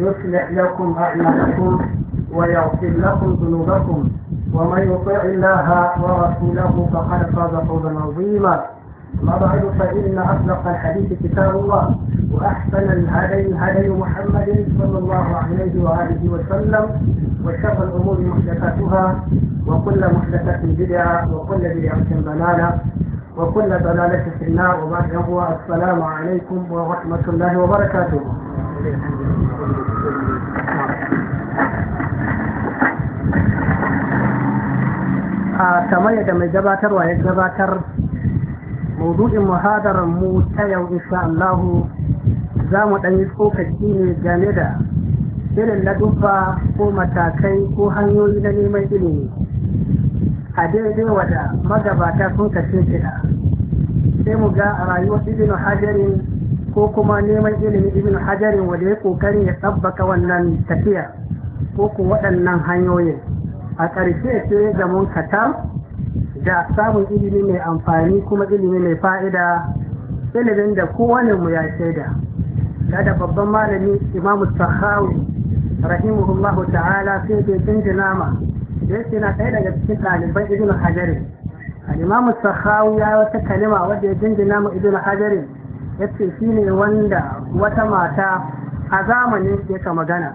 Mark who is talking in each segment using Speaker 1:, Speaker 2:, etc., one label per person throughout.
Speaker 1: يصلح لكم أعمالكم ويغفر لكم ذنوبكم ومن يطع الله ورسوله فقد فاز فوزا عظيما ما بعد فإن أصدق الحديث كتاب الله وأحسن الهدي هدي محمد صلى الله عليه وآله وسلم وشر الأمور محدثاتها وكل محدثة بدعة وكل بدعة ضلالة وكل ضلالة في النار وبعد هو السلام عليكم ورحمة الله وبركاته kamar yadda mai gabatarwa ya gabatar maudu'in muhadarar mu ta yau insha Allahu za mu ɗanyi tsokaci ne game da irin ladubba ko matakai ko hanyoyi na neman ilimi a daidai wada magabata sun kashe shida sai mu ga a rayuwar ibn hajarin ko kuma neman ilimin ibn hajarin wanda ya kokarin ya tsabbaka wannan tafiya ko ku waɗannan hanyoyin a ƙarshe ce ga mun kata da samun ilimi mai amfani kuma ilimi mai fa'ida ilimin da kowane mu ya shaida da babban malami imamu sahawi rahimahullahu ta'ala sai bai jinjina ma da yake na ɗaya daga cikin ɗaliban ibn hajarin a imam sakhawi ya wata kalima wadda ya jinjina mu ibn hajarin shi ne wanda wata mata a zamanin ka magana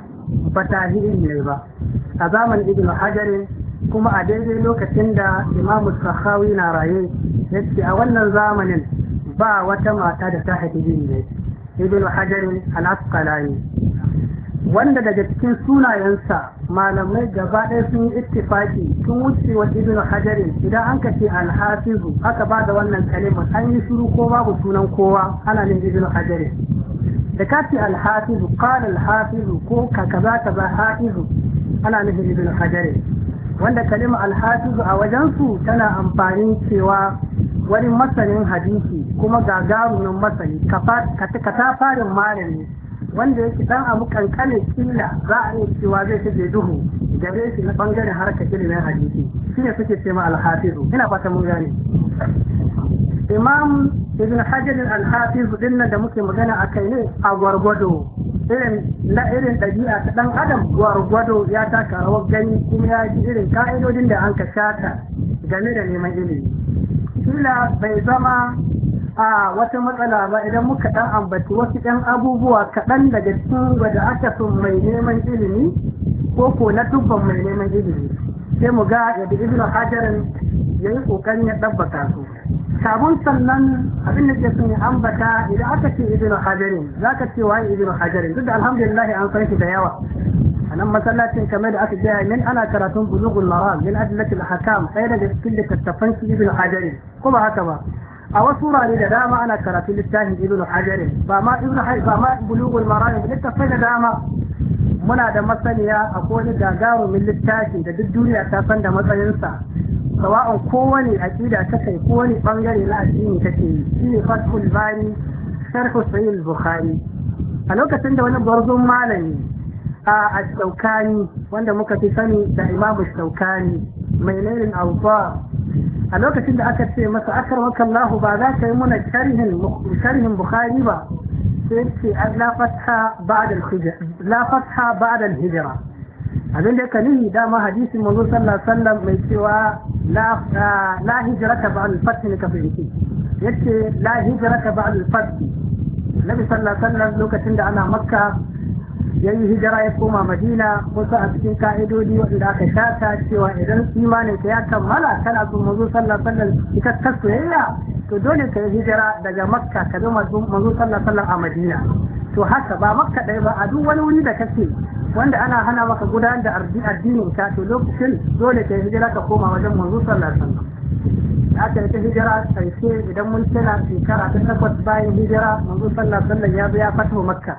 Speaker 1: ba ta ne ba a zamanin ibn hajarin kuma a daidai lokacin da imamu sahawi na raye ya ce a wannan zamanin ba wata mata da ta haifi ne ibn hajarin al-asqalani wanda daga cikin sunayensa malamai gaba ɗaya sun yi ittifaki sun wuce wa ibnu idan an ka ce alhafizu aka ba da wannan kalimar an yi shiru ko babu sunan kowa ana nin Ibn hajarin da ka ce alhafizu qala alhafizu ko ka kaza kaza hafizu ana nufin Ibn hajarin wanda kalimar alhafizu a wajen su tana amfani cewa wani masanin hadisi kuma gagarumin masani ka ta farin malami wanda yake dan abu kankanin kila za a yi cewa zai shige duhu gare shi na bangaren harkar ilimin hadisi shi ne suke ce ma alhafizu ina fata mun gane imam ibn hajar al-hafiz din da muke magana a kai ne a gwargwado irin na irin ɗabi'a ta dan adam gwargwado ya taka rawar gani kuma ya ji irin ka'idodin da an ka shata game da neman ilimi kila bai zama a wata matsala ba idan muka ɗan ambaci wasu ɗan abubuwa kaɗan daga cikin gwada aka sun mai neman ilimi ko ko na dubban mai neman ilimi sai mu ga yadda ibn hajarin ya yi ƙoƙarin ya ɗabbaka su sabon sannan abin da ke sun yi ambata idan aka ce ibn hajarin za ka ce wa ibn hajarin duk da alhamdulillah an san shi da yawa a nan masallacin kamar da aka gaya min ana karatun buzugun maram min da hakam ɗaya daga cikin littattafan shi ibn hajarin ko ba haka ba a wasu wurare da dama ana karatu littafin ibn hajar ba ma ibn hajar ba ma bulugul maram littafin da dama muna da masaniya a kone gagarumin littafi da duk duniya ta san da matsayinsa sawa'un kowane aƙida ta kai kowane bangare na addini take yi shine fathul bani sharh sahih bukhari a lokacin da wani gwarzon malami a shaukani wanda muka fi sani da imamu shaukani mai nailin awfa a lokacin da aka ce masa akarwaka Allah ba za ka yi muna sharhin Bukhari ba sai ce an lafata ba'da hijira abin da ka nihi dama hadisin manzo sallallahu alaihi wasallam mai cewa la hijrata ba'da al-fath ne ka fahimci yace la hijrata ba'da al-fath Nabi sallallahu alaihi wasallam lokacin da ana Makka ya yi hijira ya koma madina kusa a cikin ka'idodi wanda aka shata cewa idan imanin ka ya kammala kana son manzo sallah sallah ita ta soyayya to dole ka yi hijira daga makka ka bi manzo sallah sallah a madina to haka ba makka ɗaya ba a duk wani wuri da kake wanda ana hana maka gudanar da addinin ka to lokacin dole ka yi hijira ka koma wajen manzo sallah sallah aka ta hijira sai idan mun tana shekara ta takwas bayan hijira manzo sallah sallah ya zo ya fatawa makka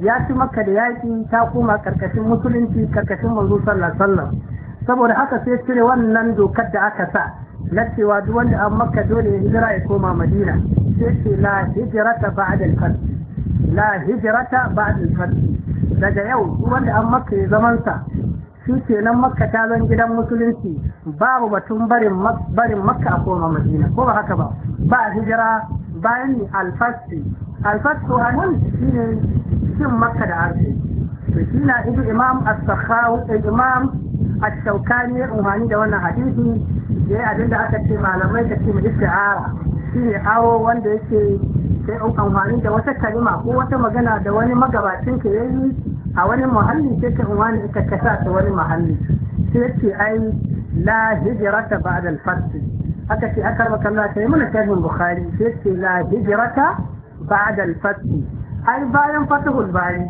Speaker 1: ya ci maka da yaƙi ta koma karkashin musulunci karkashin manzo sallallahu alaihi saboda haka sai cire wannan dokar da aka sa na cewa duk wanda an maka dole ya hijira ya koma madina sai ce la hijrata ba'da al-fath la hijrata ba'da al-fath daga yau duk wanda an maka ya zaman sa shi ke nan makka ta zan gidan musulunci babu batun barin barin makka a koma madina ko ba haka ba ba hijira bayan alfasti alfasto a nan ne. cin makka da arziki to shi na ido imam as-sakhawi eh, imam ash-shawkani ruhani da wannan hadisi da ya abinda aka ce malamai da mu isti'ara shi ne awo wanda yake sai an amfani da wata kalima ko wata magana da wani magabacin ka yayi a wani muhalli sai ka amfani ka kasa ta wani muhalli sai yace ai la hijrata ba'da al-fath aka ce aka rabaka Allah sai mun tafsirin bukhari sai yace la hijrata ba'da al-fath ai bayan fatahul bari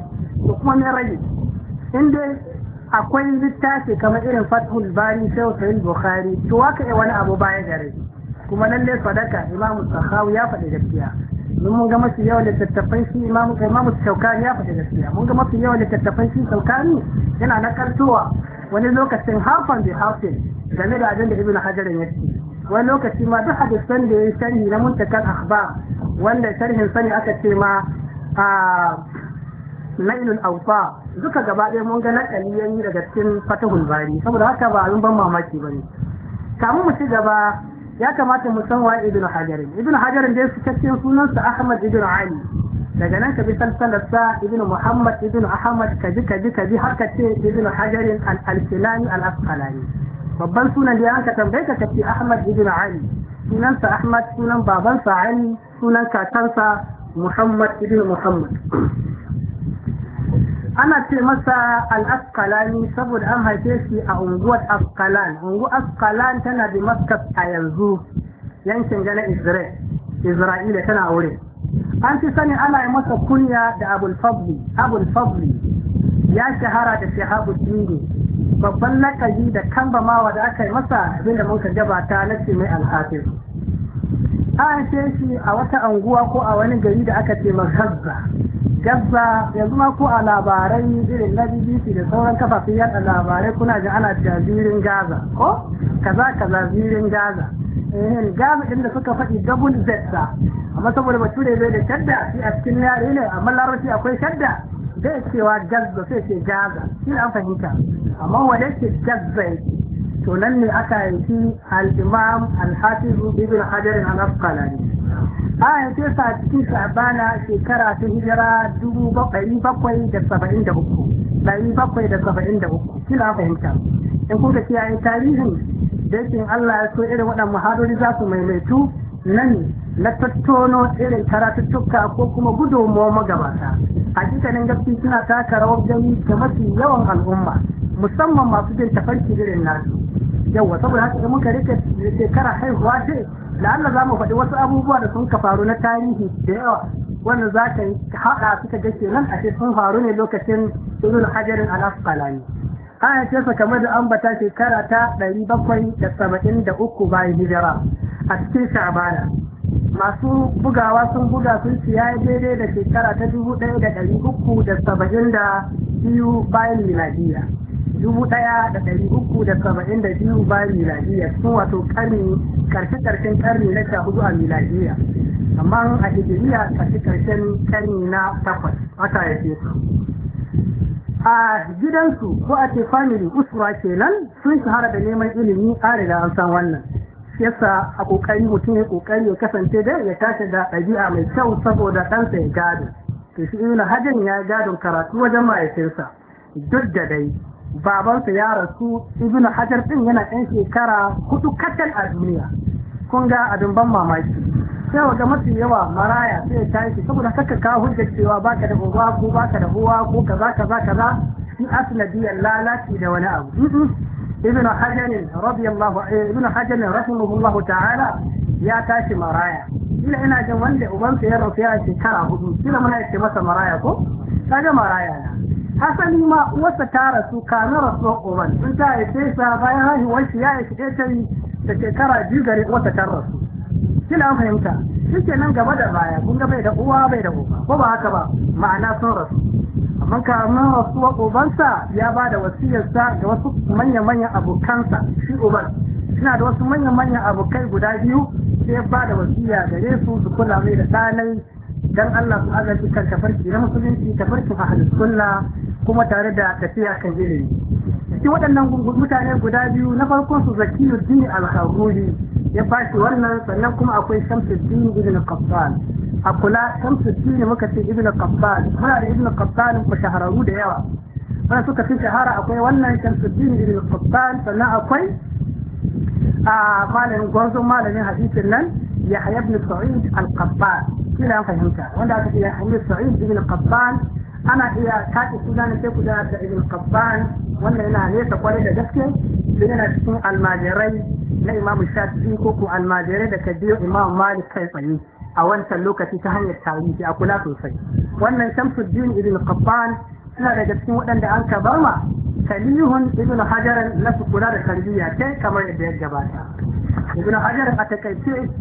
Speaker 1: da kuma na rage inda akwai littafi kamar irin fatahul bari sai yin bukhari to waka yi wani abu baya gare kuma lallai sadaka imamu sahawi ya faɗi gaskiya mun ga mafi yawan littattafai shi imamu imamu shaukani ya faɗi gaskiya mun ga mafi yawan littattafai shi shaukani yana nakartowa wani lokacin harfan bi harfin game da abin da ibnu hajar ya ce wani lokaci ma duk hadisan da ya sharhi na muntakal akhbar wanda sharhin sani aka ce ma a nailul aufa duka gaba ɗaya mun ga na yi daga cikin fata bari saboda haka ba abin ban mamaki ba ne kamun mu ci gaba ya kamata mu san wa ibn hajar ibn hajar dai su cikakken sunansa ahmad ibn ali daga nan ka bi salsalar sa ibnu muhammad ibn ahmad kaji kaji kaji ji ka ce ibnu hajar al al-asqalani babban sunan da an ka tambaye ka kace ahmad ibn ali sunansa ahmad sunan babansa ali sunan kakansa muhammad ibn muhammad ana ce masa al’askalani saboda an haife shi a unguwar askalan unguwar askalan tana da maskas a yanzu yankin gana isra'ila tana wurin an fi sani ana yi masa kunya da abulfabli fabli ya shahara da shahabu dingo babban lakabi da kambamawa da aka yi masa abinda mun ka gabata na ce mai alhafi an ce shi a wata anguwa ko a wani gari da aka ce gazza gazza yanzu ma ko a labarai irin na bbc da sauran kafafen yada labarai kuna jin ana cewa zirin gaza ko kaza kaza zirin gaza eh gaza inda suka faɗi double z amma saboda bature bai da shadda shi a cikin yare ne amma larabci akwai shadda zai cewa gazza sai ce gaza shi an fahimta amma wanda ce gazza yake to nan ne aka yanki al-imam al-hafiz ibn hajar al-asqalani a ce sa cikin shabana shekara ta hijira dubu bakwai bakwai da saba'in da uku bakwai da saba'in da uku kina fahimta in kuka ce yayin tarihin da yake Allah ya so irin waɗannan muhadori za su maimaitu nan na tattono irin karatuttuka ko kuma gudunmuwa magabata hakikanin gaske suna taka rawar gani ga mafi yawan al'umma musamman masu jin tafarki irin nasu yawa saboda haka in muka rike shekara haihuwa ce la'alla za mu faɗi wasu abubuwa da sun ka faru na tarihi da yawa wanda za ka haɗa suka ga kenan a sun faru ne lokacin ibn hajarin al An ana ce sa kamar da ambata shekara ta ɗari bakwai da saba'in da uku bayan hijira a cikin sha'bana masu bugawa sun buga sun ci daidai da shekara ta dubu ɗaya da ɗari uku da saba'in da biyu bayan miladiya dubu ɗaya da ɗari uku da saba'in da biyu bayan miladiyya sun wato karni karshe karshen karni na sha hudu a miladiyya amma a hijiriya karshe karshen karni na takwas wata ya ce su a gidansu ko a ce family usura kenan sun shahara da neman ilimi a riga an san wannan yasa a kokari mutum ya kokari ya kasance da ya tashi da ɗabi'a mai kyau saboda ɗansa ya gado to shi ibn ya gado karatu wajen ma'aikinsa? duk da dai babansa ya rasu ibnu hajar din yana ɗan shekara hudu kacal a duniya kun ga abin ban mamaki sai ga mafi yawa maraya sai ya tashi saboda kaka ka hujjar cewa baka da uba ko baka da uwa ko kaza kaza kaza shi asnadiyar lalaci da wani abu mm-hmm. ibnu hajar radiyallahu eh, ibnu hajar rahimahullahu ta'ala ya tashi maraya Ila ina jin wanda ubansa ya rasu ya shekara hudu kila muna ce masa maraya ko kaga maraya na asali ma uwarsa ta rasu kamin rasuwar oban sun ta haife sa bayan haihuwar shi ya haifi da shekara biyu gare uwarsa ta rasu kina fahimta shi ke nan gaba da baya kun ga bai da uwa bai da uwa ko ba haka ba ma'ana sun rasu amma kamin rasuwar sa ya ba da wasiyarsa ga wasu manya-manyan abokansa shi oban suna da wasu manya-manyan abokai guda biyu sai ba da wasiya gare su su kula mai da ɗanai dan Allah su azalci kan tafarki na musulunci tafarki a sunna kuma tare da tafiya kan ilimi shi waɗannan mutane guda biyu na farkon su zakiyu dini al-haruri ya fashi wannan sannan kuma akwai shamsuddin ibn qabbal a kula shamsuddin muka ce ibn qabbal muna da ibn qabbal ku shahararru da yawa wanda suka fi shahara akwai wannan shamsuddin ibn qabbal sannan akwai a malamin gwarzo malamin hadisin nan ya ibn sa'id al-qabbal kila an fahimta wanda aka ce ya ibn sa'id ibn qabbal ana iya kaɗi suna na sheku da da ibn qabban wannan yana nesa kwarai da gaske sai yana cikin almajirai na imam shafi'i ko ko almajirai da kabiyo imam malik kai tsaye a wancan lokaci ta hanyar tarihi a kula sosai wannan shamsuddin ibn qabban suna daga cikin waɗanda an ka bawa kalihun ibn hajar na su kula da tarbiyya kai kamar yadda ya gabata ibn hajar a takaice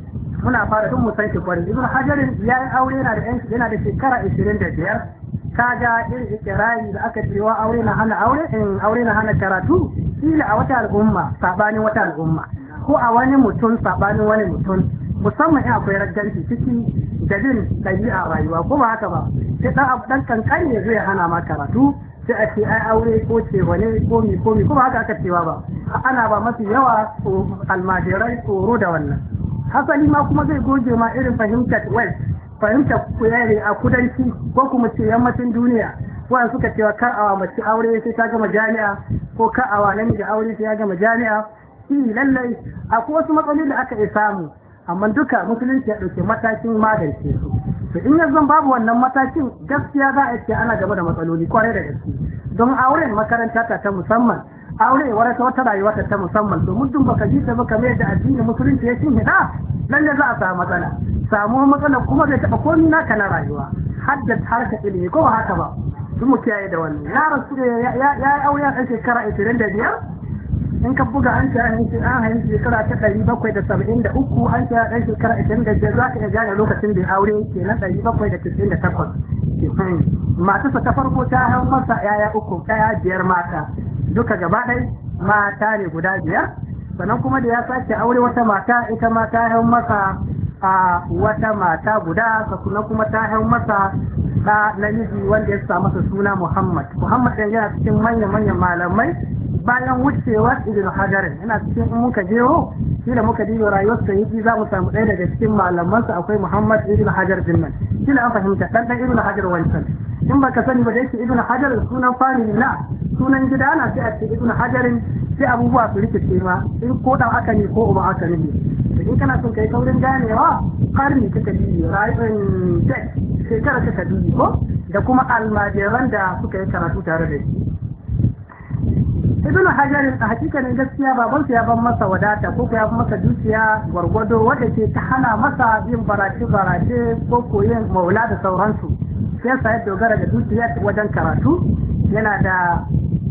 Speaker 1: muna fara tun musan shi kwarai ibn hajar ya yi aure yana da shekara 25 kaga irin ikirari da aka cewa aure na hana aure in eh, aure na hana karatu kila a wata al'umma sabanin wata al'umma ko a wani mutum sabanin wani mutum musamman in akwai ragganci cikin dalil jin a rayuwa ko ba haka ba sai dan abu dan kankan ne zai hana ma karatu sai a ce ai aure ko ce wani ko mi ko mi ko ba haka aka cewa ba ana ba mafi yawa ko almajirai tsoro da wannan hasali ma kuma zai goge ma irin fahimtar west fahimta ku yare a kudanci ko kuma ce yammacin duniya wanda suka cewa kar awa mace aure sai ta gama jami'a ko kar awa namiji aure sai ya gama jami'a shi lallai akwai wasu matsaloli da aka iya samu amma duka musulunci ya dauke matakin magance su to in yanzu babu wannan matakin gaskiya za a ce ana gaba da matsaloli kwarai da gaske don auren makaranta ta musamman aure wani ta wata rayuwa ta ta musamman domin dun baka ji ta baka mai da addini musulunci ya cin da lalle za a samu matsala samu matsala kuma zai taba komai naka na rayuwa hadda harka ilimi ko haka ba duk mu kiyaye da wannan ya rasu ya ya aure a shekara 25 in ka buga an ce an ce an hayin shekara ta ɗari bakwai da saba'in da uku an ce ɗan shekara ashirin da biyar za ka iya gane lokacin da aure ke na ɗari bakwai da tisin da takwas sa ta farko ta hau masa yaya uku ɗaya biyar mata duka gaba ɗai mata ne guda biyar sannan kuma da ya sake aure wata mata ita ma ta hau masa a wata mata guda sannan kuma ta hau masa ɗa namiji wanda ya sa masa suna Muhammad. Muhammad ɗin yana cikin manya manyan malamai bayan wucewar ibn hajar ina cikin in muka shi kila muka diba rayuwar sayyidi za mu samu ɗaya daga cikin malamansa akwai muhammad ibn hajar din nan kila an fahimta dan dan ibn hajar wancan in baka sani ba da yake ibn hajar sunan family na sunan gida na sai a ce ibn hajarin sai abubuwa su rikice ma in ko dan aka ne ko uba aka ne in kana son kai saurin ganewa karni kaka biyu rayuwar eh, shekara kaka biyu ko da kuma almajiran da suka yi karatu tare da shi ibn hajar a hakikanin gaskiya babansa ya ban masa wadata ko ya ban masa dukiya gwargwado wadda ke ta hana masa yin barace barace ko koyin maula da sauransu sai sa ya dogara da dukiya wajen karatu yana da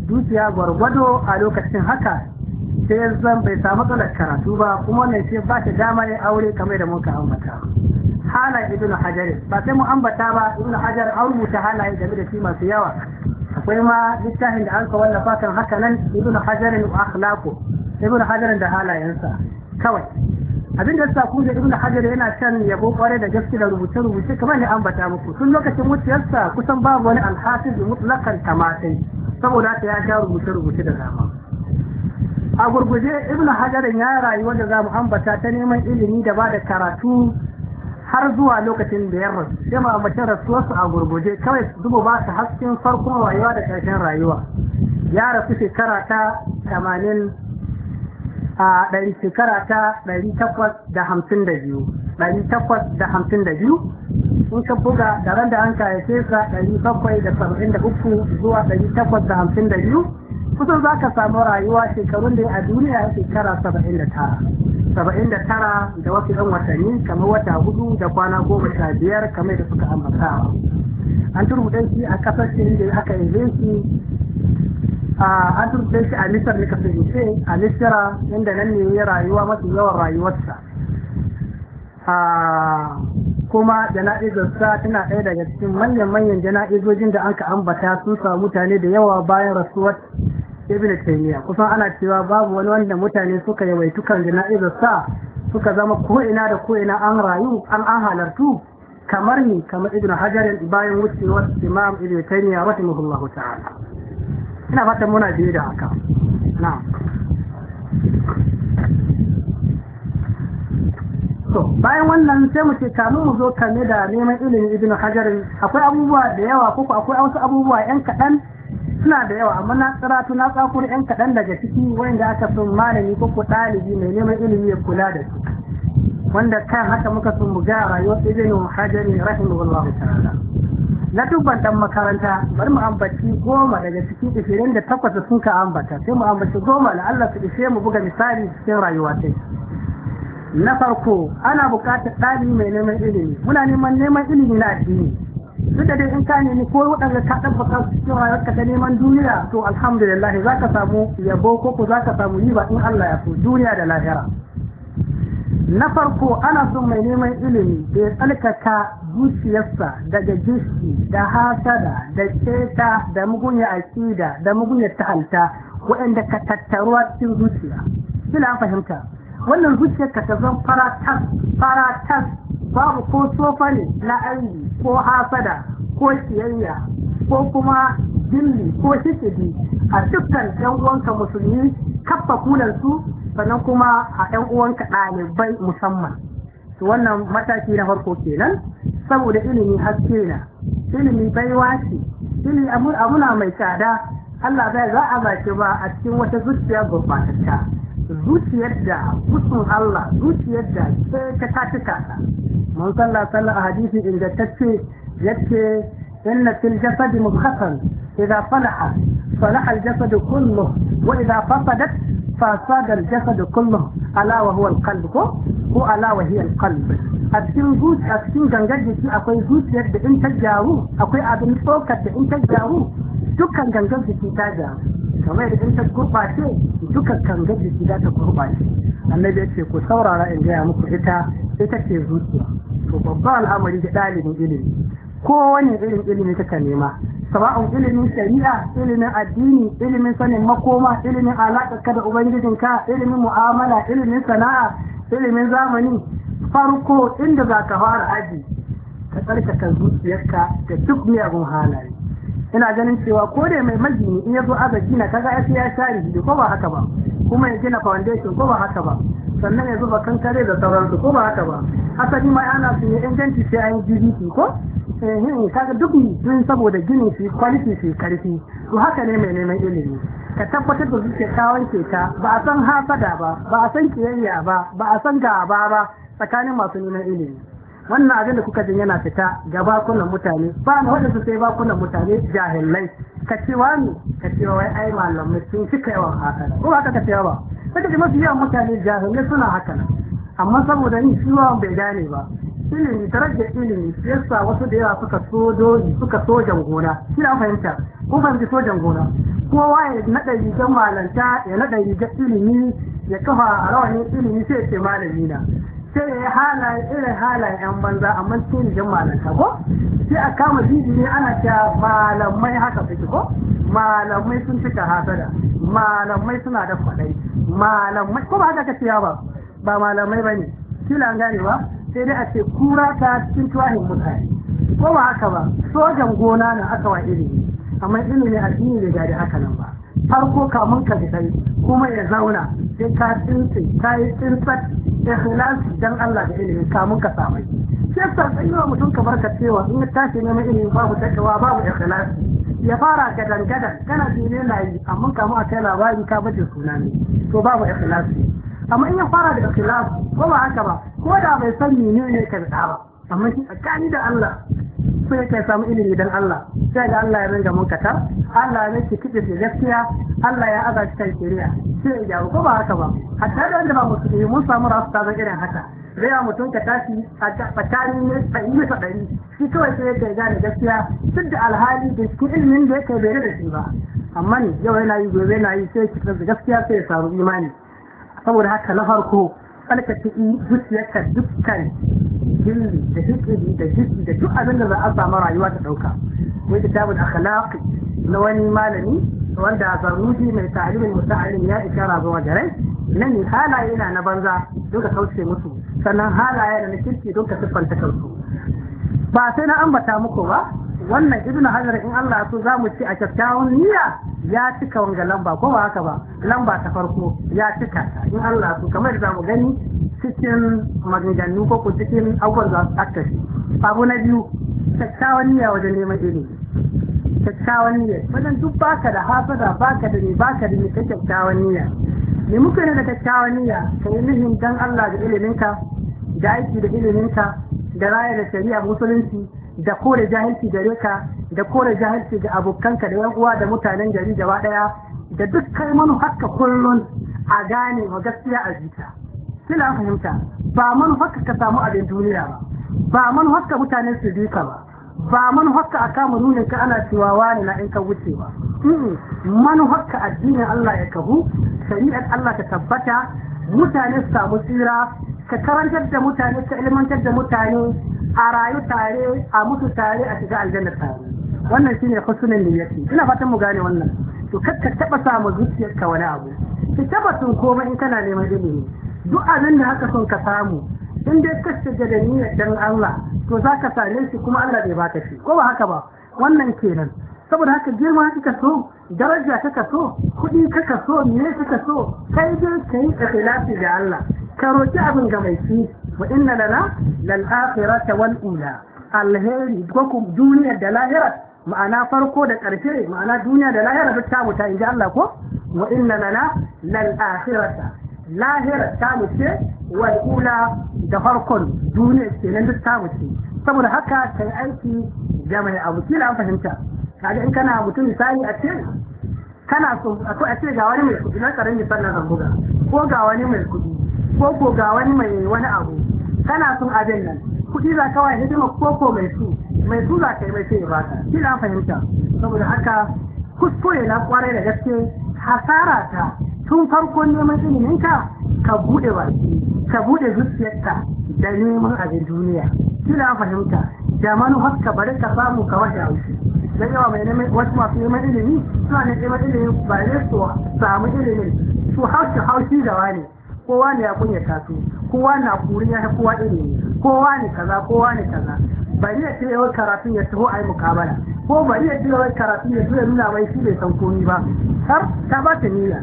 Speaker 1: dukiya gwargwado a lokacin haka sai zan bai samu tsala karatu ba kuma wannan sai ba shi dama ne aure kamar da muka ambata halayen ibn hajar ba sai mu ambata ba ibn hajar an rubuta halaye game da shi masu yawa akwai ma littafin da an wallafa kan haka nan ibnu hajarin wa akhlaqu Ibn hajarin da halayensa kawai abin da yasa kun ga hajar yana kan yabo kware da gaske da rubuce rubuce kamar ne bata muku tun lokacin wuciyarsa kusan babu wani alhafiz mutlaqan tamatai saboda ta ya ga rubuce rubuce da dama a gurguje ibnu hajar ya rayuwa da zamu ambata ta neman ilimi da ba da karatu har zuwa lokacin da ya rasu sai ma mutum rasuwarsu a gurguje kawai dubu ba su hasken farkon rayuwa da ƙarshen rayuwa ya rasu shekara ta tamanin a ɗari shekara ta ɗari takwas da hamsin da biyu ɗari takwas da hamsin da biyu sun ka buga da ran da an kaya kayace sa ɗari bakwai da saba'in da uku zuwa ɗari takwas da hamsin da biyu kusan za ka samu rayuwa shekarun da ya a duniya shekara saba'in da tara saba'in da tara da wasu ɗan watanni kamar wata hudu da kwana goma sha biyar kamar da suka ambatawa an turbuɗe shi a ƙasar shi inda aka yi shi an turbuɗe shi a lisar ne kasar ce a misira inda nan ne ya rayuwa masu yawan rayuwarsa kuma jana'izarsa tana ɗaya daga cikin manyan manyan jana'izojin da an ka ambata sun samu mutane da yawa bayan rasuwar ibn taymiya kusan ana cewa babu wani wanda mutane suka yawaitu kan jana'izar sa suka zama ko ina da ko ina an rayu an an halartu kamar ni kamar ibn hajar bayan wucewar imam ibn taymiya rahimahullahu ta'ala ina fatan muna biye da haka na'am to bayan wannan sai mu ce kamin mu zo kame da neman ilimin ibn hajar akwai abubuwa da yawa ko akwai wasu abubuwa yan kaɗan suna da yawa amma na karatu na tsakuri yan kaɗan daga ciki wanda aka sun malami ko ko ɗalibi mai neman ilimi ya kula da su wanda kan haka muka sun buga a rayuwar ibn hajari rahimahullahu ta'ala na dubban dan makaranta bari mu ambaci goma daga cikin ishirin da takwas sun ka ambata sai mu ambaci goma da Allah su ishe mu buga misali cikin rayuwa sai na farko ana buƙatar ɗalibi mai neman ilimi muna neman neman ilimi na addini duk da dai in ka nemi ko waɗanda ka ɗabbaka cikin rayuwarka ta neman duniya to alhamdulillah za ka samu yabo ko ko za ka samu riba in Allah ya so duniya da lahira na farko ana son mai neman ilimi da ya tsalkaka zuciyarsa daga gishi da hasada da keta da mugunya aƙida da mugunya tahalta waɗanda ka tattaruwa cikin zuciya kila an fahimta wannan zuciyarka ta zan fara tas babu ko tsofani na ko hasada ko siyayya ko kuma dilli ko shikidi a dukkan yan uwanka musulmi kafa kulansu sannan kuma a yan uwanka ɗalibai musamman su wannan mataki na farko kenan saboda ilimi haske na ilimi baiwa ce ilimi amuna mai tsada Allah bai za a ba a cikin wata zuciya gurbatacca zuciyar da kusun Allah zuciyar da ta tafi kasa mun sallah sallah a hadisi ingantacce yace inna fil jasadi mubhasan idza salaha salaha al jasadu kullu wa idza fasadat Fasadar jasa da kullum وهو القلب كو ko alawa hiyar kalb a cikin zuci a cikin gangar jiki akwai zuciyar da in ta akwai abin tsokar da in ta jaru dukkan gangar jiki ta jaru kamar da in ta gurɓace dukkan gangar jiki za ta gurɓace annabi ya ce ku saurara in gaya muku ita ita ce zuciya to babban al'amari da ɗalibin ilimi ko wani irin ilimi kaka nema sawa'un ilimin shari'a ilimin addini ilimin sanin makoma ilimin alaƙa da ubangijinka ilimin mu'amala ilimin sana'a ilimin zamani farko inda za ka fara aji ka tsarkaka zuciyarka da duk miyagun halaye ina ganin cewa ko da mai majini in ya zo aza gina kaga ya fi ya share gidi ko ba haka ba kuma ya gina foundation ko ba haka ba sannan ya zuba kankare da sauransu ko ba haka ba asali ma ana su ne inganci sai an yi ko eh kaga duk dun saboda gini shi kwaliti shi karfi to haka ne mai neman ilimi ka tabbatar da zuciya kawon keta ba a san hafada ba ba a san kiyayya ba ba a san gaba ba tsakanin masu neman ilimi wannan abin da kuka jin yana fita ga bakunan mutane ba na su sai bakunan mutane jahilai ka ce wani ka ce wai ai malamai sun fi yawan haka ko haka ka ce ba sai ka ji mafi yawan mutane jahilai suna haka amma saboda ni shi wa bai gane ba ilimi darajar ilimi shi yasa wasu da yawa suka so doji suka sojan gona shi na fahimta ko fahimci sojan gona kowa ya naɗa rigar malanta ya naɗa rigar ilimi ya kafa a rawanin ilimi sai ya ce malami na sai ya yi halaye irin halaye yan banza amma cikin rigar malanta ko sai a kama bidiyo ana cewa malamai haka suke ko malamai sun cika hasada malamai suna da kwaɗai malamai ko ba haka ka ciya ba ba malamai ba ne kila an gane ba sai dai a ce kura ta cikin tuwahin mutane ko ba haka ba sojan gona na aka wa ilimi amma ilimi addini bai gari haka nan ba farko kamun ka sai kuma ya zauna sai ka tsinci ka yi tsintsar ikhlasi dan Allah da ilimi kamun ka samai sai sa tsayuwa mutum ka barka cewa in ka tashi neman ilimi. babu takawa babu ikhlas ya fara gadan gadan kana dole na yi amma kamun a kai labari ka bace suna ne to babu ikhlas amma in ya fara daga khilaf ko ba haka ba ko da bai san menene ne karɓa ba amma shi tsakani da Allah sai ya kai samu ilimi dan Allah sai ga Allah ya ringa munkata Allah ya ce kike da gaskiya Allah ya aza shi kan shari'a sai ya jawo ko ba haka ba hatta da wanda ba musulmi mun samu rasu ta irin haka zai mutum ka tashi a tsakanin ne ɗari bisa ɗari shi kawai sai ya kai gane gaskiya duk da alhali da cikin ilimin da ya kai bai da shi ba amma yau yana yi gobe yana yi sai ya da gaskiya sai ya samu imani saboda haka na farko tsarkake zuciyarka dukkan jilli da hikiri da jiki da duk abin da za a samu rayuwa ta ɗauka wai kitabul akhlaq na wani malami wanda zaruji mai ta'alimin musta'alim ya ishara zuwa gare Na ne halaye na na banza don ka kauce musu sannan halaye na kirki don ka siffanta kansu ba sai na ambata muku ba wannan ibnu hajar in Allah so za mu ci a kyakkyawan niyya ya cika wanga lamba ko ba haka ba lamba ta farko ya cika in Allah so kamar za mu gani cikin maganganu ko cikin abubuwan za su tsakta shi abu na biyu kyakkyawan niyya wajen neman ilimi kyakkyawan niyya wajen duk baka da hafaza baka da ne baka da ne kyakkyawan niyya me muka ne da kyakkyawan niyya ka yi nihin dan Allah da iliminka da aiki da iliminka da rayar da shari'a musulunci da kore jahilci gare ka da kore jahilci ga abokanka da yan uwa da mutanen gari gaba daya da duk kalmanu haka kullun a gane wa gaskiya a jita sila fahimta ba manu haka ka samu abin duniya ba ba manu haka mutanen su ba ba manu haka a kama nunin ka ana cewa wani na in ka wucewa. ba manu haka addinin Allah ya kahu shari'ar Allah ta tabbata mutane su samu tsira ka karantar da mutane ka ilmantar da mutane a rayu tare a mutu tare a shiga aljanna tare wannan shine husnul niyyati ina fatan mu gane wannan to kar ka taba samu ka wani abu ki taba sun komai in kana neman ilimi duk abin da haka son ka samu in dai ka shiga da niyyar dan Allah to zaka same shi kuma Allah bai baka shi ko ba haka ba wannan kenan saboda haka girma kika so daraja kaka so kuɗi kaka so me kaka so kai dai kai ikhlasi da Allah ka roƙi abin ga mai shi wa inna lana lal akhirata wal ula alheri ko duniya da lahira ma'ana farko da ƙarshe ma'ana duniya da lahira duk ta muta inji Allah ko wa inna lana lal akhirata lahira ta muce wal ula da farkon duniya kenan duk ta muce saboda haka kai aiki ga mai abu kila an fahimta kaga in kana mutum misali a ce kana so a ce ga wani mai kuɗi na karin misali na buga ko ga wani mai kuɗi koko ga wani mai wani abu kana son abin nan kuɗi za ka wani hidima koko mai su mai su za ka yi mai sai ba ka shi na fahimta saboda haka kuskure na kwarai da gaske hasara ta tun farkon neman iliminka ka buɗe baki ka buɗe zuciyarka da neman abin duniya shi na fahimta da manufar ka bari ka samu ka a haushi da yawa mai neman wasu masu neman ilimi suna neman ilimi ba zai su samu ilimin su haushi haushi da wani kowa ne ya kunya taso kowa na kuri ya kowa iri kowa ne kaza kowa ne kaza bari ya cire yawan karatun ya taho a yi mukabala ko bari ya cire wai karatun ya tura nuna mai shi bai san komi ba har ta ba ta niyya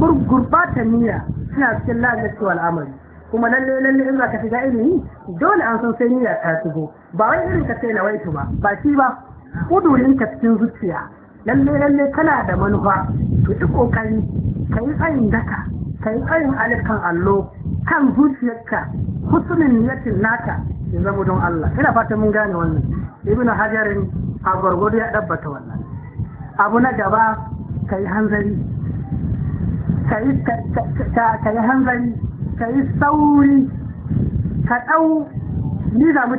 Speaker 1: ta niyya suna cikin lalacewa cewa al'amari kuma lalle lalle in za ka shiga ilimi dole an san sai niyya ta shigo ba wai irin ka sai waitu ba ba shi ba kudurin ka cikin zuciya lalle lalle kana da manufa to duk kokari ka yi tsayin daka ka yi tsayin alif allo kan zuciyarka husnin niyatin naka ya zama don Allah ina fata mun gane wannan ibnu hajarin a gwargwado ya dabbata wannan abu na gaba ka yi hanzari ka yi hanzari ka sauri ka ɗau ni za mu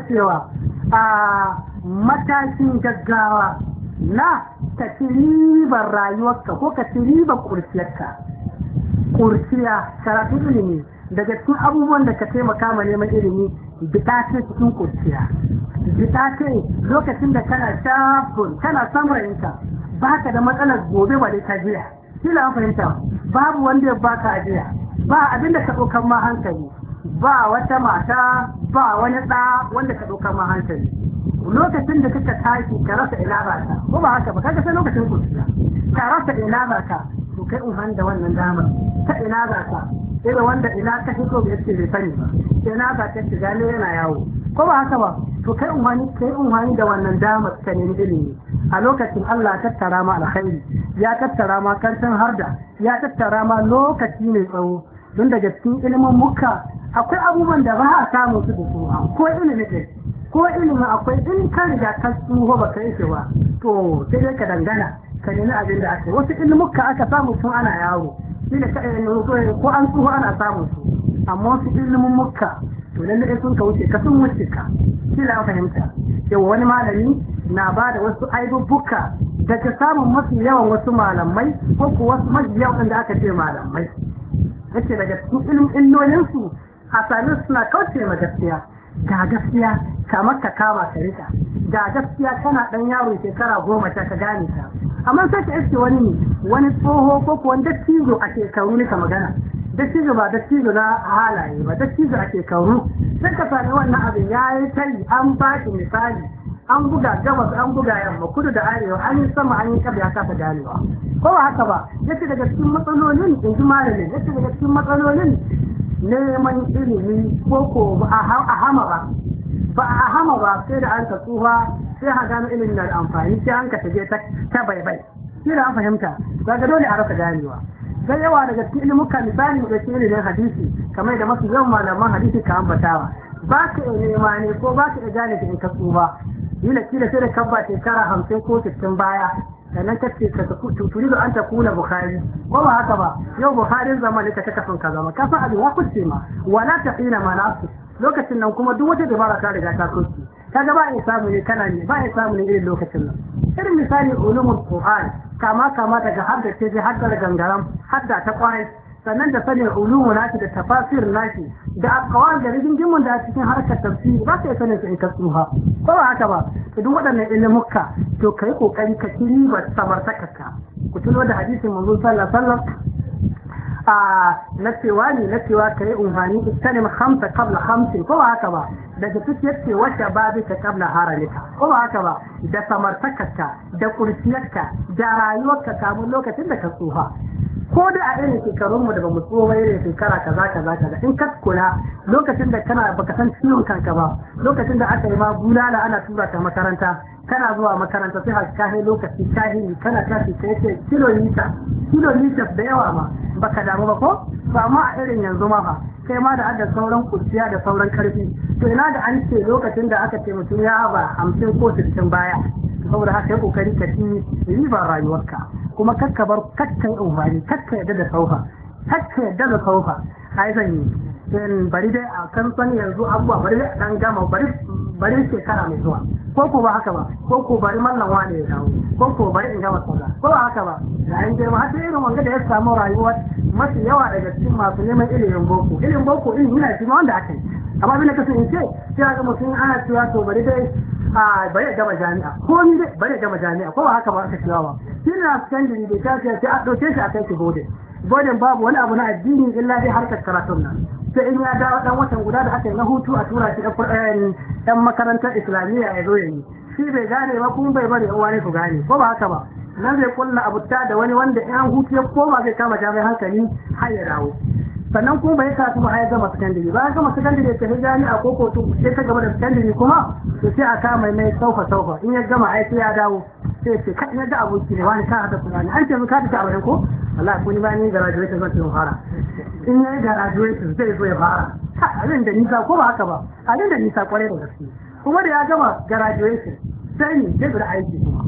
Speaker 1: a matakin gaggawa na ka ci ribar rayuwarka ko ka ci ribar kurciya karatu ilimi daga cikin abubuwan da ka taimaka ma neman ilimi bita ce cikin kurciya bita ce lokacin da kana shafin kana samurayinka ba ka da matsalar gobe ba dai kajiya jiya la an fahimta babu wanda ya ba ka ajiya ba abin da ka ɗaukar ma hankali ba wata mata ba wani ɗa wanda ka ɗaukar ma hankali lokacin da kika tashi ka rasa ina ba ka ko ba haka ba kaga sai lokacin kurciya ka rasa ina ba ka to kai in da wannan damar ta ina za ka irin wanda ina ka fito bai ce bai sani ba sai na za ka shiga ne yana yawo ko ba haka ba to kai in kai in da wannan damar ka nemi ilimi a lokacin Allah tattara ma alkhairi ya tattara ma kantin harda ya tattara ma lokaci mai tsawo don daga cikin ilimin muka akwai abubuwan da ba a samu su da su ko ilimin ne ko ilimin akwai in ka riga ka tsuho ba ka yake ba to sai dai ka dangana ka nemi abin da aka wasu ilmuka aka samu sun ana yawo eh, eh, ko an tsoho ana samun su amma wasu ilmin mukka to lalle sun ka wuce ka sun wuce ka shi na fahimta yau wani malami na ba da wasu da daga samun mafi yawan wasu malamai ko ku wasu mafi yawan da aka ce malamai yace daga cikin illolinsu a suna kauce ma gaskiya ga gaskiya kamar ka kama ka rika ga gaskiya tana dan yaro shekara goma ta ka gane ta amma sai ka iske wani ne wani tsoho ko ko wanda cizo a shekaru ne ka magana da cizo ba da cizo na halaye ba da cizo a shekaru sai ka sami wannan abin ya yi tari an ba shi misali an buga gabas an buga yamma kudu da arewa an yi sama an yi kabi ya kafa ganewa ko haka ba yace daga cikin matsalolin in ji malamin yace daga cikin matsalolin neman ilimi ko ko a hama ba ba a hama ba sai da an ka tsufa sai ha gano ilimin na da amfani sai an ka taje ta bai shi da an fahimta daga dole a rasa ganewa Sai yawa daga cikin ilimuka misali da cikin ilimin hadisi kamar da masu yawan malaman hadisi ka ambatawa ba ka iya nema ne ko ba ka iya gane da in ka tsufa yi da kila sai da kabba shekara hamsin ko sittin baya sannan ta ce da an ta kuna bukhari ba ba haka ba yau bukharin zamani ta ta kafin ka zama ka san abin wakuce ma wala ta hina ma lokacin nan kuma duk wata dabara ta riga ta soke kaga ba ya samu ne kana ne ba a samu ne irin lokacin nan irin misali ulumul qur'an kama kama daga hadda ce hadda gangaram hadda ta kwarai sannan da sanin ulumu nashi da tafasir nashi da akawal da rigingimun da cikin harkar tafsiri ba sai sanin su in kasuha ko ba haka ba to duk waɗannan ilimuka to kai kokari ka ci ba samartakarka ku tuno da hadisin manzo sallallahu alaihi wasallam a na cewa ne na cewa ka yi umfani istanim hamsa kabla hamsin ko ba haka ba daga duk yace wata babi ka kabla haramika ko ba haka ba da samartakarka da kurciyarka da rayuwarka kamun lokacin da ka tsufa ko da a irin shekarun mu da bamu so ba irin shekara kaza kaza kaza in ka kula lokacin da kana baka san ciwon kanka ba lokacin da aka yi ma bulala ana tura ta makaranta kana zuwa makaranta sai ka kai lokaci kahiri kana kashi sai ce kilo kilomita da yawa ma ka damu ba ko ba ma a irin yanzu ma fa kai ma da adda sauran kurciya da sauran karfi to ina da an ce lokacin da aka ce mutum ya ba hamsin ko sittin baya saboda haka ya kokari ka ci rayuwar rayuwarka kuma kakka bar kakkan umari kakka yadda da saufa kakka yadda da saufa ai zan yi bari dai a kan sani yanzu abubuwa bari dai a dan gama bari bari shekara mai zuwa ko ko ba haka ba ko ko bari mallan wane ya dawo ko ko bari in gama kaza ko ba haka ba da an je ma sai irin wanga da ya samu rayuwa mafi yawa daga cikin masu neman ilimin boko ilimin boko irin yana cikin wanda aka yi amma abin da kasu in ce sai ga mutum ana cewa to bari dai a bari gama jami'a ko ni dai bari gama jami'a ko ba haka ba aka cewa ba shi canji ne da ta ce sai a ɗauke shi a kai shi bode bode babu wani abu na addini illa dai harkar karatun nan sai in ya dawo dan watan guda da aka yi na hutu a tura shi dan makarantar islamiyya ya zo ya yi shi bai gane ba kuma bai bari uwa ne ku gane ko ba haka ba nan zai kulla abuta da wani wanda yan hutu ya koma zai kama jami'ai hankali har ya dawo sannan kuma bai kasu ba ya gama sakandare bayan gama sakandare ta a ko kotu sai ta gaba da sakandare kuma to sai a kama mai saufa saufa in ya gama aiki ya dawo sai ce kai yadda aboki ne wani ka hada kurani an ce mun ka ta aure ko Allah ko ni ba ni graduation zan yi fara in ya yi yayi graduation zai zo ya fara abin da nisa ko ba haka ba abin da nisa kwarai da gaske kuma da ya gama graduation sai ne zai da aiki kuma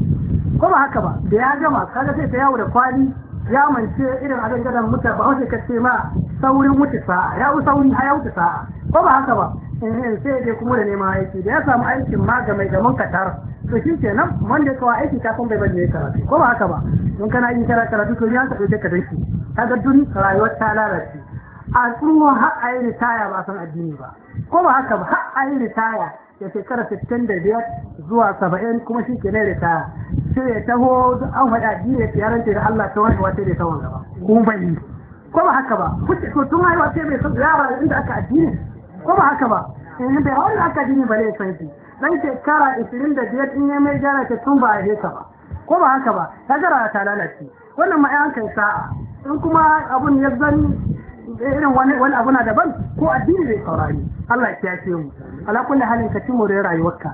Speaker 1: ko ba haka ba da ya gama kaga sai ta yawo da kwali ya mance irin abin gadan muta ba wace ka ce ma saurin mutu sa'a ya sauri har ya wuce sa'a ko ba haka ba eh, eh, sai dai kuma da neman aiki da ya samu aikin ma ga mai gaman katar to shi nan wanda ya kawo aiki kafin bai bane karatu ko ba haka ba don kana yin kara karatu to ya sabu take ka dashi kaga dun rayuwar ta lalace a kuma har a yi ritaya ba san addini ba ko ba haka ba har a yi ritaya da shekara 65 zuwa 70 kuma shi ke kenan ritaya sai ya taho an faɗa addini ya ta da Allah ta wani wata da ta wani gaba ko yi ko ba haka ba kuce to tun haihuwa sai bai san yara inda aka addini ko ba haka ba in eh, bai wani aka addini ba ne sai dan shekara 25 in ya mai gyara ta tun ba a heka ba ko ba haka ba ta gara ta lalace wannan ma yan kai sa'a in kuma abun ya zan irin wani wani abu na daban ko addini zai saurari Allah ya kiyaye mu ala kulli halin ka timo da rayuwarka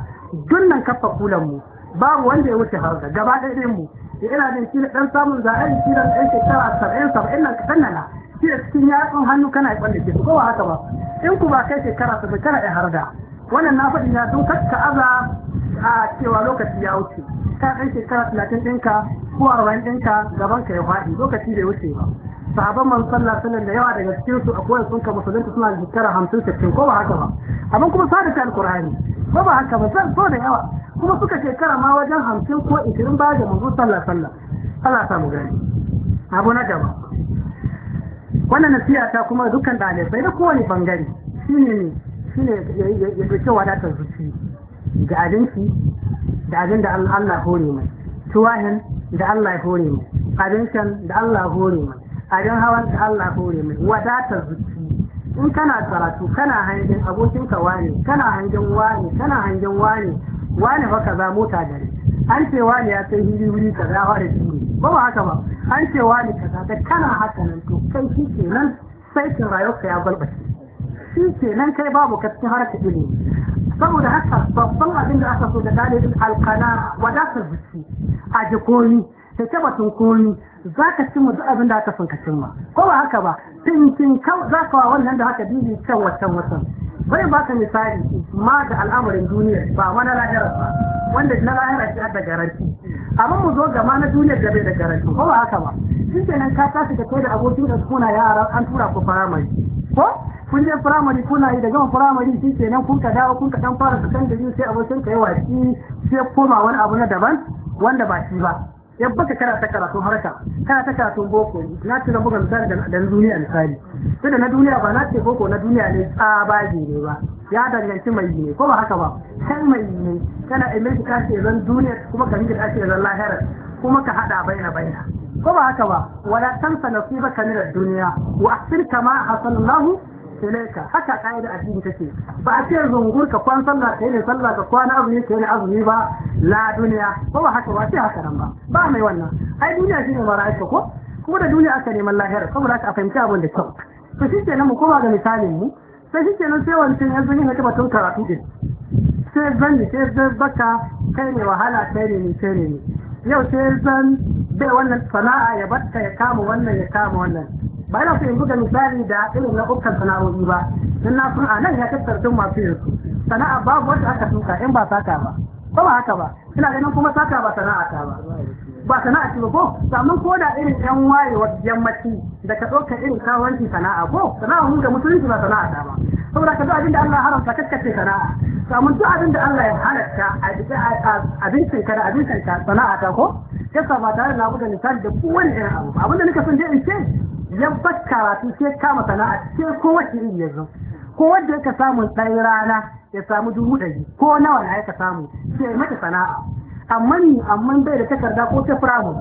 Speaker 1: dunnan kafa kulan mu babu wanda ya wuce har da gaba ɗaya mu ina jin shi dan samun za a yi shi dan shekara 70 70 nan kadan nan shi cikin yatsun hannu kana kwalle shi ko ba haka ba in ku ba kai shekara 70 kana ya harda wannan na faɗi na sun kakka aza a cewa lokaci ya wuce ka kai shekara talatin ɗinka ko arba'in ɗinka gaban ka ya faɗi lokaci bai wuce ba sahabban man sallah sanar da yawa daga cikin su akwai sun ka musulunta suna da shekara hamsin sittin ko ba haka ba amma kuma sa da ta alkur'ani ko ba haka ba san so da yawa kuma suka shekara ma wajen hamsin ko ishirin baya da manzon sallah sallah Allah mu gani abu na gaba wannan nasiha ta kuma dukkan ɗalibai na kowane bangare shine ne shi ne ya ɗauki wadatar zuci ga abinci da abin da Allah hore mai tuwahin da Allah hore mai abincin da Allah hore mai abin hawan da Allah hore mai wadatar zuci in kana karatu kana hangen abokinka wane kana hangen wane kana hangen wane wane fa kaza mota gari an ce wane ya sai hiri wuri ka za da shi ba ba haka ba an ce wane kaza da kana haka nan to kai shi nan sai kin rayuwarka ya balbace shi ke nan kai babu ka cikin harkar ilimi saboda haka babban abin da aka so da dalilin alkana wadatar zuci a jikoni da ta batun komi za ka cimma duk abin da aka son ka cimma ko ba haka ba tinkin kau za ka wa wannan da haka bibi can wancan wancan, bai ba ka misali ma da al'amarin duniya ba wani lahira ba wanda na lahira shi har da garanti amma mu zo gama na duniya da bai da garanti ko ba haka ba shi kenan ka tashi da kai da abokin da suna yara an tura ku firamare ko kun je firamare kuna yi da gama firamare shi kenan kun ka dawo kun ka dan fara sakan da sai abokin ka yi watsi sai koma wani abu na daban wanda ba shi ba ya baka kana ta karatun harka kana ta karatun boko na ce na buga misali da na duniya misali sai da na duniya ba na ce boko na duniya ne tsabage ne ba ya danganci mai ne ko ba haka ba kai mai ne kana imel ka ce zan duniya kuma ka rinka ce zan lahira kuma ka hada baina baina ko ba haka ba wala tansa nasibaka min ad-dunya wa asir kama hasallahu shelaika haka ka'ida addini take ba a ce zungur ka kwan sallah yi ne sallah ka kwana azumi yi ne azumi ba la duniya ko ba haka ba sai haka nan ba ba mai wannan ai duniya shine mara'ika ko kuma da duniya aka neman lahiyar saboda haka a fahimci abin da kyau to shi ke nan mu koma ga misalin mu sai shi ke nan sai wancan yanzu yin haka batun karatu din sai zan zanni sai zan baka kai ne wahala kai ne ni kai ne ni yau sai zan bai wannan sana'a ya batta ya kama wannan ya kama wannan ba na so in buga misali da irin na ukkan sana'o'i ba don na sun a nan ya tattartun masu yin sana'a babu wata aka tuka in ba saka ba ko ba haka ba ina ganin kuma saka ba sana'a ta ba ba sana'a ce ba ko sannan ko da irin yan wayewar yammaci da ka ɗauka irin kawanci sana'a ko sana'a mun ga musulunci ba sana'a ta ba saboda ka duk abin da Allah haramta kakkace sana'a samun duk abin da Allah ya halatta a abincin kada abincin ka sana'a ta ko ya ba tare da abu da misali da kowane irin abu abinda da nika sun je in ce yabbar su sai kama sana'a ko kowace iri yanzu ko wanda ya samun ɗan rana ya samu dubu ɗari ko nawa na ya samu sai mata sana'a amma ni amma bai da takarda ko ta firamu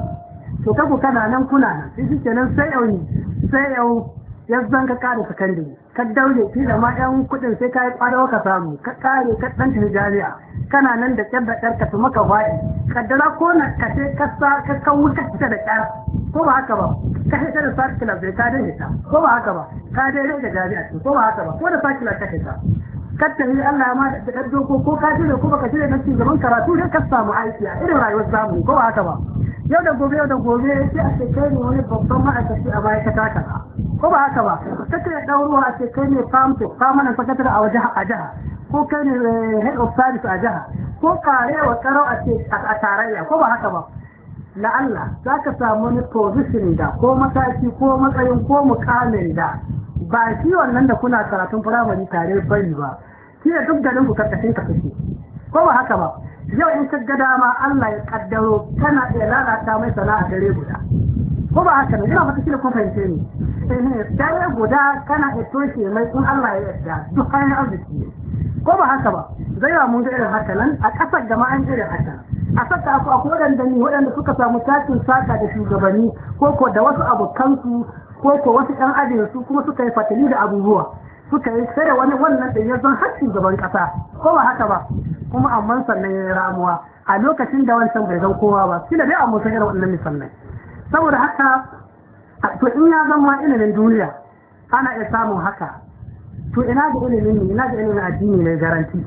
Speaker 1: to kaku kana nan kuna nan sai shi kenan sai yau sai yau ya zan ka kare sakandare ka daure da ma yan kuɗin sai ka yi ƙwadawa ka samu ka kare ka ɗan tijariya kana nan da ƙyar da ƙyar ka fi maka faɗi kaddara ko na ka ce ka sa ka kawo ka fita da ƙyar ko ba haka ba ka fita da sakila sai ka daidaita ko ba haka ba ka da jariya ko ba haka ba ko da sakila ka fita kattare Allah ma da ɗan doko ko ka jira ko baka jira na gaban karatu dai ka samu aiki a irin rayuwar samu ko haka ba yau da gobe yau da gobe sai a shekai ne wani babban ma'aikaci a baya ka taka ko ba haka ba kattare ɗaurowa a kai ne famto famanan sakatare a waje a jiha ko kai ne eh, head of service a jiha ko karewa karau a tarayya ko ba haka ba la'alla za ka samu wani position da ko mataki ko matsayin ko mukamin da ba shi wannan da kuna karatun firamare tare bari ba shi da duk garin ku karkashin ka kake ko ba haka ba yau in ka ga dama Allah ya kaddaro kana da lalata mai sana'a dare guda ko ba haka ne ina mata shi da kun fahimce ni eh, dare guda kana da toshe mai in Allah ya yarda duk hanyar arziki ne. ko ba haka ba zai yawa mun ga irin haka a ƙasar da ma an irin haka a saka aku akwai waɗanda ne waɗanda suka samu takin saka da shugabanni ko ko da wasu abokansu ko ko wasu ɗan ajin su kuma suka yi fatali da abubuwa suka yi sai da wani wannan da ya zan har gaban ƙasa ko ba haka ba kuma amma sannan ya yi ramuwa a lokacin da wancan bai zan kowa ba shi da dai an musa da wannan misalai saboda haka to in ya zama ilimin duniya ana iya samun haka to ina da ilimin ne ina da ilimin addini mai garanti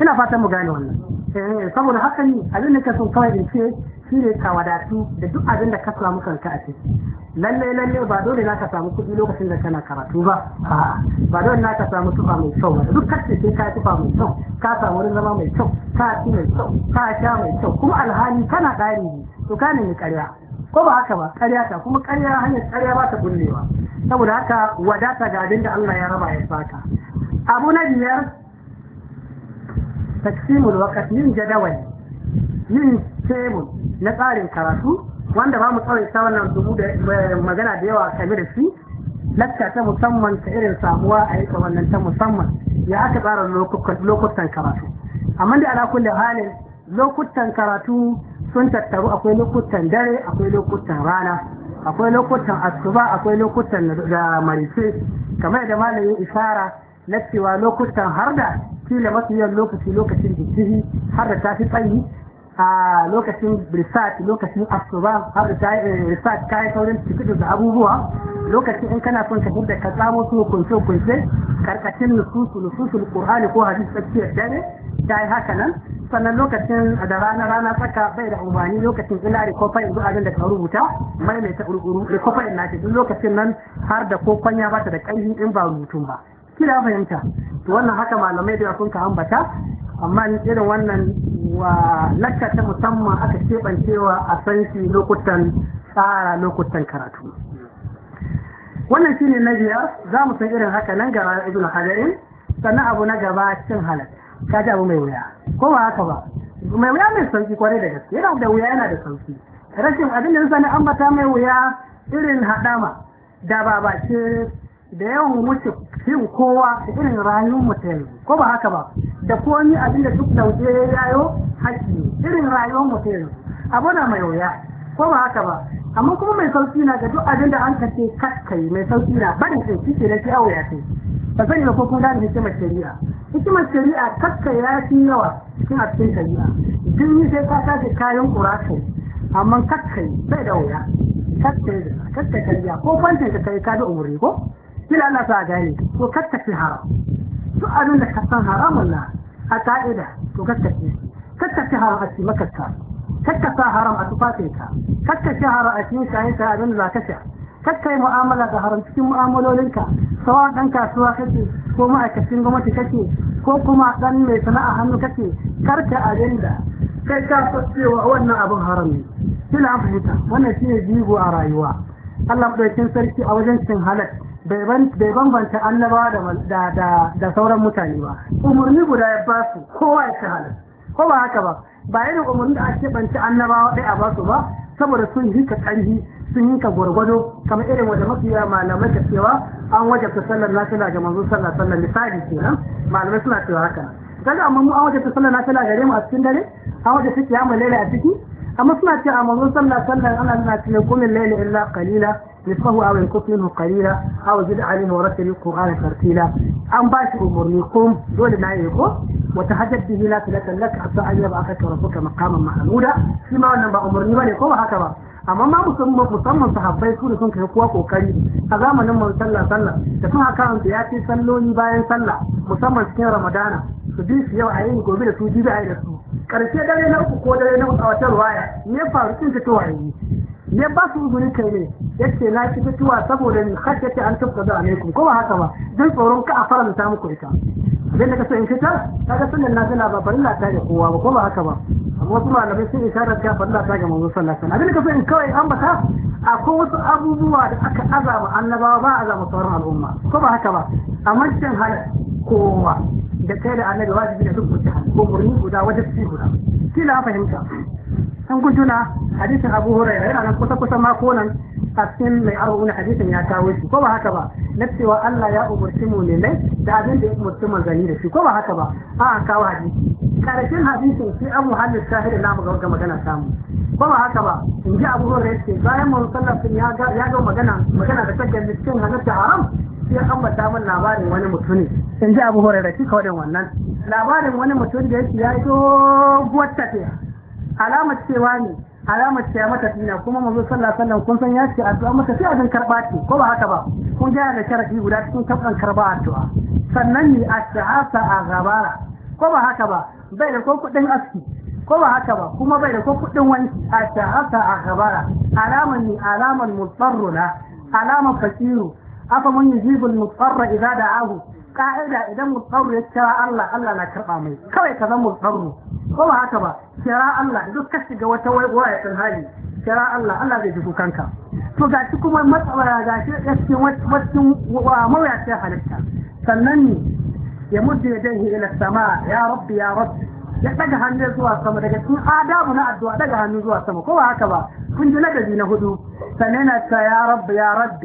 Speaker 1: ina fatan mu gane wannan eh, saboda haka ne abin da ka sun kawai in ce shi ne ka wadatu da duk abin da ka samu kanka a ciki lalle lalle ba dole na ka samu kuɗi lokacin da kana karatu ba ba dole na ka samu tufa mai kyau ba duk kace sai ka tufa mai kyau ka samu wurin zama mai kyau ka ci mai kyau ka sha mai kyau kuma alhali kana ɗari to ka nemi karya, ko ba haka ba ƙarya ta kuma karya hanyar ƙarya ba ta bullewa saboda haka wadata ga abin da Allah ya raba ya saka abu na biyar taksimul waqt min jadawali yin table na tsarin karatu wanda ba mu sa wannan dubu da eh, magana da yawa kame da shi lakta ta musamman ta irin samuwa a yi wannan ta musamman ya aka tsara lokutan karatu amma da ala kulle halin lokutan karatu sun tattaru akwai lokutan dare akwai lokutan rana akwai lokutan asuba akwai lokutan da marice kamar da malamin isara na cewa lokutan har da kila masu yawan lokaci lokacin jikiri har da ta fi tsayi a lokacin research lokacin asuba har eh, research kayan saurin cikin da abubuwa lokacin in kana son ka hidda ka samo su kunce kunce karkashin nususu nususu qur'ani ko hadisi a dare ta yi haka nan sannan lokacin da rana rana tsaka bai da umarni lokacin ina rikofa yanzu abin da ka rubuta mai mai ta urguru rikofa na ce duk lokacin nan har da ko kwanya ba ta da ƙarfi in ba rubutun ba kila fahimta to wannan haka malamai da sun ka ambata amma irin wannan wa lakka ta musamman aka keɓancewa a sanci lokutan tsara lokutan karatu wannan ne na biyar za mu san irin haka nan gaba ga ibn hajarin sannan abu na gaba cin halal ka ji abu mai wuya ko ba haka ba mai wuya mai sauki kwarai da gaske yana da wuya yana da sauki rashin abin da zan ambata mai wuya irin haɗama da ba ba ce da yawan wuce fin kowa da irin rayuwar mu ko ba haka ba da komi abinda duk da ya yayo haƙi irin rayuwar mu abu na mai wuya ko ba haka ba amma kuma mai sauki na ga duk abinda an ka ce kakkai mai sauki na barin sai kike da kiyawo ya ce ba sani ba ko kun gane hikima shari'a Hikima shari'a kakkai ya fi yawa cikin a cikin shari'a duk sai ka sace kayan kurakai amma kakkai bai da wuya kakkai kakkai ko fantin ka kai ka da umurni ko sai da Allah ta gane to kattafi haram su abin da ka san haramun na a ka'ida to kattafi kattafi haram a cikin makarta kattafa haram a tufafinka kattafi haram a cikin kayanka abin da za ka sha kakkai mu'amala da haram cikin mu'amalolinka sawa dan kasuwa kake ko ma'aikacin gwamnati kake ko kuma dan mai sana'a hannu kake karka abinda kai ka so cewa wannan abin haram ne kila an fahimta wannan shine jigo a rayuwa Allah madaukakin sarki a wajen cin halal bai bambanta annaba da sauran mutane ba umarni guda ya ba su kowa ya shahada ko ba haka ba ba irin umarni da ake banci annabawa ɗaya a ba su ba saboda sun yi ka ƙarfi sun yi ka gwargwado kamar irin wanda mafiya malamai ka cewa an wajabta sallar nafila ga manzo sallar sallar misali kenan malamai suna cewa haka kaga amma mu an wajabta sallar nafila gare mu a cikin dare an wajabta kiyamul laila a ciki amma suna ce a manzon sallah sallan ana nuna cewa kumin laili illa qalila nisfahu aw yanqus minhu qalila aw zid alayhi wa ratil qur'ana tartila an ba shi umurni kum dole na yi ko wa tahajjad bihi la tilaka lak hatta an yab'aka rabbuka maqaman mahmuda shi ma wannan ba umurni bane ko ba haka ba amma ma musamman musamman sahabbai su da sun kai kowa kokari a zamanin mu sallah sallah da kuma kan ya ce salloli bayan sallah musamman cikin ramadana su bi su yau a yi gobe da su jibi a yi da su karshe dare na uku ko dare na uku a wata ruwaya ne faru cin fitowa yi ne ba su uzuri kai ne yace na ci fitowa saboda ni har ce an tafka da alaikum ko ba haka ba dan tsoron ka a faranta muku ita idan da kaso in ta ga sunan na tana ba farilla ta ga kowa ba ko ba haka ba amma wasu malamai sun isharar ta farilla ta ga manzo sallallahu alaihi wasallam abin da in kawai an bata akwai wasu abubuwa da aka azama annabawa ba azama sauran al'umma ko ba haka ba a shin hal kowa da kai da annabi wajibi ne duk ko murni guda su guda kila fahimta an kun tuna hadisin abu hurairah yana nan kusa kusa ma ko nan a cikin mai na hadisin ya kawo shi ko ba haka ba na cewa Allah ya umurci mu ne da abin da ya umurci manzanni da shi ko ba haka ba a kawo hadisi karatun hadisin sai an muhallin ta na mu ga magana samu ba ba haka ba in ji abu hore ce bayan mu sallafin ya ga magana magana da take da cikin halatta haram sai ya ambata min labarin wani mutune in ji abu hore da shi kawai wannan labarin wani mutum da yake ya yi doguwar tafiya alamar cewa ne alamar cewa mata kuma manzo sallallahu kun san ya ce addu'a matafiya sai abin karba ce ko ba haka ba kun gaya da sharadi guda cikin karban karba addu'a sannan ni a shahasa a gabara ko ba haka ba bai da ko kuɗin aski ko ba haka ba kuma bai da ko kuɗin wanki a ta haka a gabara alaman ni alaman mutsarruna alaman fasiru afa mun yujibul mutsarra idza da'ahu ka'ida idan mutsarru ya kira Allah Allah na karɓa mai kawai ka zama mutsarru ko ba haka ba kira Allah duk ka shiga wata waya wayatun hali kira Allah Allah zai ji kukanka to ga shi kuma matsawara ga shi cikin wacin mawuyacin halitta sannan ne يمد يديه الى السماء يا رب يا رب يحتاج هن زوا السماء دك سن ادامنا الدعاء دك هن زوا السماء كو هكذا كن جل دينا هدو سنن يا رب يا رب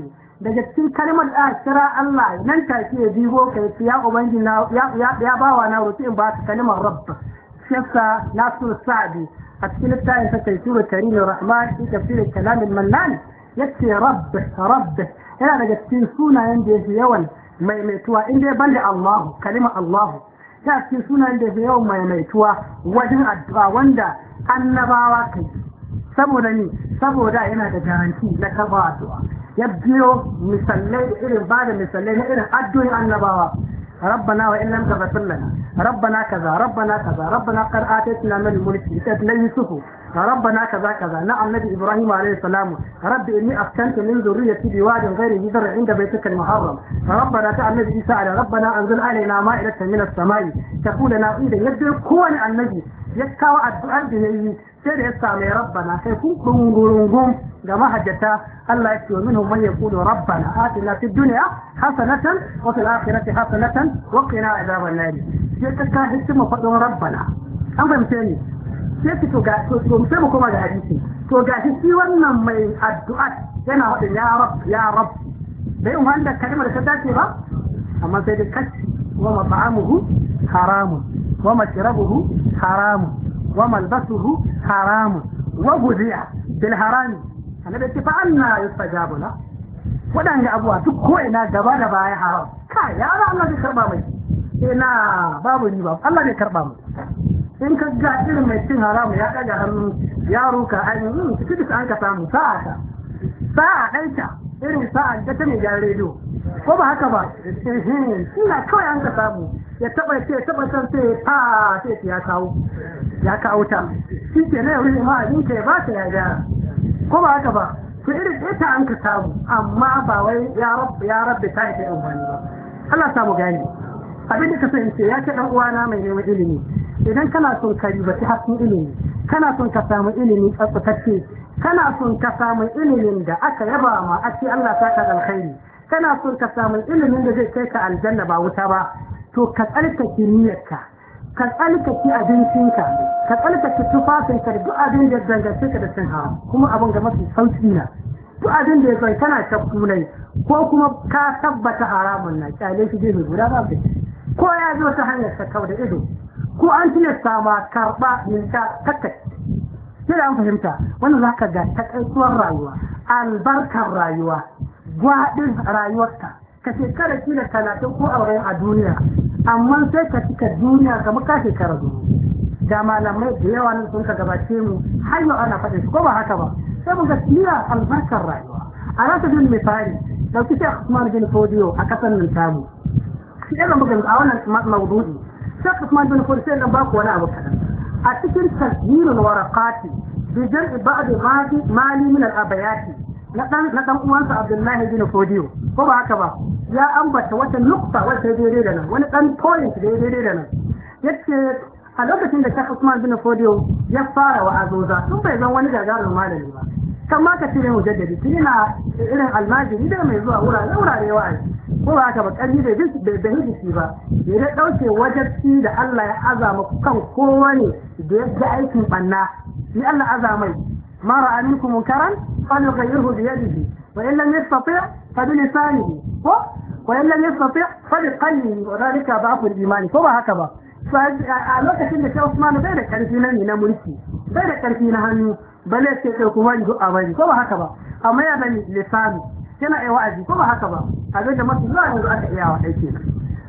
Speaker 1: دك سن كلمه اشرا الله نن تاكي ديغو كيف يا اوبنجي نا يا يا يا باوا نا روتين با كلمه رب شفا ناس السعدي أتكلم الثاني فكي سورة كريم الرحمن في تفسير الكلام المنان يكفي رب رب هنا نجد في سونا عندي في يوم maimaituwa in dai banda Allah kalima Allahu ta cikin sunan da fi yawan maimaituwa wajen addu'a wanda annabawa kai saboda ni saboda yana da garanti na karɓar addu'a ya biyo misalai irin ba da misalai na irin addu'in annabawa ربنا وإن لم تغفر لنا ربنا كذا ربنا كذا ربنا قد آتيتنا من الملك لا يوسف ربنا كذا كذا نعم نبي إبراهيم عليه السلام رب إني أسكنت من ذريتي بواد غير ذي زرع عند بيتك المحرم ربنا تعالى نبي عيسى على ربنا أنزل علينا مائدة من السماء تقول لنا إذا يدعو كون النبي يكاوى الدعاء به شرع سامي ربنا حيكون قنقر قنقر جماعة جتا الله يكتب منهم من يقول ربنا آتنا في الدنيا حسنة وفي الآخرة حسنة وقنا عذاب النار جتا كان حسن فضل ربنا أنا مثاني كيف تقول مثل مكوما جاهدتي تقول حسن وانا من الدعاء كان أقول يا رب يا رب بيوم عندك كلمة لكتاتي رب أما سيد الكتش ومطعمه حرام ومشربه حرام وملبسه حرام وبذع في الحرام انا باتفاقنا يستجاب له ودان ابوها تكوي انا دبا دبا يا حرام يا رب الله يكرم امي انا بابو ني باب الله يكرم امي ان كجا دين ما حرام يا كجا يا روكا اي تكدس انك سامو ساعه ساعه دايتا ايرو ساعه دتني جاريدو ko ba haka ba shi ina kawai an ka samu ya taba ce taba san sai ta sai ya kawo ya kawo ta shi ke na yau ma in ke ba ta ya gyara ko ba haka ba to irin ita ta an ka samu amma ba wai ya rabbi ta ita yan wani ba Allah samu gani abin da ka ce ya ce ɗan uwana mai neman ilimi idan kana son ka ta hakkin ilimi kana son ka samu ilimi tsaftatacce kana son ka samu ilimin da aka yaba ma a ce Allah ta ka alkhairi kana son ka samu ilimin da zai kai ka aljanna ba wuta ba to ka tsarkake niyarka ka tsarkake abincinka ka tsarkake tufafinka da duk abin da zangance ka da sun hawa kuma abin ga mafi sauki na duk abin da ya zai kana shakku ko kuma ka tabbata haramun na kyale shi gefe guda ba su ko ya zo ta hanyar sakau da ido ko an tilasta sama, karɓa ta takat sai da an fahimta wannan za ka ga takaituwar rayuwa albarkar rayuwa gwaɗin rayuwarka ka shekara kila talatin ko aure a duniya amma sai ka cika duniya kamar ka shekara zuwa ga malamai da yawa nan sun ka gabace mu har yau ana faɗin ko ba haka ba sai mun ga kila albarkar rayuwa a rasa jin misali ɗauki sai Usman bin Fodiyo a kasar nan tamu shi ɗan bugun a wannan maudu'i sai Usman bin Fodiyo sai ba baku wani abu kaɗan a cikin tasirin warakati bijan ibadu mali min al-abayati na dan uwansa Abdullahi bin Fodiyo ko ba haka ba ya ambata wata nukta wata daidai da nan wani dan point daidai da nan yace a lokacin da Sheikh Usman bin Fodiyo ya fara wa azoza tun bai zan wani gagarumin malami ba kan ma ka cire mujaddadi tun yana irin almajiri da mai zuwa wura wura ne wa'azi ko ba haka ba kalli bai da shi ba ya da dauke wajabci da Allah ya azama kan kowa ne da ya ga aikin banna ni Allah azamai mara aminku munkaran قد يغيره بيده وإن لم يستطع فبلسانه وإن لم يستطع فبقلبه وذلك ضعف الإيمان ثم هكذا فالوقت كل شيء عثمان بين التعريفين من ملكي بين التعريفين هم بل يتكوان جوء أبيني ثم هكذا أما يا بني لسان كما إيوازي ثم هكذا هذا جمعت الله يقول أتعيا وحيكينا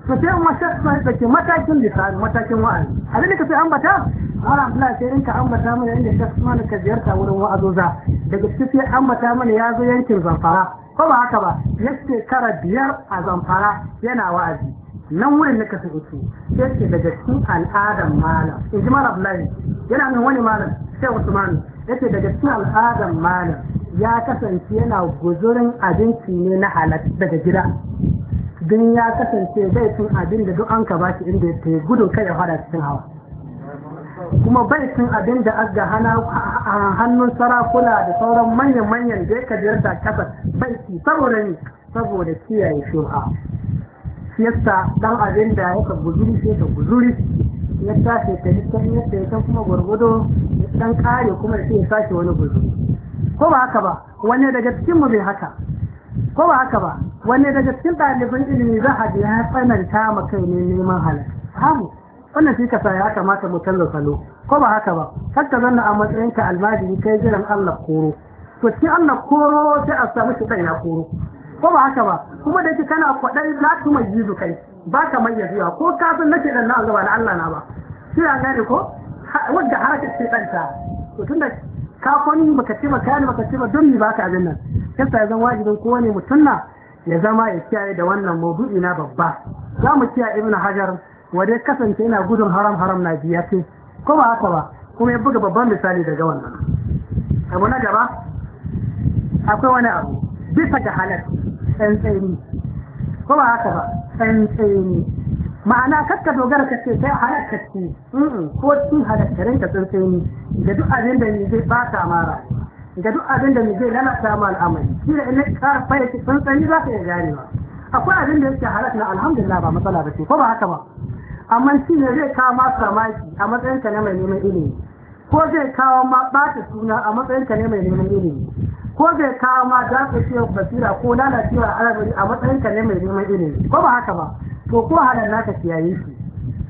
Speaker 1: to sai in wasa da ke matakin lisani matakin wa'azi abin da ka sai ambata wala Abdullahi sai in ka ambata mana inda ta mana ka ziyarta wurin wa'azoza daga cikin sai ambata mana ya zo yankin zamfara ko ba haka ba ya shekara biyar a zamfara yana wa'azi nan wurin da ka sai uku sai ce daga cikin al'adar malam in ji Mara Abdullahi yana nan wani malam sai Usman yace daga cikin al'adar malam ya kasance yana guzurin abinci ne na halatta daga gida don ya kasance bai cin abin da duk an ka bashi inda ya gudun kai ya fara cikin hawa kuma bai cin abin da aga hannun sarakuna da sauran manyan-manyan da ya kajiyar da kasa bai ci saboda ne saboda kiyaye shura yasa dan abin da ya ka guzuri sai ka guzuri ya tashi ta nisan yadda ya ta kuma gwargwado dan kare kuma ya sai ya sashi wani guzuri ko ba haka ba wani daga cikin mu bai haka ko ba haka ba wanne daga cikin ɗaliban ilimi za a ya tsananta ma kai ne neman halal hamu wannan shi kasa ya kamata mu canza salo ko ba haka ba kar ka zanna a matsayin ka almajiri kai jiran Allah koro to cikin Allah koro sai a samu shi ya koro ko ba haka ba kuma da yake kana kwaɗari za ka mai jizu kai ba ka mai yazuwa ko ka san nake dan na Allah na Allah na ba shi ya gane ko wanda haraka shi ɗanta to tunda ka kwani baka ci ba kayan baka ci ba don ba baka abin nan kasa zan wajibin kowane mutum na ya zama ya kiyaye da wannan maudu'i na babba za mu kiyaye ibn hajar wanda kasance yana gudun haram haram na biya ce ko ba haka ba kuma ya buga babban misali daga wannan abu na gaba akwai wani abu bisa ga halar tsantsani ko ba haka ba tsantsani ma'ana ka dogara ka ce sai halakka ce ko cin halakkarin ka tsuntsuni da duk abin da ni zai baka mara da duk abin da ni zai lalata ma al'amari shi da ina kara fara ki tsuntsuni za ka iya ganewa akwai abin da yake halak na alhamdulillah ba matsala ba ce ko ba haka ba amma shi ne zai kawo ma samaki a matsayin ka na mai neman ilimi ko zai kawo ma bata suna a matsayin ka ne mai neman ilimi ko zai kawo ma dafacewar basira ko lalacewa al'amari a matsayin ka ne mai neman ilimi ko ba haka ba to ko halar naka kiyaye shi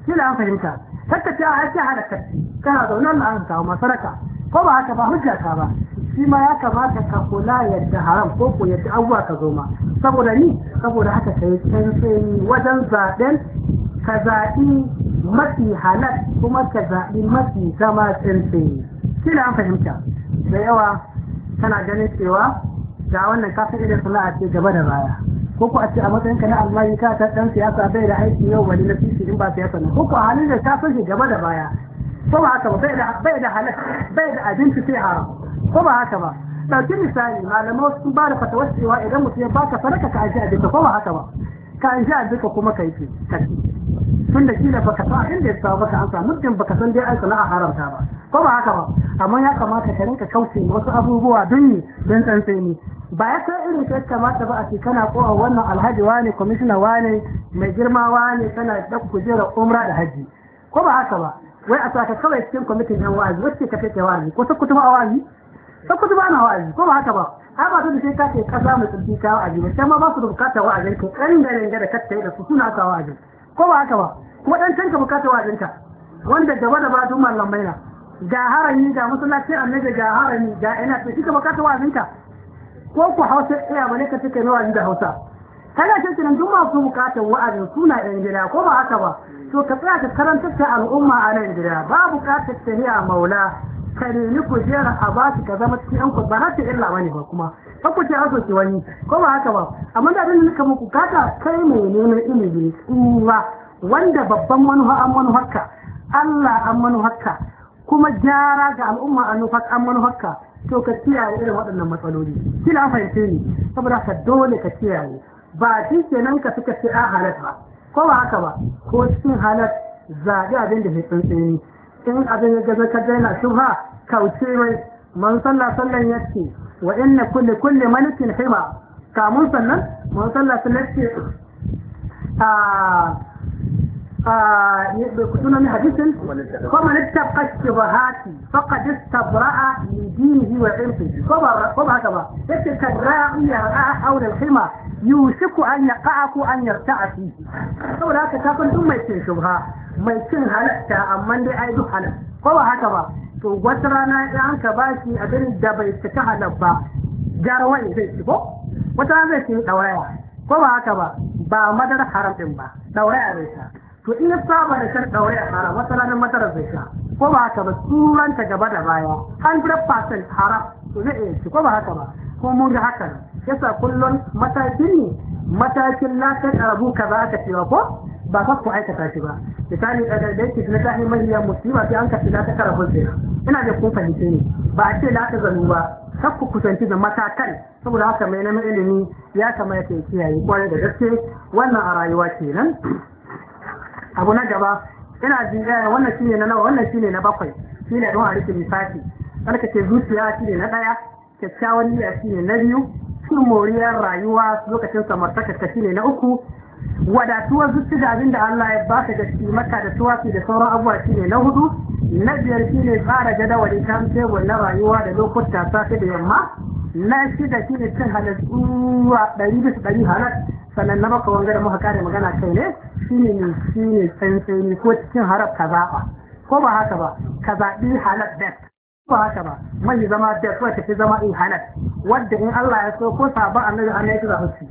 Speaker 1: shi an fahimta kakka ta har ta halar kaci kana zaune Allah an kawo masaraka ko ba haka ba hujja ba shi ma ya kamata ka kula yadda haram ko ko yadda abuwa ka zo ma saboda ni saboda haka kai tsantsani wajen zaben ka zaɓi mafi halar kuma ka zaɓi mafi zama tsantsani shi an fahimta da yawa tana ganin cewa ga wannan kafin irin sana'a ce gaba da baya ko ku a ce a matsayinka na almari ka ta dan siyasa bai da aiki yau wani na fisi in ba siyasa ne ko ku a halin da ta san shi gaba da baya ko ba haka ba bai da bai da bai da abinci sai haram ko ba haka ba ɗauki misali malamai sun ba da fatawar cewa idan mutum ya baka sadaka ka aje abinka ko ba haka ba ka aje abinka kuma ka yi shi da kila baka sa inda ya samu baka an samu din baka san dai aiki na a haramta ba ko ba haka ba amma ya kamata ka rinka kauce wasu abubuwa don yi sai ne ba ya san irin ta kamata ba a ce kana kowa wannan alhaji wane commissioner wane mai girma wane kana da kujera umra da haji ko ba haka ba wai a saka kawai cikin committee ɗin wa'azi wacce ka fake wa'azi ko sakkutu ba wa'azi sakkutu ba na wa'azi ko ba haka ba har ba da sai ka ce kasa mai tsinci ka wa'azi ba sai ma ba su da bukatar wa'azin ka ƙarin da da ka da su suna ka wa'azin ko ba haka ba kuma dan canka bukata wa dinka wanda gaba da ba duk mallamai na ga harami ga masallaci annabi ga harami ga ina to kika bukata wa dinka ko ku hausa iya bane ka take nawa inda hausa kana cin kiran duk masu bukatar wa'azin suna yan gida ko ba haka ba to ka tsaya ka karanta ta al'umma a nan gida ba bukatar tahiya maula ka nemi kujera a ba ka zama cikin yan ba na ce illa bane ba kuma kan kujera so wani ko ba haka ba amma da abin da muku kaka kai mai neman ilimi kuma wanda babban manufa an manufarka Allah an manufarka kuma gyara ga al'umma an manufarka to ka kiyaye irin waɗannan matsaloli kila an fahimce ni saboda ka dole ka kiyaye ba shi kenan ka suka ce a ah, halat ba ko ba haka ba ko cikin halat zaɓi abin da ke tsantsani in abin ya gaza ka daina shubha kauce mai man sallah sallan ya ce wa inna kulli kulli malikin hima kamun sannan man sallah sallan ya ce ah, ah, sunan hadisin kuma littafin shubahati faqad istabra'a min dinihi wa irfihi ko ba haka ba yace kadra'a yar'a aw al-hima yushiku an yaqa'a ku an yarta'a fi saboda haka kafin duk mai cin shubha mai cin halatta amma dai ai duk halal ko ba haka ba to wata rana ya an ka bashi abin da bai cika halar ba gyara wani zai ci ko wata rana zai ci ɗauraya ko ba haka ba ba madar haram ɗin ba ɗauraya zai sha to in ya saba da shan ɗauraya haram wata rana madar zai sha ko ba haka ba turanta gaba da baya 100% haram to zai iya ci ko ba haka ba ko mun ga haka yasa kullum matakin ne matakin lafiyar ta rabu ka za ka cewa ko ba ka ku aikata shi ba misali eh, da yake na tahi mahiyar musulma sai an kafi na ta kara hulɗe ina da kun fahimci ne ba a ce la ta zanu ba kar ku kusanci da matakan saboda haka mai neman ilimi ya kamata ya kiyaye kwarai da gaske wannan a rayuwa kenan abu na gaba ina jin eh, wannan shine na nawa wannan shine na bakwai shine don a rike misali tsarkake zuciya shine na daya kyakkyawan niyya shine na biyu cin moriyar rayuwa lokacin samartaka shine na uku wadatuwar da abin da Allah ya baka da shi maka da tuwafi da sauran abuwa shi ne na hudu na biyar shi ne tsara jadawalin kan tebur na rayuwa da lokuta safe da yamma na shida shi ne cin halittuwa a ɗari bisa ɗari halar sannan na baka wangare muka kare magana kai ne shi ne shi ne tsantsani ko cikin harar ka zaɓa ko ba haka ba ka zaɓi halar ko ba haka ba mai zama ko wacce fi zama in halar wadda in Allah ya so ko sabon annabi annabi ya ci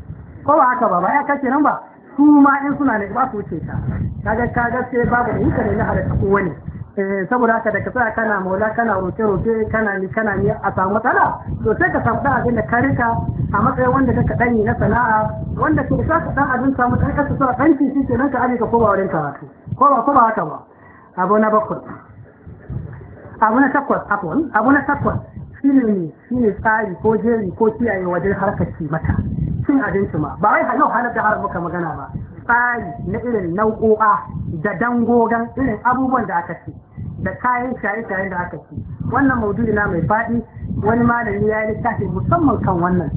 Speaker 1: ko ba haka ba ba ya kace nan ba su ma in suna ne ba su wuce ta kaga kaga sai babu da yinka ne har hada ko wani eh, saboda haka da ka tsaya kana maula kana roke roke kana ni kana ni a samu matsala to sai ka samu abin da ka rika a matsayin wanda ka yi na sana'a wanda ke sa ka dan abin samu dan ka sa dan ki shi nan ka aje ka koma wurin wato ko ba ko ba haka ba abu na bakwai abu na takwas afwan abu na takwas shine ne shine tsari ko jeri ko kiyaye wajen harkar mata cin abinci ma ba wai yau halar da haram muka magana ba tsari na irin nau'o'a da dangogon irin abubuwan da aka ci da kayan shaye-shayen da aka ci wannan maududi na mai faɗi wani malami ya yi littafi musamman kan wannan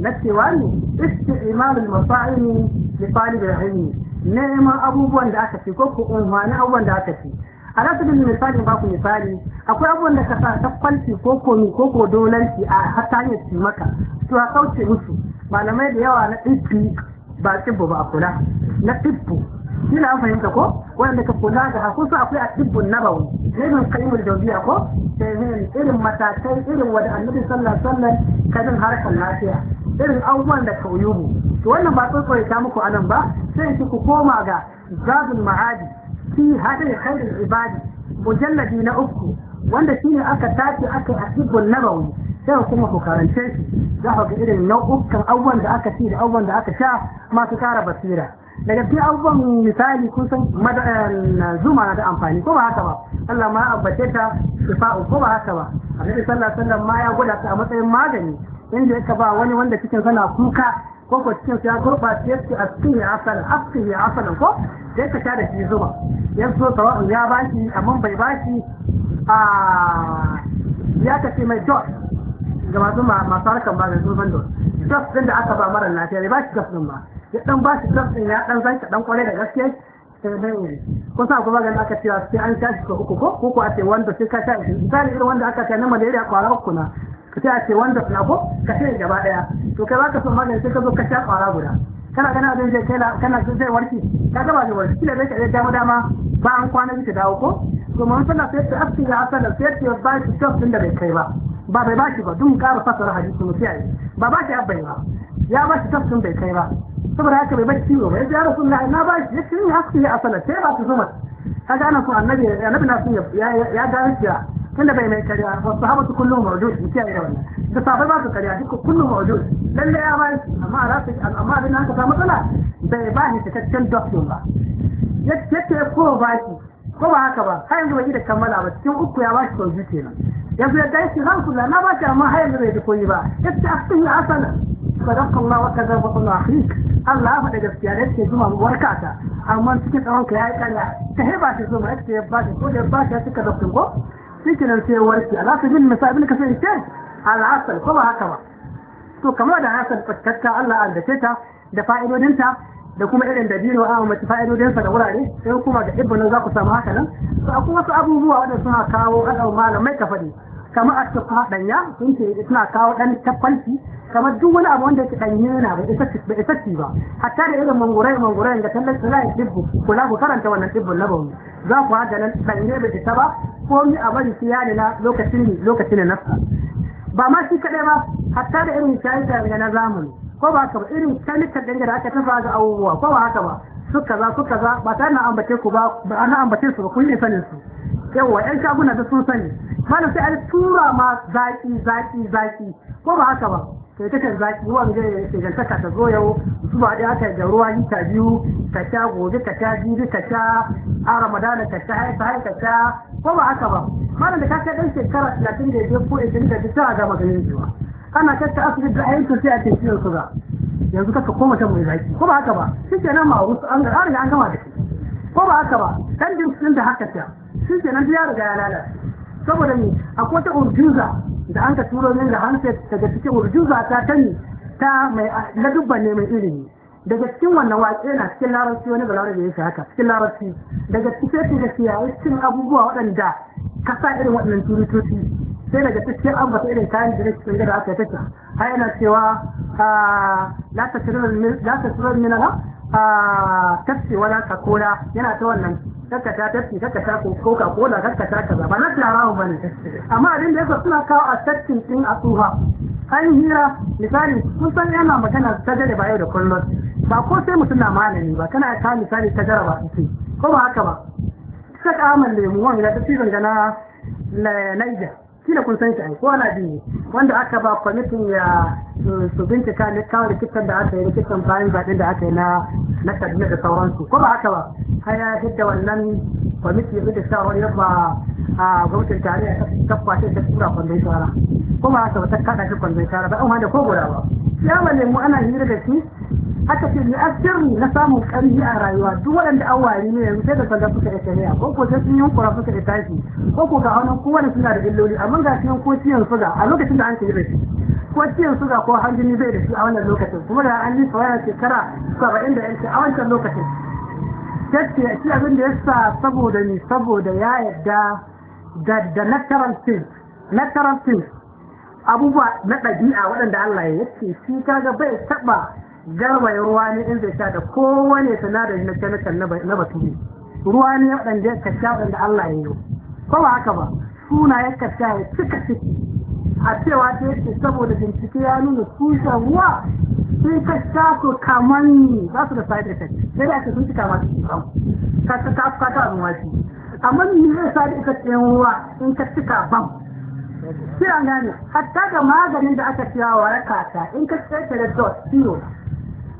Speaker 1: na cewa ne istimalul masa'ini da talibul neman abubuwan da aka ci ko ko abubuwan da aka ci a rasu da misali ba ku misali akwai abubuwan da ka sa ta kwalci ko komi ko ko dolanci a hata ci maka to a kauce musu malamai da yawa na ɗibbi ba tibbu ba a kula na tibbu shi na fahimta ko wanda ka kula da su akwai a tibbun nabawi ne min kalimul jawziya ko irin matakai irin wanda annabi sallar sallar wasallam kadin harkar lafiya irin abubuwan da kauyu mu to wannan ba tsotsoi ta muku anan ba sai ki ku koma ga zabul ma'adi fi hadin khairul ibadi mujalladi na uku wanda ne aka tace aka a na rauni sai kuma ku karance shi za ka ga irin nau'ukan abubuwan da aka ci da abubuwan da aka sha masu kara basira daga cikin abubuwan misali kun san eh, zuma na da amfani ko ba haka ba Allah ma abbace ta shifa ko ba haka ba annabi sallallahu alaihi wasallam ma ya gwada ta a matsayin magani inda yake ba wani wanda cikin sana kuka ko ko cikin ya gurbace ce a cikin asal asal ya asal ko sai ka sha da shi zuma ya so sawa'un ya baki amma bai baki a ah, ya kace mai dot ga masu masu harkar da sun san gas din da aka ba mara lafiya ne ba shi gas din ba ya dan ba shi gas din ya dan zanka dan kwarai da gaske sai dan yi kun san akwai magani aka cewa sai an tashi shi ko uku ko ko a ce wanda sai ka ta shi misali irin wanda aka ta na malaria kwara uku na ka ce a ce wanda na ko ka ce gaba daya to kai ba ka son magani sai ka zo ka sha kwara guda kana gana abin zai kai kana zai warki ka gaba zai warki kila zai ka dama dama ba an kwana biyu ta dawo ko to mun sanar sai ta asiri a sanar sai ta ba shi gas din da bai kai ba ba bai ba shi ba dun ƙara fasara hadisi mu sai ba ba shi abbai ba ya ba shi tafsin bai kai ba saboda haka bai bar ciwo ba ya ji rasul na na ba shi yakin haske ya asala sai ba su zuma kaga ana so annabi annabi na sun ya ya gane shi tunda bai mai kariya wa sahabatu kullum mawjud mu sai wannan da sahabbai ba su kariya duk kullum mawjud lalle ya ba amma rasu amma abin haka ta matsala bai ba shi cikakken dokin ba yake ko ba shi ko ba haka ba har yanzu bai da kammala ba cikin uku ya bashi sau biyu kenan yanzu ya dace ran kula na bashi amma har yanzu bai da koyi ba yace astahi asala da kuma wa kaza wa kullu akhik Allah faɗa gaskiya da yake zuma warka ta amma cikin tsawon ka yi kalla ta heba ta zuma yake ya bashi ko da ya bashi ya cika dafin ko cikin nan sai warki Allah ta bin masa abin ka sai ce al'asal ko ba haka ba to kamar da hasan fakkata Allah an dace ta da fa'idodinta da kuma irin da dino a mace fa'idodinsa da wurare sai kuma ga nan za ku samu haka nan to akwai wasu abubuwa wanda suna kawo adau malamai ka faɗi kamar a cikin danya sun ce suna kawo ɗan tabbanci kamar duk wani abu wanda ci ɗanyi yana ba isa ci ba hatta da irin mangurai mangurai da kallon su zai kula ku karanta wannan ɗibbun na bauni za ku haɗa nan ɗanyi bai isa ba ko ni a bari su yani na lokacin lokacin na nafsa ba ma shi kaɗai ba hatta da irin shayi da na zamani ko ba haka ba irin kalitar dangar da aka tafa ga abubuwa ko ba haka ba su kaza su kaza ba ta na ambace ku ba ba ana ambace su ba kun yi sanin su yawa yan shaguna da sun sani malam sai an tura ma zaki zaki zaki ko ba haka ba sai ta kan zaki ruwan ga ya shigantaka ta zo yau su ba da aka ga ruwa lita biyu ka sha gobe ka sha jibi ka sha a ramadana ka sha ta ka sha ko ba haka ba malam da ka kai dan shekara 30 da ya ko 20 da ta ga maganin jiwa Ana kakka asibiti da ayyukan sai a ce yanzu suga yanzu kakka koma can mai zaki ko ba haka ba shi ke nan ma wasu an riga an gama da shi ko ba haka ba kan sun da haka ta shi ke nan ya riga ya lalace saboda ni akwai ta urjuza da an ka turo min da hanset daga cikin urjuza ta ta ta mai ladubba ne mai ilimi daga cikin wannan waƙe na cikin larabci wani da larabci ya shi haka cikin larabci daga cikin da kiyaye cikin abubuwa waɗanda ka sa irin waɗannan turutoci sai daga cikin ambata irin kayan da nake sanye da aka tace har yana cewa ah, la tasirar minara ah, tafsi wala kakola yana ta wannan kakkata tafsi kakkata coca cola kakkata kaza ba na tarawa bane amma abin da yasa suna kawo a tafsin din a tsuha an hira misali kun san yana magana ta dare ba yau da kullum ba ko sai mutum na malami ba kana ka misali ta dare ba ce ko ba haka ba ta amal lemu wanda ta cizon da na na'ija. kila kun san shi ko ana jin wanda aka ba kwamitin ya su bincika ne kawo rikitan da aka yi rikitan bayan zaɓen da aka yi na na kaduna da sauransu ko ba aka ba har ya hidda wannan kwamiti ya da shawar ya ba a gwamnatin tarayya ta kwace ta tura kwandon shara ko ba aka ba ta kada shi kwandon shara ba an wanda ko guda ba ya ba mu ana hira da shi haka ce ne mu na samun ƙarfi a rayuwa duk waɗanda an wari ne yanzu sai da sanda suka da tare ko ko sai sun yunkura suka da tashi ko ko ga wani suna da illoli amma ga shi ko ciyan suga a lokacin da an ce da shi ko ciyan suga ko hanjini bai da shi a wannan lokacin kuma da an yi tsawon shekara saba'in da yanci a wancan lokacin yadda shi abin da ya sa saboda ni saboda ya yadda da da natural things natural things abubuwa na ɗabi'a waɗanda Allah ya yake shi kaga bai taɓa garwaye ruwa ne in zai sha da kowane sinadari na chemical na baturi ruwa ne waɗanda ya kasha waɗanda Allah ya yi ko ba haka ba suna ya kasha ya cika ciki a cewa ta yake saboda bincike ya nuna tushen ruwa sun kasha ko kamar za su da side effect sai da ake sun cika masu cikin ka ka ka a abin wasi amma ni zai side effect ɗin ruwa in ka cika bam kira gane hatta ga maganin da aka ciyawa ya kata in ka ce ta da dot ciwo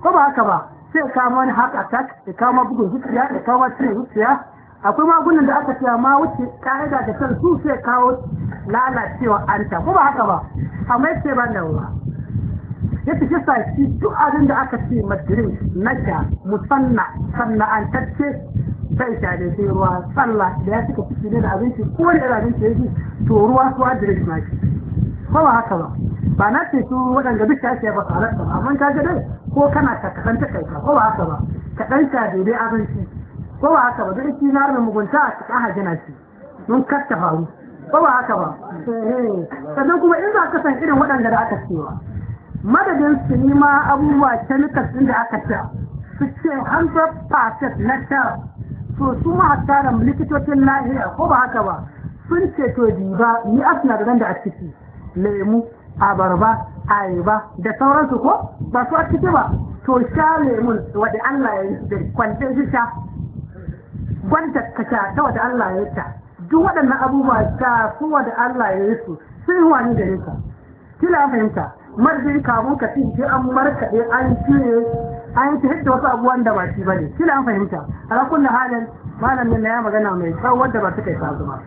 Speaker 1: ko ba haka ba sai kama wani heart attack ya kama bugun zuciya da kama ciwon zuciya akwai magunan da aka cewa ma wuce ka'ida da san su sai kawo lalacewa anta ko ba haka ba amma yace ban da ruwa ya fi kisa shi duk abin da aka ce madrid naka musanna sana'antacce sai sha da sai ruwa sallah da ya cika fushi da abinci ko da abinci yake to ruwa su adiresh ma shi ba ba haka ba ba na ce su waɗanda duk ake ba su halatta ba amma ka dai ko kana ka kaɗan ta kai ko ba haka ba kaɗan ka daidai abinci ko ba haka ba duk shi na mugunta a cikin hajjina ce mun kasta faru ko ba haka ba sannan kuma in za ka san irin waɗanda da aka cewa madadin su yi ma abubuwa chemicals ɗin da aka ta su ce 100% na ta so su ma hatta likitocin lahiya ko ba haka ba sun ce to diba ni asina da nan da a ciki lemu abarba ayaba da sauransu ko ba su a ciki ba to sha lemun wadda Allah ya yi kwanta shi sha gwanta ka sha ta wadda Allah ya yi ta duk waɗannan abubuwa sha su wadda Allah ya yi su sun yi wani gare ka kila fahimta marjin kamun ka fi sai an markaɗe an cire an wasu abubuwan da ba shi ba ne kila fahimta a rakunan halin malamin na ya magana mai tsawon da ba su kai sa zuma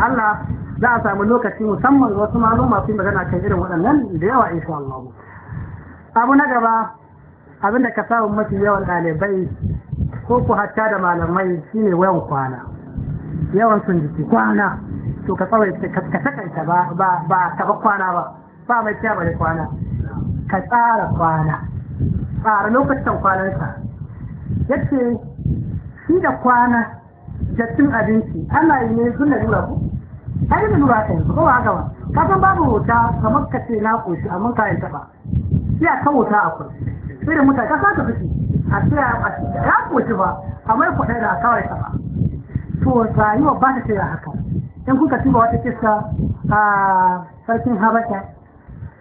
Speaker 1: Allah za a samu lokaci musamman ga wasu malum masu magana kan irin waɗannan da yawa sha Allah abu na gaba abinda ka samu mafi yawan ɗalibai ko ku hatta da malamai shine wayan kwana yawan sun jiki kwana to ka tsawai ka takaita ba ba ba ka ba kwana ba ba mai kya bare kwana ka tsara kwana tsara lokacin kwanansa yace shi da kwana Jattun abinci ana yi ne sun da lura ku ai da lura ka yanzu ko haka ba ka san babu wuta kamar ka ce na koshi amma ka yi taba sai a kan wuta akwai sai da mutane ka ta fushi a tsaya a ya koshi ba amma ya kwaɗa da kawai taba to rayuwa ba ta ce a haka in kuka tuba wata kista a sarkin habasha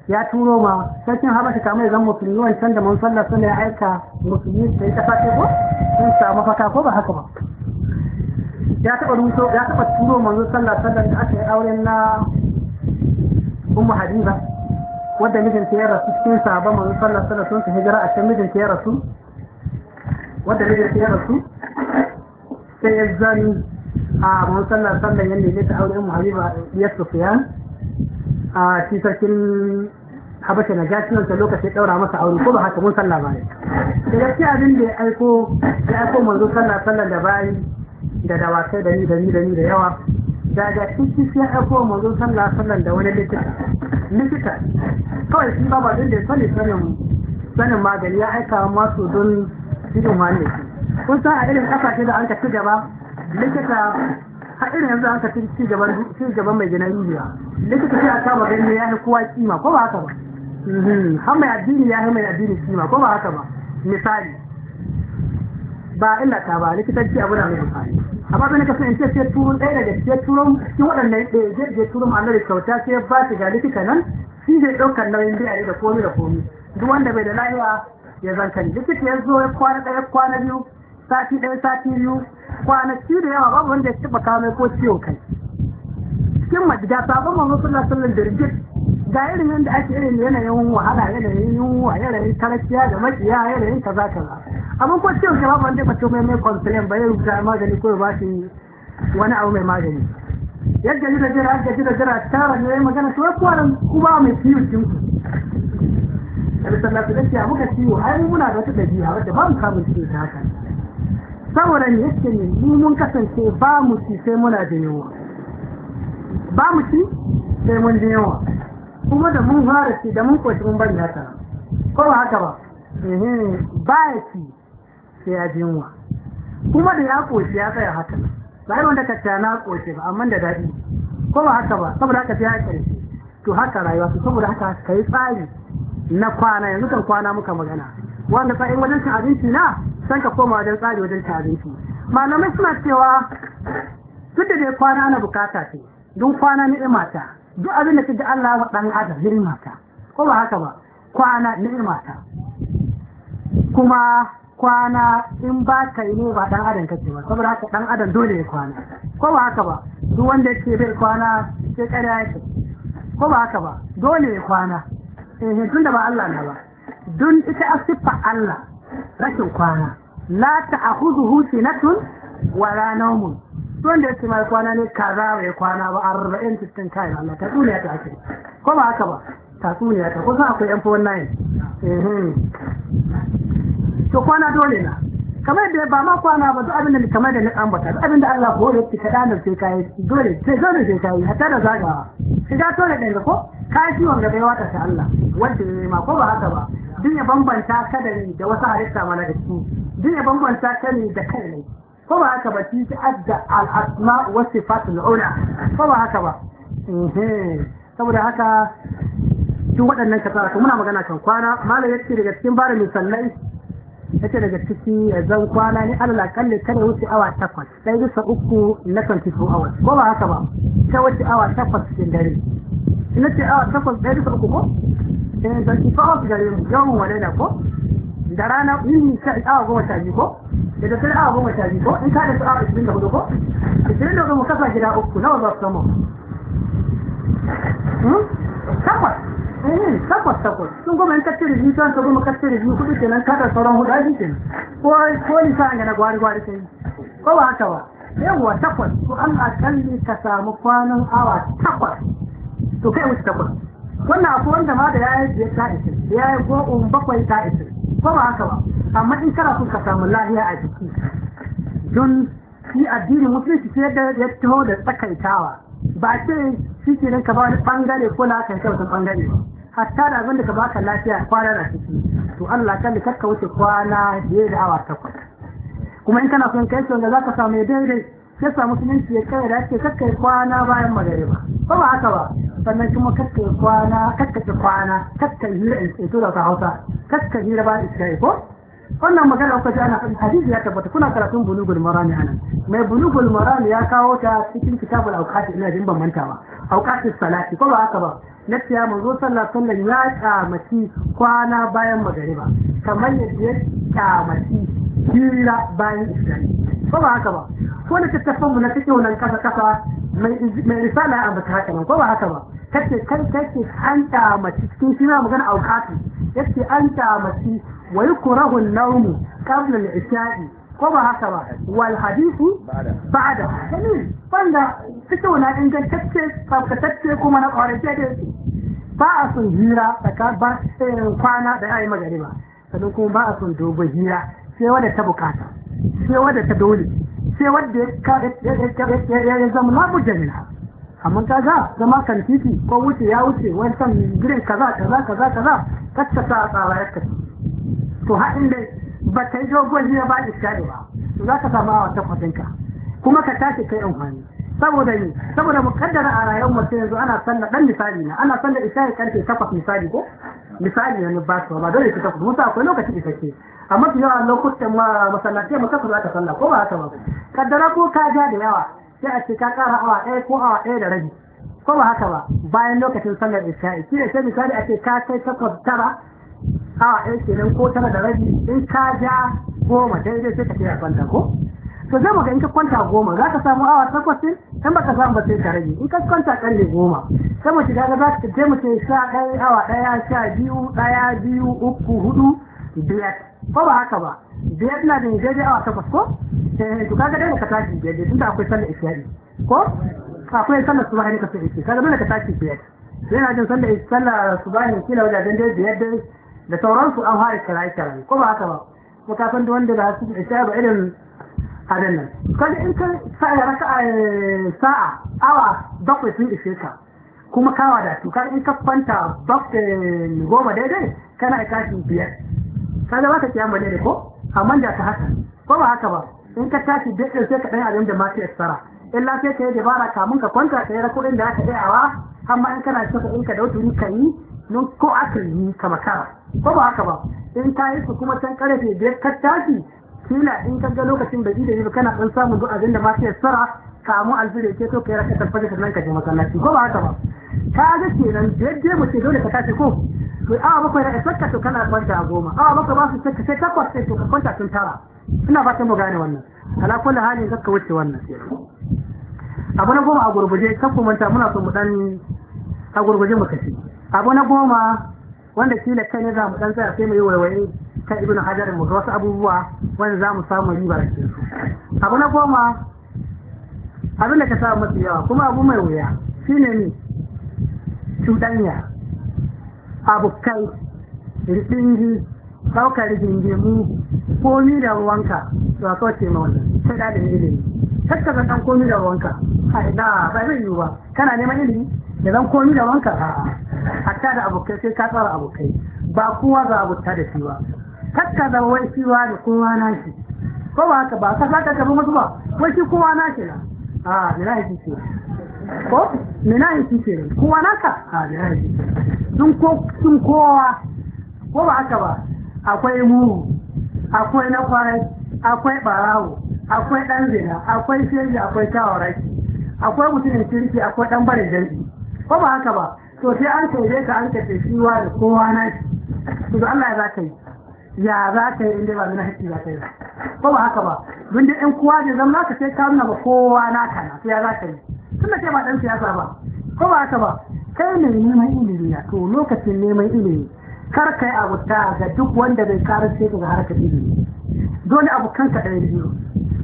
Speaker 1: ya turo ma sarkin habasha kamar zan musulmi can da mun sallar suna ya aika mutum yi ta fata ko sun samu fata ko ba haka ba ya taba ruso ya taba turo manzo sallallahu alaihi wasallam da aka yi auren na ummu habiba wanda mijinta ya rasu cikin sahaba manzo sallallahu alaihi wasallam sun ta hijira a can mijinta ya rasu wanda mijinta ya rasu sai ya zani a manzo sallallahu alaihi wasallam ya nemi ta auren ummu habiba ya sufiyan a shi sarkin habasha na jashinan sa lokaci daura masa aure ko ba haka mun sallah ba ne da gaskiya abin da ya aiko ya aiko manzo sallallahu alaihi wasallam da bayan da dawakai da ni da ni da ni da yawa daga ciki sai abuwa manzo sallah sallan da wani likita likita kawai shi ba ba din da sani sanin sanin magani ya aika masu don cikin wani kun san a irin kasashe da an ka ci gaba likita a irin yanzu an ka ci gaban ci gaban mai gina rijiya likita sai a kama gani ya yi kowa kima ko ba haka ba mhm. har mai addini ya yi mai addini kima ko ba haka ba misali ba illa ta ba likitanci abu da mai misali amma zan kasu in ce sai turun ɗaya daga cikin turun cikin waɗannan ɗaya ce turun Allah da kyauta sai ba shi ga likita nan shi zai ɗaukar nauyin biya da komi da komi duk wanda bai da layuwa ya ne likita ya zo ya kwana ɗaya kwana biyu sati ɗaya sati biyu kwanaki da yawa babu wanda ya taɓa kawo mai ko ciwon kai cikin majiga sabon mamman sallah sallan da rigid ga irin yadda ake irin yanayin wahala yanayin yunwa yanayin talakiya da maciya yanayin kaza kaza amma ko ciwon ke babu wanda mutum mai mai complain ba ya rubuta magani ko ba shi wani abu mai magani yadda ji da jira yadda ji da jira tara ne magana to ko ran kuma mai ciwo ciwo Nabi sallallahu alaihi wasallam muka ciwo ai muna da wata dabi'a wadda ba mu kamun ciwo ta haka saboda ne yake ne mu mun kasance ba mu ci sai muna da yawa ba mu ci sai mun da yawa kuma da mun fara ci da mun koshi mun bari haka ko ba haka ba ba ya ci sai ya yunwa kuma da ya koshi ya tsaya haka ba yi wanda ta na koshi ba amma da daɗi ko ba haka ba saboda haka sai ya ƙarshe to haka rayuwa su saboda haka ka yi tsari na kwana yanzu kan kwana muka magana wanda tsa'in wajen cin abinci na san ka koma wajen tsari wajen cin abinci malamai suna cewa duk da dai kwana na bukata ce don kwana ni'ima ta duk abin da kaga Allah wa dan adam girma ta ko ba haka ba kwana girma ta kuma kwana in ba ka yi ba dan adam kace ba saboda haka dan adam dole ya kwana ko ba haka ba duk wanda yake bai kwana sai kada yake ko ba haka ba dole ya kwana eh tun da ba Allah na ba dun ita asifa Allah rashin kwana la ta'khudhuhu sinatun la nawmun don da yake mai kwana ne kaza bai kwana ba arba'in cikin kayan Allah ta tsuniya ta ake ko ba haka ba ta tsuniya ta kusa akwai yan fowon nayin to kwana dole na kamar da ba ma kwana ba duk abin da kamar da na ambata duk abin da Allah ko da ka dana sai kai dole sai dole sai kai hatta da zagawa shiga dole ɗin ko ka shi wanda bai wata ta Allah wanda ne ma ko ba haka ba duk ya bambanta kadari da wasu halitta mana da su duk ya bambanta kadari da kai ne ko ba haka ba titi adda al-asma wa sifatul ula ko ba haka ba saboda haka duk waɗannan kasara muna magana kan kwana malam ce daga cikin bara ya ce daga ciki zan kwana ni alal kalli kada wuce awa takwas sai bisa uku na kan fito awa ko ba haka ba ta wuce awa takwas cikin dare ina ce awa takwas ɗaya bisa uku ko eh zan fito awa gare mu yawan walaila ko da rana yin awa goma sha biyu ko da daddare awa goma sha biyu ko in ka da su awa ashirin da hudu ko ashirin da hudu mu kasa gida uku nawa za su samu hmm? takwas eh, takwas takwas sun goma in kacce da biyu sun ka goma kacce da biyu kudu kenan kada sauran hudu aji kenan ko ko lisa ga na gwari gwari sai ko ba haka ba yawwa takwas ko an akalli ka samu kwanan awa takwas to kai wuce takwas wannan akwai wanda ma da ya yi ta isa ya yi go'un bakwai ta isa ko haka ba amma in kana ka samu lahiya a jiki don shi addini musulunci sai da ya taho da tsakaitawa ba ce shi ke nan ka ba bangare ko na kan bangare hatta da abin da ka baka lafiya kwana a ciki to Allah kan da kakka wuce kwana biyar da awa takwas kuma in kana son kai wanda za ka samu ya daidai ya samu musulunci ya kai da ake kakka kwana bayan magariba ba ba haka ba sannan kuma kakka kwana kakka kwana kakka hira in ta hausa kakka hira ba iskai ko wannan magana kuka ji ana faɗi hadisi ya tabbata kuna karatun bulugul marami anan mai bulugul marami ya kawo ta cikin kitabul auqati ina jin ban mantawa ba auqati salati ko ba haka ba na tiya mazo sallar alaihi ya kyamaci kwana bayan magariba kamar yadda ya kyamaci hira bayan iskai ko ba haka ba ko da tattafanmu na cikin wannan kasa kasa mai risala ya ambata haka nan ko ba haka ba kace kan kace an tamaci cikin shi na magana auqati yace an ta tamaci wa yukrahu an-nawm qabla al-isha'i ko ba haka ba wal hadithu ba'da kamin banda cikin wannan ingantacce tsaftatacce kuma na ƙware ƙwarance da ba a sun hira tsakanin eh, kwana da ya ayi magariba sannan kuma ba a sun dogon hira sai wanda ta bukata sai wadda ta dole sai wadda ya zama na mujallina amma ka ga zama kan titi ko wuce ya wuce wancan girin kaza kaza kaza kaza kacce ta tsara ya kaci to haɗin dai ba ta yi dogon ba iska ba za ka samu awa takwasinka kuma ka tashi kai amfani saboda ni saboda mu a rayuwar mutum yanzu ana sanna dan misali na ana isa ya karfe takwas misali ko misali na ba su ba dole ki takwas musa akwai lokacin da ke amma su yawa lokutan ma masallatai mu takwas aka sallah ko ba haka ba kaddara ko ka ja da yawa sai a ce ka kara awa ɗaya ko awa ɗaya da rabi ko ba haka ba bayan lokacin sallar isha'i shi ne sai misali a ce ka kai takwas tara awa ɗaya kenan ko tara da rabi in ka ja goma daidai sai ka ce a kwanta ko to zai mu in ka kwanta goma za ka samu awa takwas din in baka samu ba sai ka rage in ka kwanta karfe goma sai mu shiga ga za ka je mu ce sha ɗaya awa ɗaya sha biyu ɗaya biyu uku hudu biyar ko ba haka ba biyar na da ni daidai awa takwas ko eh, to kaga dai ka tashi biyar dai tunda akwai sallar isha'i ko akwai sallar subahi ne ka sai isha'i kaga dole ka tashi biyar na jin sallar sallar subahi kila wajajen dai biyar dai da sauransu an fara kiraye kiraye ko ba haka ba ko ka san da wanda da su isha'i ba irin abin nan in ka sa eh, sa'a awa bakwai sun ishe ka kuma da su kaga in ka kwanta bakwai eh, goma daidai kana kashi biyar kaga ba ka ne daidai ko amma da ka haka ko ba haka ba in ka tashi daidai sai ka dan abin da ma sai tsara in sai ka yi dabara kamun ka kwanta ka yi rakudin da aka tsayawa amma in kana ka in ka dauki wuturi ka yi nun ko aka yi ka makara ko ba haka ba in ka yi su kuma can karfe biyar ka tashi kila in ka ga lokacin da idan ba kana dan samun duk abin da ma sai sara kamu alfire ke to kai raka tabbata sannan ka je masallaci ko ba haka ba ka ga kenan daidai mu ce dole ka tashi ko to awa bakwai raka sakka to kana kwanta a goma awa bakwai ba su sakka sai takwas sai to ka kwanta tun tara ina fatan mu gane wannan ala kullu halin zakka wuce wannan abu na goma a gurguje kan ku manta muna so mu dan a gurguje mu kashi abu na goma wanda kila kai ne za mu dan tsaya sai mu yi waiwaye ta ibn hajar mu ga wasu abubuwa wanda za mu samu riba da ke su abu na goma abin da ka samu mafi yawa kuma abu mai wuya shine ne cuɗanya abokai riɗingi ɗaukar rigingimu komi da ruwanka ba a ce ma wannan sai da da ilimi kakka zan komi da ruwanka na ba zai yiwu ba kana neman ilimi da zan komi da ruwanka a hatta da abokai sai ka tsara abokai ba kowa za a da shi ba kakka da wai shi wa da kowa na shi ko ba haka ba ka saka ka zama ba wai shi kowa na shi na a ina yake ce ko ina yake ce kowa na ka a ina yake ce sun ko sun kowa ko ba haka ba akwai mu akwai na kwarai akwai barawo akwai dan zina akwai shege akwai tawarai akwai mutumin kirki akwai dan bare jirgi ko ba haka ba to sai an soje ka an kace shi wa da kowa na shi to Allah ya zaka yi ya za ka yi inda ba na haƙi ba ka yi ba ba haka ba don da ƴan kowa da zama ka sai ka nuna ba kowa na ka na ya za ka yi tun da kai ba ɗan siyasa ba ko ba haka ba kai ne neman ilimi na to lokacin neman ilimi kar ka yi abuta ga duk wanda bai karance ka ga harkar ilimi dole abokan ka ɗaya biyu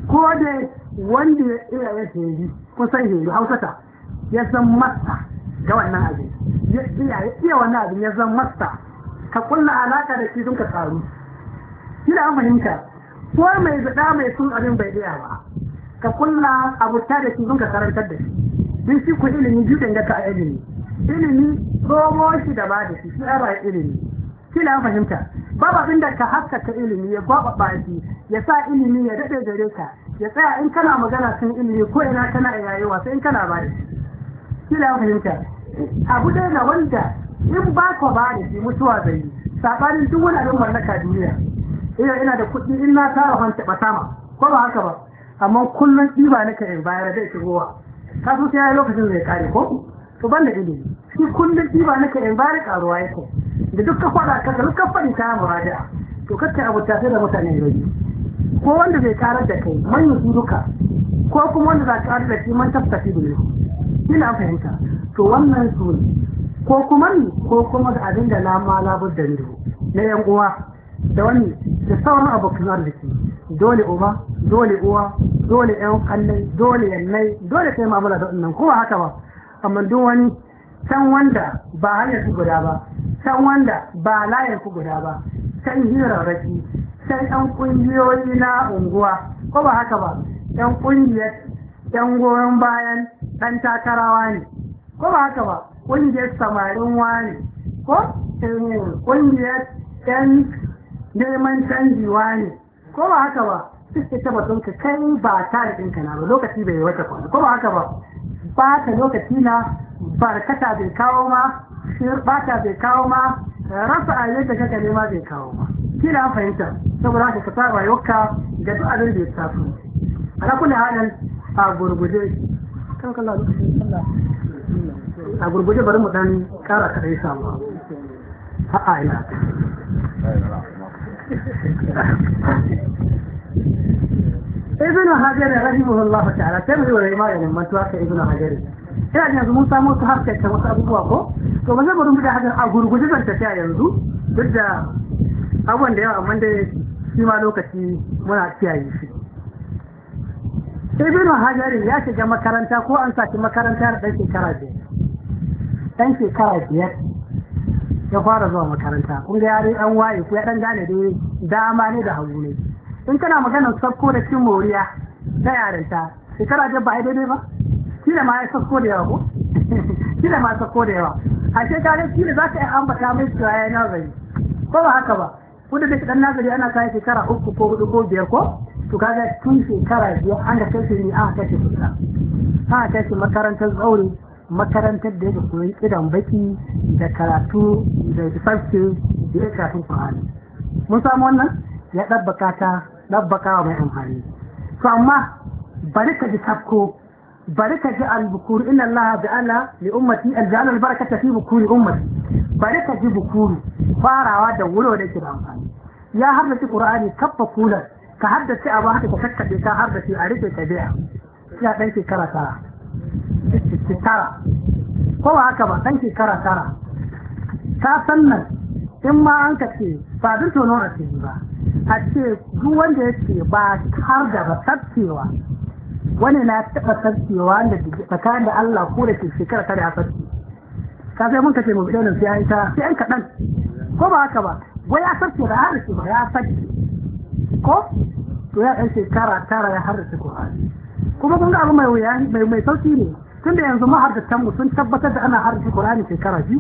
Speaker 1: ko da wanda ya iya ya heri kusan heri hausata ya zan masta ga wannan abin ya iya wannan abin ya zan masta ka kulla alaka da shi sun ka karu kila an fahimta ko mai zaɗa mai sun abin bai daya ba ka kulla ta da shi ka karantar da shi din shi ku ilimi biyu dangata a ilimi ilimi romo shi da ba da shi shi ara ilimi kila an fahimta babu da ka haskaka ilimi ya gwaba shi ya sa ilimi ya daɗe gare ka ya tsaya in kana magana sun ilimi ko ina kana yayewa sai in kana ba da shi kila an fahimta abu ɗaya na wanda in ba ka ba da shi mutuwa zai yi saɓanin duk wani abin mallaka duniya iya ina da kuɗi in na tara ban taɓa sama ko ba haka ba amma kullum ɗiba nake in bayar da ita ruwa ka so sai lokacin zai kare ko to ban da ilimi shi kullum ɗiba nake in bayar karuwa yake da duk ka faɗa ka duk ka faɗi ta muraja to kakkai abu ta sai da mutane yoyi ko wanda zai karar da kai manyan duka ko kuma wanda za ka karar da shi man tafsafi da ina fahimta to wannan su ko kuma ni ko kuma da abin da na ma labar da ni na yan uwa da wani da sauran abokan arziki dole uba dole uwa dole yan kallai dole yannai dole kai mamala da wannan kowa haka ba amma duk wani can wanda ba hanyar ku guda ba can wanda ba layar ku guda ba can raki san yan kungiyoyi na unguwa ko ba haka ba yan kungiyar yan goyon bayan dan takarawa ne ko ba haka ba kungiyar samarin wani ko kungiyar eh, yan neman canjiwa ne ko ba haka ba suke ta batun ka kai ba ta da ɗinka na ba lokaci bai wata kwana ko ba haka ba ba ta lokaci na barkata bai kawo ma bata bai kawo ma rasa ayyar da kaka nema bai kawo ma kila fahimta saboda haka ka tsara yauka ga duk abin da ya tafi ala halin a gurguje kan kalla lokacin a gurguje bari mu dan kara kadai sama a'a ina ibn hajar rahimahullahu ta'ala kai mu rai ma da mantuwa ka ibn hajar ina da su harka ta wasu abubuwa ko to ba zai bari mu da hadar a gurguje zan tafiya yanzu duk da abubuwan da yawa amma dai shi lokaci muna kiyaye shi ibn hajar ya shiga makaranta ko an saki makaranta ɗan dan shekara shekara biyar ya fara zuwa makaranta kun ga yare an waye ko ya dan gane dai dama ne da hagu ne in kana magana sako da cin moriya ta yarinta shekara ta ba ai ba shi da ma ya sabko da yawa ko shi da ma sabko da yawa a shekara shi da zaka yi ambata mai tsaya ya yi nazari ko ba haka ba kudu da dan nazari ana kai shekara uku ko hudu ko biyar ko to kaga tun shekara biyar an da kai shi ne aka kashe kusa aka kashe makarantar tsauri makarantar da yake koyi idan baki da karatu da lissafi da ya shafin Qur'ani mun samu wannan ya dabbaka ta wa mai amfani to amma bari ka ji tafko bari ka ji albukuru bukuri inna Allah ja'ala li ummati al-ja'ala ta fi bukuri ummati bari ka ji bukuru farawa da wuro da yake da amfani ya haddace Qur'ani kaffa kulan ka haddace abu haka ka kakkaɓe ka haddace a rufe ka biya ya ɗan shekara tara shekara ko ba haka ba san shekara tara ta san nan in ma an ka ce ba duk tono a ce ba a ce duk wanda ya ce ba har da ba wani na taɓa tsaftewa da tsakanin da Allah ko da ke shekara tara ya tsafte ka sai mun kace mu bi daunin sai an ta sai an kaɗan ko ba haka ba wai ya tsafte da har ba ya tsafte ko to ya ɗan shekara tara ya har da ta kuma kun ga abu mai wuya mai sauki ne Tunda da yanzu mahaddatan mu sun tabbatar da ana harfi Qur'ani shekara biyu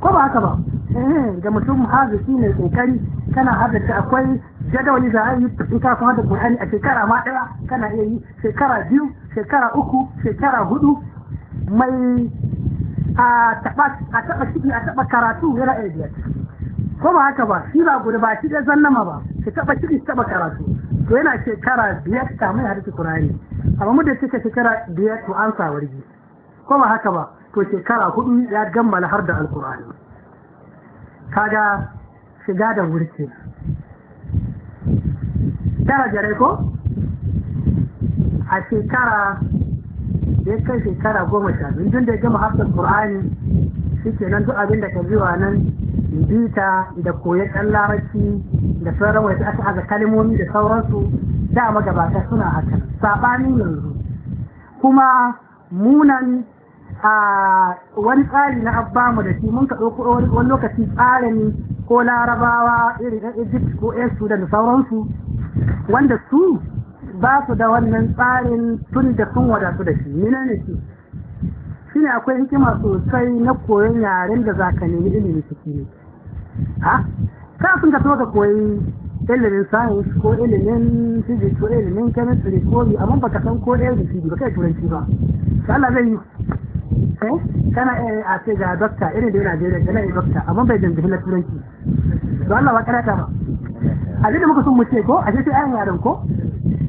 Speaker 1: ko ba haka ba eh ga mutum shi ne kokari kana haddace akwai jadawali da ayi in ka kuma da Qur'ani a shekara ma daya kana iya yi shekara biyu shekara uku shekara hudu mai a taba a taba a taba karatu yana iya biyar ko ba haka ba shi ba gudu ba shi da zannama ba shi taba shi taba karatu to yana shekara biyar kamun ya hadisi Qur'ani amma mu da suka shekara biyar to an sa wargi ko haka ba to shekara hudu ya gammala har da alkur'ani kaga shiga da wurce daraja ko a shekara da ya kai shekara goma sha biyu tun da ya gama hafsar qur'ani shi ke nan duk abin da ka zuwa nan bita da koya ɗan larabci da sauran wasu aka ga kalmomi da sauransu da magabata suna haka saɓani yanzu kuma munan a wani tsari na mu da shi mun ka ɗauko wani lokaci tsarin ko larabawa irin ɗan egypt ko yan sudan da sauransu wanda su ba su da wannan tsarin tun da sun wadatu da shi mina ne shi shi ne akwai hikima sosai na koyon yaren da za ka nemi ilimin ciki ne ha ka sun ka ka koyi ilimin science ko ilimin physics ko ilimin chemistry ko yi amma baka san ko ɗaya da shi ba kai turanci ba zai yi Eh? kana iya a ce ga dokta irin da yana da yana yi dokta amma bai da na turanci to Allah ba karata ba abin da muka sun muce ko a sai ayan yaren ko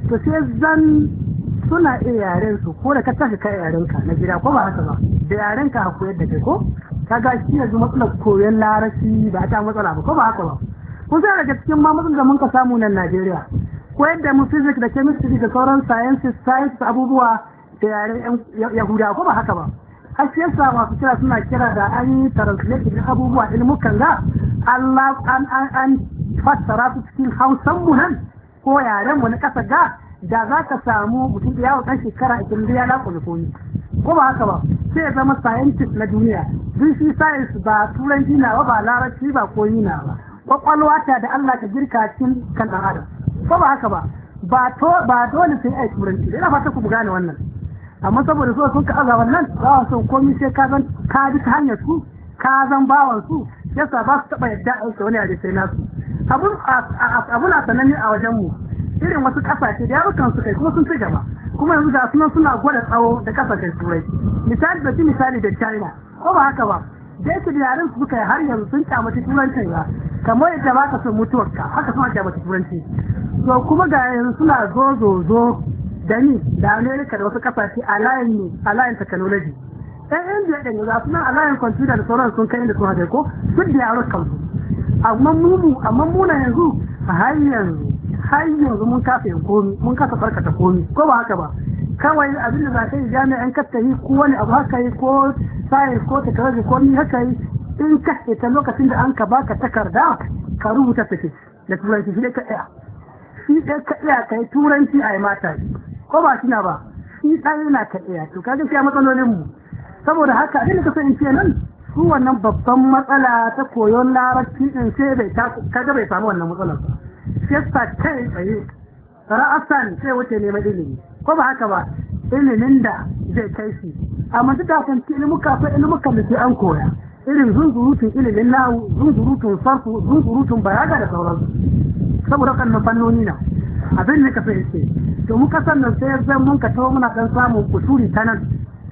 Speaker 1: to sai zan suna iya yaren su ko da ka tashi kai yaren ka na gida ko ba haka ba da yaren ka a koyar da kai ko ga shi yanzu matsalar koyon larabci ba ta matsala ba ko ba haka ba kun sai daga cikin ma matsalar da mun ka samu nan Najeriya koyar da mu fizik da chemistry da sauran sciences sciences abubuwa da yaren Yahudawa ko ba haka ba har shi yasa masu kira suna kira da an yi translate na abubuwa ilmukan ga Allah an an fassara su cikin Hausan mu nan ko yaren mu na kasa ga da za ka samu mutum da yawon ɗan shekara a kin ya laƙo koyi ko ba haka ba sai ya zama scientist na duniya duk shi science ba turanci na ba ba larabci ba koyi na ba kwakwalwa ta da Allah ka girka cikin kan ɗan adam ko ba haka ba ba dole sai a yi turanci ina fata ku gane wannan amma saboda zuwa sun ka aza wannan ba su komai sai ka zan ka bi ta hanyar su ka zan bawan su yasa ba su taba yadda a wuce wani a sai nasu abun abun a a wajen mu irin wasu kasashe da yarukan su kai kuma sun ci gaba kuma yanzu ga sunan suna gwada tsawo da kasashen turai misali da misali da china ko ba haka ba da yake da yaren suka yi har yanzu sun kyamata turancin ba kamar yadda ba ka son mutuwarka haka suna kyamata turanci to kuma ga yanzu suna zo zo zo da ni da amerika da wasu kasashe a layin ne a layin technology ɗan indiya ɗan yanzu a suna a layin kwamfuta da sauran sun kai inda sun haɗe ko duk da yaran kansu amma mu amma muna yanzu har yanzu har yanzu mun kafa yin komi mun kafa farkata komi ko ba haka ba kawai abin da za ka yi jami'an ka yi ko wani abu haka yi ko science ko technology ko ni haka yi in ka ita lokacin da an ka baka takarda ka rubuta take da turanci shi ne ka iya shi ne ka iya ka yi turanci a yi mata ko ba na ba shi ɗaya yana kaɗaya to kaga shi a matsalolin mu saboda haka abin da ka so in ce nan su wannan babban matsala ta koyon larabci in ce bai kaga bai samu wannan matsalar ba shi kai tsaye ra'asan sai wuce neman ilimi ko ba haka ba ilimin da zai kai shi amma duk da kan ilimuka fa ilimuka da ke an koya irin zunzurutun ilimin nahu zunzurutun sarfu zunzurutun bayaga da sauransu saboda kan fannoni na abin ne ka ce to muka sannan sai zan mun ka muna dan samun kusuri ta nan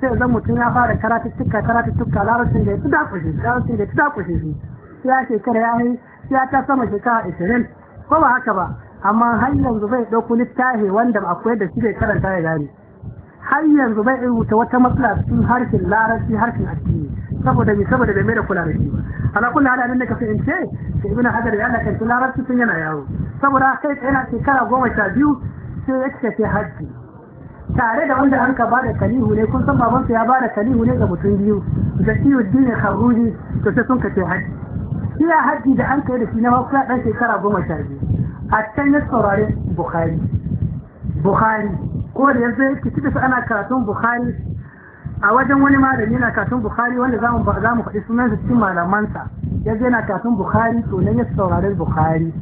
Speaker 1: sai zan mutum ya fara karatu tukka larabcin da ya fi larabcin da ya fi dakushe shi ya shekara ya yi ya ta sama shekara ashirin ko ba haka ba amma har yanzu bai ɗauko littafi wanda akwai da shi bai karanta ya gane har yanzu bai rubuta wata matsala cikin harshen larabci harshen addini saboda bi saboda bai mera kula da shi ba ala kullu hal annan ka in ce sai ibnu hajar ya Allah kan su sun yana yawo saboda kai yana shekara goma sha biyu sai ya ce hajji tare da wanda an ka ba da kalihu ne kun san babansa ya ba da kalihu ne ga mutum biyu da iyo dini kharuji to sai sun ka ce hajji iya hajji da an kai da shi na mafiya dan shekara goma sha biyu a can ya saurari bukhari bukhari ko da yanzu ki ci ana karatun bukhari a wajen wani malami na katun bukhari wanda zamu za mu faɗi su cikin malamansa ya je na katun bukhari to nan ya saurari bukhari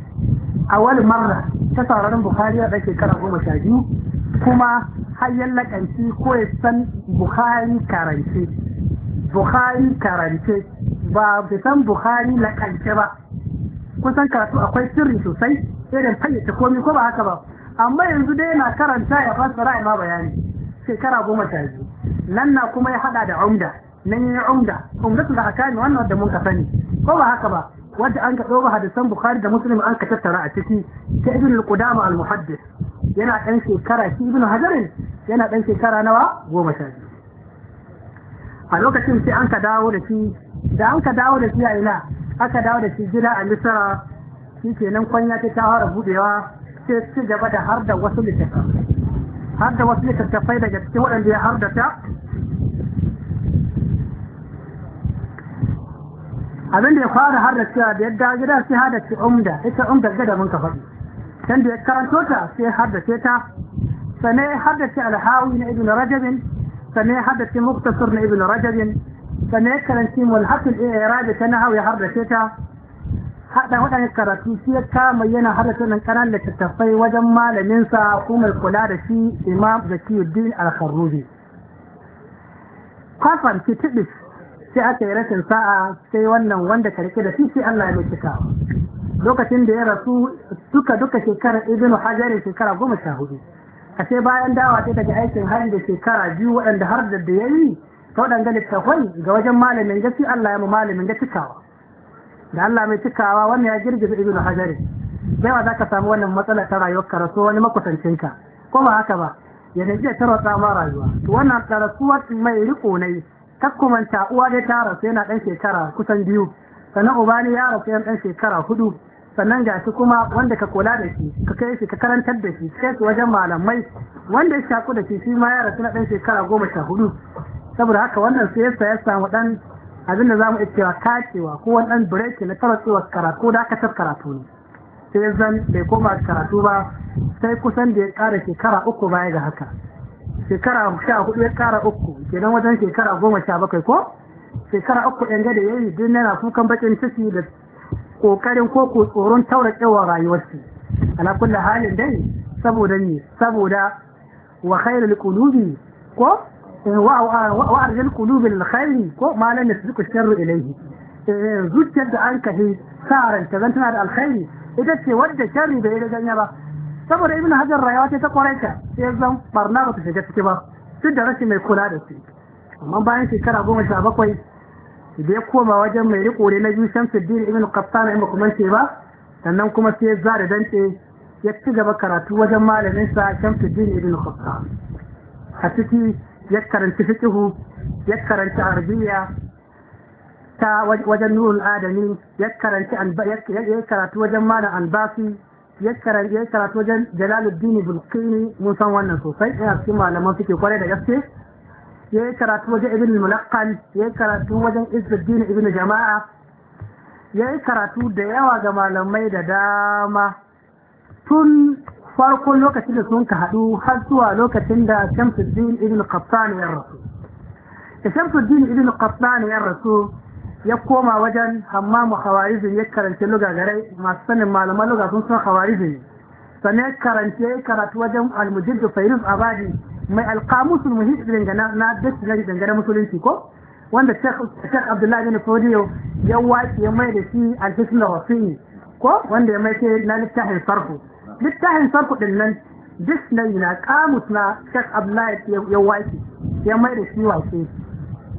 Speaker 1: a wani marra ta sauraron bukhari ya ɗauke kara goma sha biyu kuma har laƙanci ko ya san bukhari karance bukhari karance ba bai san bukhari laƙance ba kusan karatu akwai sirri sosai irin fayyace komi ko ba haka ba amma yanzu dai yana karanta ya fasara ma bayani shekara goma sha biyu nan na kuma ya hada da umda nan yi umda su da ne wannan da mun ka sani ko ba haka ba wadda an ka ɗora hadisan bukhari da muslim an ka tattara a ciki ta ibn al-qudama al-muhaddis yana ɗan shekara shi ibn hajarin yana ɗan shekara nawa goma sha a lokacin sai an ka dawo da shi da an ka dawo da shi a ina aka dawo da shi gida a misra shi kenan kwanya ta fara budewa sai ci gaba da har da wasu littattafai هذا وصلية التفايدة جدتها اللي هردتها أبن لي أخوار هردتها بيدها جدا في عمدة إسا عمدة جدا منتفض تندي أكتران توتا سيهادة سيتا سنية حدثة على حاوي حاوين ابن رجب سنية حدثة مختصر ابن رجب سنية كرنسيم والحق الإرادة تنهى ويحرد سيتا haɗa waɗannan karatu shi ya kama yana halatta nan ƙananan da tattafai wajen malaminsa ko kula da shi imam zakiyuddin al kharrubi kafan ki tibis sai aka yi rashin sa'a sai wannan wanda ka rike da shi sai Allah ya mai lokacin da ya rasu duka duka shekara ibn hajar shekara goma sha hudu ashe bayan dawa ta daga aikin hari da shekara biyu waɗanda har da ya yi ta waɗanda littafai ga wajen malamin gaci Allah ya mu malamin ga cikawa da Allah mai cikawa wannan ya girgiza ibnu hajar sai wa zaka samu wannan matsala ta rayuwar ka rasu wani makusancinka ko ba haka ba ya da jiya ta rotsa rayuwa to wannan karasuwar mai riko ne kakkumanta uwa dai ta rasu yana dan shekara kusan biyu sannan uba ya rasu yana dan shekara hudu sannan ga shi kuma wanda ka kula da shi ka kai shi ka karantar da shi kai su wajen malamai wanda ya shaku da shi shi ma ya rasu na dan shekara goma sha hudu saboda haka wannan sai ya samu dan abin da za mu iske cewa kacewa ko wani ɗan bireki na tsewa karatu da aka karatu ne sai zan bai koma karatu ba sai kusan da ya kara shekara uku baya ga haka shekara sha hudu ya kara uku kenan wajen shekara goma sha bakwai ko shekara uku ɗan gada ya yi duk yana kukan bakin ciki da ƙoƙarin ko ko tsoron taurakewa rayuwarsu ala kulli halin dai saboda ne saboda wa khairul qulubi ko Eh, wa'arjal kulubin khairi ko malan lan yasbiqu sharru ilayhi eh, zuciyar da an kahe sa ranta zan tana da alkhairi ita ce wadda sharri bai da ganya ba saboda ibn hajar rayuwa ce ta kwaraita sai zan barna ba ta shiga ciki ba duk da rashin mai kula da su amma bayan shekara goma sha bakwai bai koma wajen mai rikore na biyu shamsuddin ibn qassana in kuma ce ba sannan kuma sai za da dante ya ci gaba karatu wajen malamin sa shamsuddin ibn qassana a ciki ya karanci fiqhu ya karanci arabiya ta wajen nurul adami ya karanci ya karatu wajen malam albasi ya karatu wajen jalaluddin bulkini mun san wannan sosai ina cikin malaman fiqh kwarai da gaske ya karatu wajen ibn mulakkan ya karatu wajen izzuddin ibn jama'a ya karatu da yawa ga malamai da dama tun farkon lokacin da sun ka haɗu har zuwa lokacin da Shamsuddin ibn Qattan ya rasu da Shamsuddin ibn Qattan ya rasu ya koma wajen Hammamu Khawarizmi ya karanci lugagarai masu sanin malaman luga sun san Khawarizmi sannan karanta ya karatu wajen Al-Mujaddid Fairuz Abadi mai alƙamusul muhit dangane na dictionary dangane musulunci ko wanda Sheikh Abdullahi bin Fodiyo ya wace mai da shi al-Hisn ko wanda ya mai na littafin farko littafin farko din nan dictionary na kamus na Sheikh Abdullahi ya wace ya mai da shi wace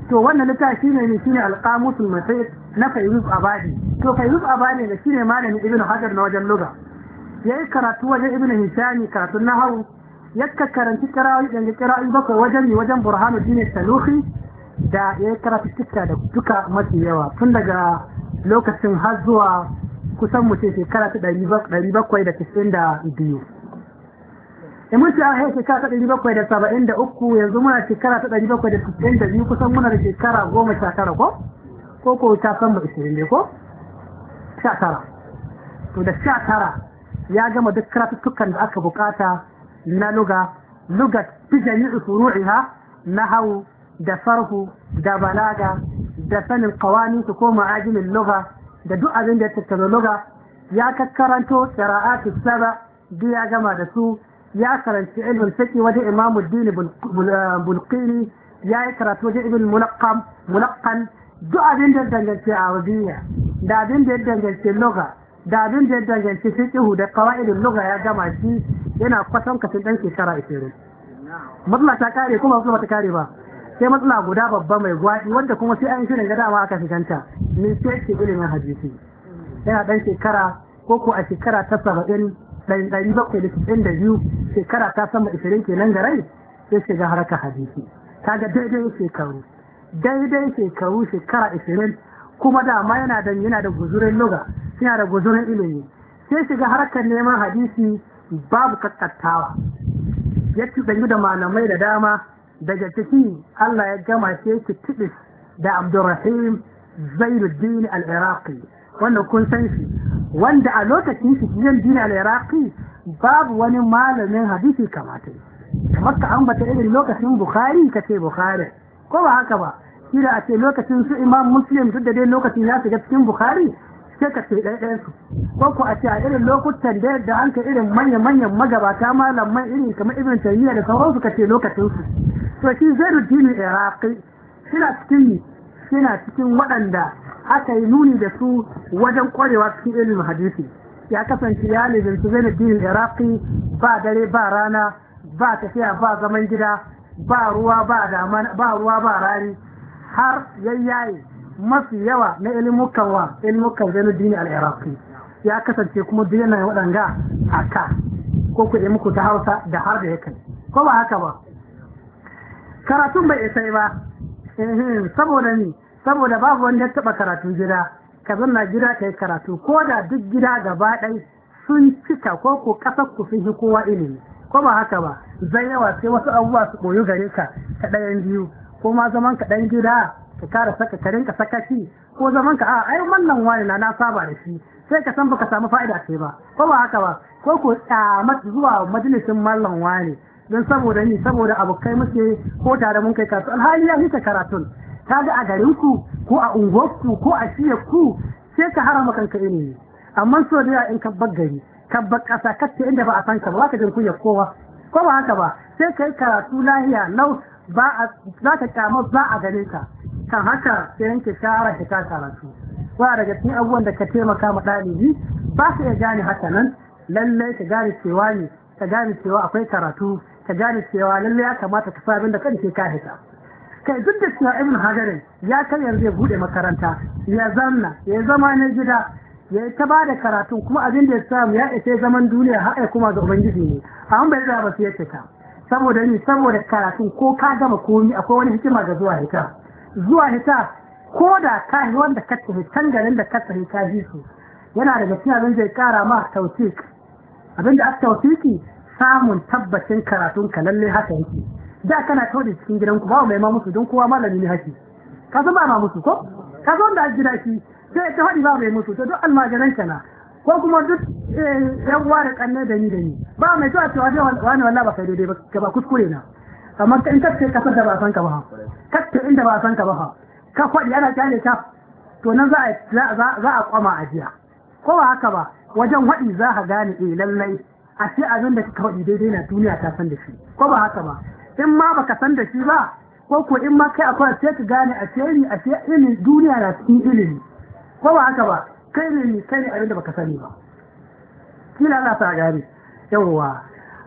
Speaker 1: to wannan littafin shine ne shine al-qamus al-masayid na Fayruz Abadi to Fayruz Abadi ne shine malamin Ibn Hajar na wajen lugha yayi karatu wajen Ibn Hisham karatun nahwu yakka karanci kirawi da kirawi bakwai wajen ne wajen Burhanuddin Saluhi da yayi karatu tikka da duka mafi yawa tun daga lokacin har zuwa kusan mutum shekara ta ɗari bakwai da tisin da biyu in e, mun ce a yau shekara ta ɗari bakwai da saba'in da uku yanzu muna shekara ta ɗari bakwai da tisin da biyu kusan muna da shekara goma sha tara ko ko ko ta san mu ishirin ne ko sha tara to da sha tara ya gama duk karatuttukan da aka bukata na luga luga fi ha, na hau da farhu da balaga da sanin su ko ma'ajinin luga. da duk abin da ya tattaro luga ya kakkaranto qira'atu saba duk ya gama da su ya karanci ilmin saki wajen imamu dini eh, bulqini ya yi karatu wajen ibn mulaqqam mulaqqan duk abin da ya danganci arabiyya da abin da ya danganci loga da abin da ya danganci da qawaidul ya gama shi yana kwatan kasin dan shekara 20 matsala ta kare kuma ba ta kare ba sai matsala guda babba mai gwaɗi wanda kuma sai an shirin gada ma aka shiganta min sai ke ilimin hadisi yana dan shekara ko ko a shekara ta saba'in ɗari ɗari bakwai da cikin da biyu shekara ta sama ishirin kenan ga rai sai shiga harkar hadisi ta ga daidai shekaru daidai shekaru shekara ishirin kuma dama yana da yana da guzurin luga yana da guzurin ilimi sai shiga harkar neman hadisi babu kakkatawa ya ci da malamai da dama daga ciki Allah ya gama shi ki da Abdurrahim Zainuddin al-Iraqi wannan kun san shi wanda a lokacin shi dini al-Iraqi babu wani malamin hadisi kamata kamar ka ambata irin lokacin Bukhari ce Bukhari ko ba haka ba shi da a ce lokacin su Imam Muslim duk da dai lokacin ya shiga cikin Bukhari sai ka ce ɗaya su ko ku a ce a irin lokutan da yadda an ka irin manya-manyan magabata malamai irin kamar irin tarihi da sauransu ka ce lokacin su to shi zairuddin iraki suna cikin suna cikin waɗanda aka yi nuni da su wajen ƙwarewa cikin ilimin hadisi ya kasance ya lizinci zairuddin Iraki ba dare ba rana ba tafiya ba zaman gida ba ruwa ba ba ruwa ba rani har yayyaye mafi yawa na ilmukan wa ilmukan al-iraqi ya kasance kuma duk yana waɗanga a ka ko ku muku ta hausa da har da ya kai ko ba haka ba karatun bai isai ba saboda ni saboda babu wanda ya taba karatu gida ka zanna gida ka yi karatu ko da duk gida gaba ɗai sun cika ko ko ƙasar ku sun yi kowa ilimi ko ba haka ba zai yawa sai wasu abubuwa su koyu gare ka ka ɗayan biyu ko ma zaman ka ɗan gida ka kara saka ka rinka sakaci ko zaman ka a ai wannan wani na na saba da shi sai ka san baka samu fa'ida ce ba ko ba haka ba ko ko zuwa majalisin mallan wani don saboda ni saboda abokai muke ko tare mun kai karatu alhali ya hita karatun ta ga a ku ko a unguwarku ko a ku sai ka harama kanka ne amma so da in ka gari ka bar ƙasa kace inda ba a san ka ba za ka jin ya kowa ko ba haka ba sai ka karatu lahiya nau ba za ka kama ba a gare ka kan haka sai yanke shara ka ta karatu wa daga cikin abubuwan da ka taimaka ma ɗalibi ba su iya gane haka nan lallai ka gane cewa ne ka gane cewa akwai karatu ka gane cewa lalle ya kamata ka abin da kanke ka hita kai duk da cewa ibn hajarin ya kan yanzu ya bude makaranta ya zanna ya zama na gida ya ta ba da karatun kuma abin da ya samu ya ce zaman duniya har kuma ga ubangiji ne amma bai da basu ya yake ka saboda ni saboda karatun ko ka gama komi akwai wani hikima ga zuwa hita zuwa hita ko da ka yi wanda ka tafi can garin da ka tafi ka ji su yana daga cikin abin da ya kara ma tawfik abin da aka tawfiki samun tabbacin karatun ka lalle haka yake da kana kawai cikin gidanku babu mai ma musu don kowa malami ne haki ka san ba ma musu ko ka san da gida shi sai ta faɗi ba mai musu to duk almajiran ka na ko kuma duk eh, yan uwa da kanne da ni da ni ba mai zuwa cewa dai wani wallahi ba kai daidai ba ba kuskure na amma in ka ce da ba san ka ba ka inda ba san ka ba ka faɗi ana kyale ka to nan za a kwama ajiya ko ba haka ba wajen waɗi za a gane eh lallai a ce abin da kika faɗi daidai na duniya ta san da shi ko ba haka ba in ma baka san da shi ba ko ko in ma kai akwai sai ka gane a ce ni a ce ilimi duniya na cikin ilimi ko ba haka ba kai ne ni kai ne abin da baka sani ba kila Allah ta gane yawwa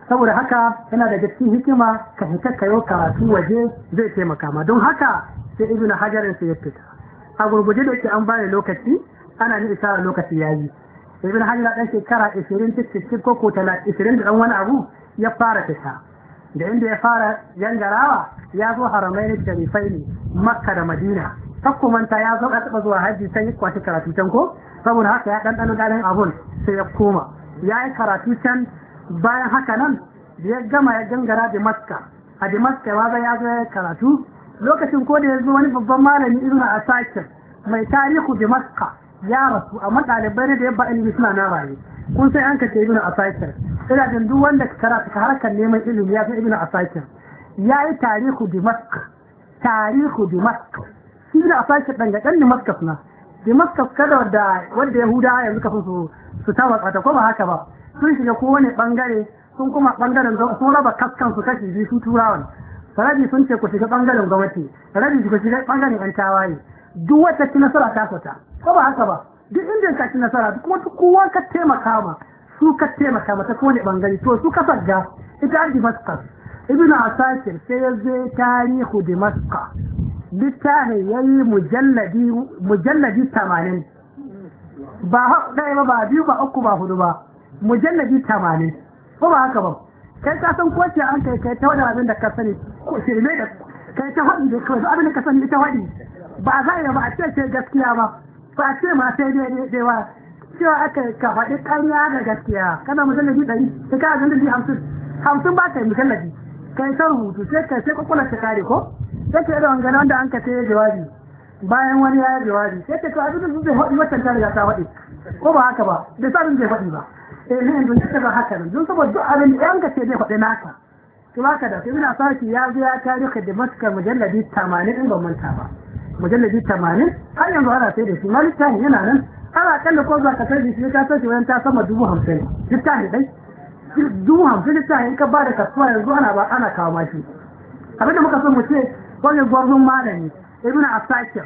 Speaker 1: saboda haka yana da cikin hikima ka hita kayo karatu waje zai taimaka ma don haka sai ibnu hajarin sai ya fita a gurguje da an bani lokaci ana ni isara lokaci yayi ibn hajar dan shekara 20 cikin ko 20 da wani abu ya fara fita da inda ya fara yangarawa ya zo haramai ne sharifai ne makka da madina takkumanta ya zo zuwa hajji sai ya kwashi karatu can ko saboda haka ya ɗanɗano ganin abun sai ya koma ya yi karatu can bayan haka nan da ya gama ya gangara damaska a damaska ya ya zo ya karatu lokacin ko da ya zo wani babban malami irin a sakin mai tarihu makka. ya rasu amma ɗalibai ne da yabba ba ilimi suna na raye kun sai an ka ce a asakir ina jin duk wanda ka karatu ka harkar neman ilimi ya fi a asakir ya yi tarihu dimask tarihu dimask shi asakir ɗan ga ɗan dimaskas na dimaskas kada da wanda yahuda yanzu kafin su su ta watsata, ko ba haka ba sun shiga kowane ɓangare sun kuma ɓangaren sun raba kaskan su kashi biyu su turawan rabi sun ce ku shiga ɓangaren gwamnati rabi ku shiga ɓangaren an tawaye duk wata ci nasara ta fita ko ba haka ba duk inda ka ci nasara kuma duk kowa ka taimaka ma su ka taimaka ba ta kone bangare to su ka sagga ita an Damascus ibnu Asakir sai ya zai tarihu maska littafi yayi mujalladi mujalladi tamanin ba ɗaya ba ba biyu ba uku ba hudu ba mujalladi tamanin ko ba haka ba kai ka san ko ce an kai kai ta wani abin da ka sani ko shirme da kai ta haɗu da kawai abin da ka sani ita ba za a yi ba a ce gaskiya ba ba ce ma sai cewa aka ka faɗi ƙarya da gaskiya kana musallaji ɗari sai ka zan hamsin hamsin ba ka yi musallaji ka yi rubutu sai ka sai kwakwalar ta kare ko sai ka yi da wanda an ka sai jawabi bayan wani ya yi jawabi sai ka sun zai faɗi ta riga ta faɗi ko ba haka ba da sa zai faɗi ba eh ne yanzu ta ba haka don saboda duk abin da yanka ce zai faɗi naka to haka da ibn sa ya zo ya tarihi da matukar mujalladi 80 in ba manta ba mujalladi tamanin har yanzu ana sai da shi ma littafin yana nan ana kalla ko za ka sai da shi ka sai wayan ta sama dubu hamsin littafin dai dubu hamsin littafin ka ba da kasuwa yanzu ana ba ana kawo mashi abin da muka so mu ce wani gwarzon malami ibn asakir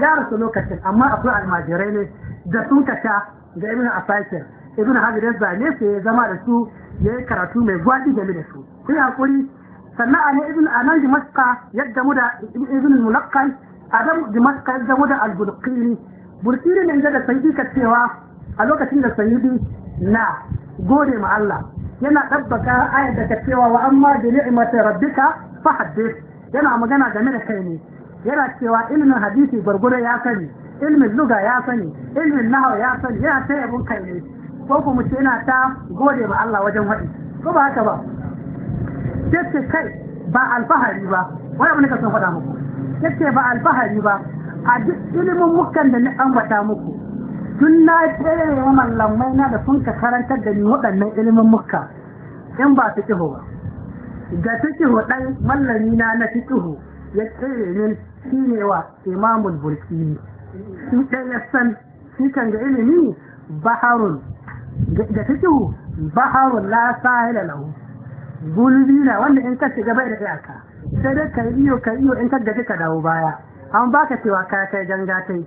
Speaker 1: ya rasu lokacin amma akwai almajirai ne da sun kasha ga ibn asakir ibn hajar zane sai ya zama da su ya karatu mai gwaɗi game da su sai hakuri sannan a ne ibn anan dimashka yadda mu da ibn mulakkan adam dimaska game da al-burqini ne da sai ka cewa a lokacin da sayidi na gode ma Allah yana ɗabbaka ayar da ka cewa wa amma bi ni'mati rabbika fa haddith yana magana game da kai ne yana cewa ilmin hadisi gurgure ya sani ilmin luga ya sani ilmin nahawa ya sani yana ta yabon kai ne ko kuma ce yana ta gode ma Allah wajen wadi ko ba haka ba sai kai ba alfahari ba wani abu ne ka son faɗa muku yake ba alfahari ba a duk ilimin mukan da ni ambata muku tun na tsere wa mallamai na da sun ka karantar da ni waɗannan ilimin muka in ba su kiho ba ga su kiho ɗan mallami na na fi kiho ya tsere min shi ne wa imamul burkini, shi ɗan ya san shi kan ga ilimi baharun ga su kiho baharun la sahila lahu gulbi na wanda in ka shiga bai da iyaka sai dai ka iyo ka iyo in ka gaji ka dawo baya an baka cewa ka kai ganga tai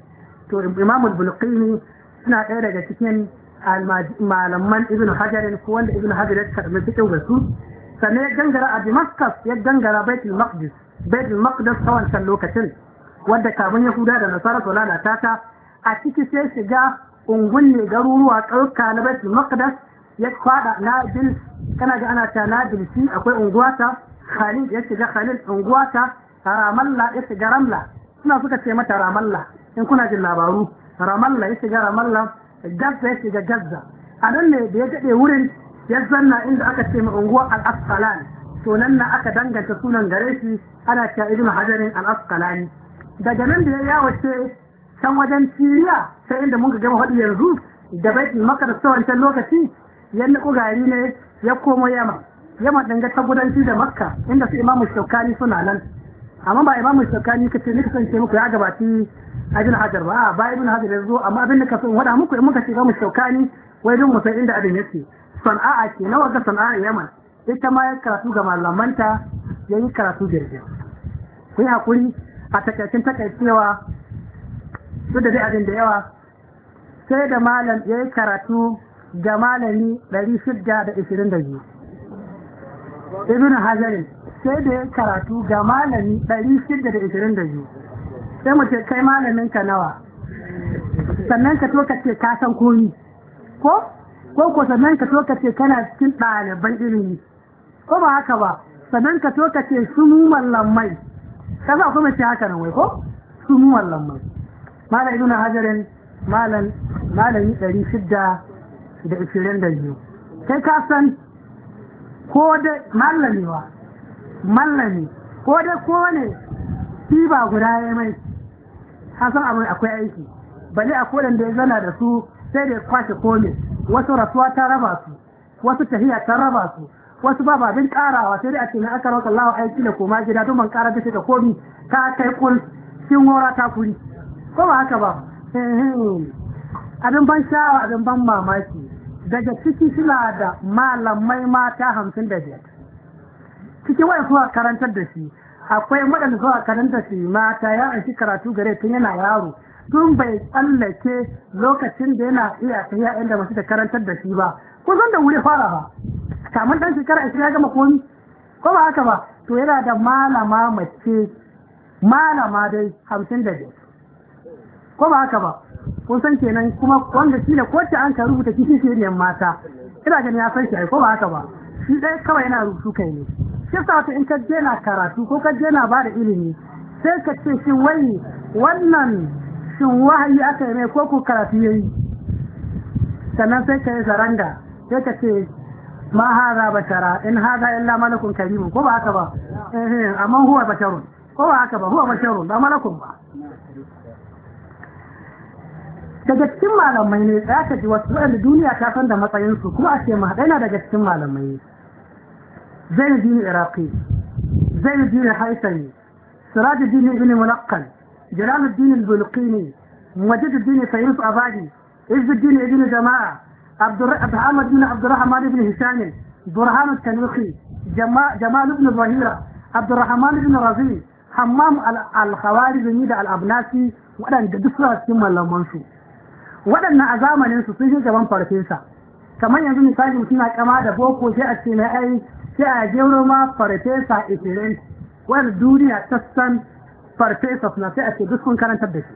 Speaker 1: to imamu bulqini suna ɗaya daga cikin malaman ibn hajarin ko wanda ibn hajar ya karɓi cikin wasu sannan ya gangara a damascus ya gangara baitul maqdis baitul maqdis a wancan lokacin wadda kamun yahuda da nasara su lalata ta a ciki sai shiga ungunne garuruwa tsarka na baitul maqdis ya kwada nabil kana ga ana ta nabil akwai unguwa ta Khalid ya shiga Khalid unguwa ta Ramalla ya shiga Ramla suna suka ce mata Ramalla in kuna jin labaru Ramalla ya shiga Ramalla Gaza ya shiga Gaza a nan ne da ya daɗe wurin ya zanna inda aka ce ma unguwar Al-Asqalani to nan na aka danganta sunan gare shi ana cewa Ibn Hajarin Al-Asqalani daga nan da ya yawace can wajen Siriya sai inda mun ga gama faɗi yanzu da bai maka da wancan lokaci ya niko ne ya komo Yaman yaman ɗin ta gudanci da makka inda su imamu shaukani suna nan amma ba imamu shaukani ka ce nika san muku ya gabaci ajin hajar ba ba ibn hajar ya zo amma abin da ka sun wada muku in muka ce imamu shaukani wai dun musa inda abin yake sana'a ke nawa ga sana'a yaman ita ma ya karatu ga malamanta ya yi karatu jirgin ku yi hakuri a takaicin takaicewa duk da dai abin da yawa sai da malam ya yi karatu ga malami 622 ibn hajarin sai da ya karatu ga malami 622 sai mace kai malamin ka nawa sannan ka to ka ce ka san komi ko ko ko sannan ka to ka ce kana cikin ɗaliban ilimi ko ba haka ba sannan ka to ka ce su mu mallamai ka za kuma ce haka nan wai ko su mu mallamai malam ibn da malam malami 622 kai ka san ko da mallamewa mallame ko da kone tiba guda ya mai hasan abin akwai aiki bale a kodan da ya zana da su sai da ya kwashe kome wasu rasuwa ta raba su wasu tahiya ta raba su wasu ba babin karawa sai dai a cikin aka rauka lawa aiki da koma gida don ban kara da shiga komi ta kai kul cikin wura ta kuri ko ba haka ba abin ban sha'awa abin ban mamaki daga ciki suna da malamai mata hamsin da biyar cikin wani suna karantar da shi akwai waɗanda suna karantar shi mata ya aiki karatu gare tun yana yaro tun bai tsallake lokacin da yana iya tafiya da masu da karantar da shi ba ko zan da wuri fara ba kamar ɗan shekara ashirin ya gama komi ko ba haka ba to yana da malama mace malama dai hamsin da biyar ko ba haka ba kun san kenan kuma wanda shi ne kowace an ka rubuta kishi shirin mata ina gani ya san shi ko ba haka ba shi dai kawai yana rubutu kai ne shi sa in ka je na karatu ko ka je na ba da ilimi sai ka ce shi wai wannan shi wahayi aka yi mai ko ku karatu yi? sannan sai ka yi zaranda sai ka ce ma haza bashara in haza illa malakun karimu ko ba haka ba amma huwa basharun ko ba haka ba huwa basharun ba malakun ba daga cikin malamai ne tsaya ka ji wasu waɗanda duniya ta san da matsayinsu kuma a ce ma yana daga cikin malamai ne zai ji iraqi zai ji haisani siraj din ibn mulaqqan jalal din al-bulqini majid din sayyid abadi izz din ibn jama'a عبد الرحمن بن عبد الرحمن بن هشام برهان التنوخي جمال بن ظهيرة عبد الرحمن بن رزي حمام الخوارزمي ده الأبناسي وأنا دكتور اسمه لمنصور waɗannan a zamanin su sun shi gaban farfesa kamar yanzu misali mutum na kama da boko sai a ce na ai sai a wurin ma farfesa ikirin wani duniya ta san farfesa na sai a ce duk sun karantar da shi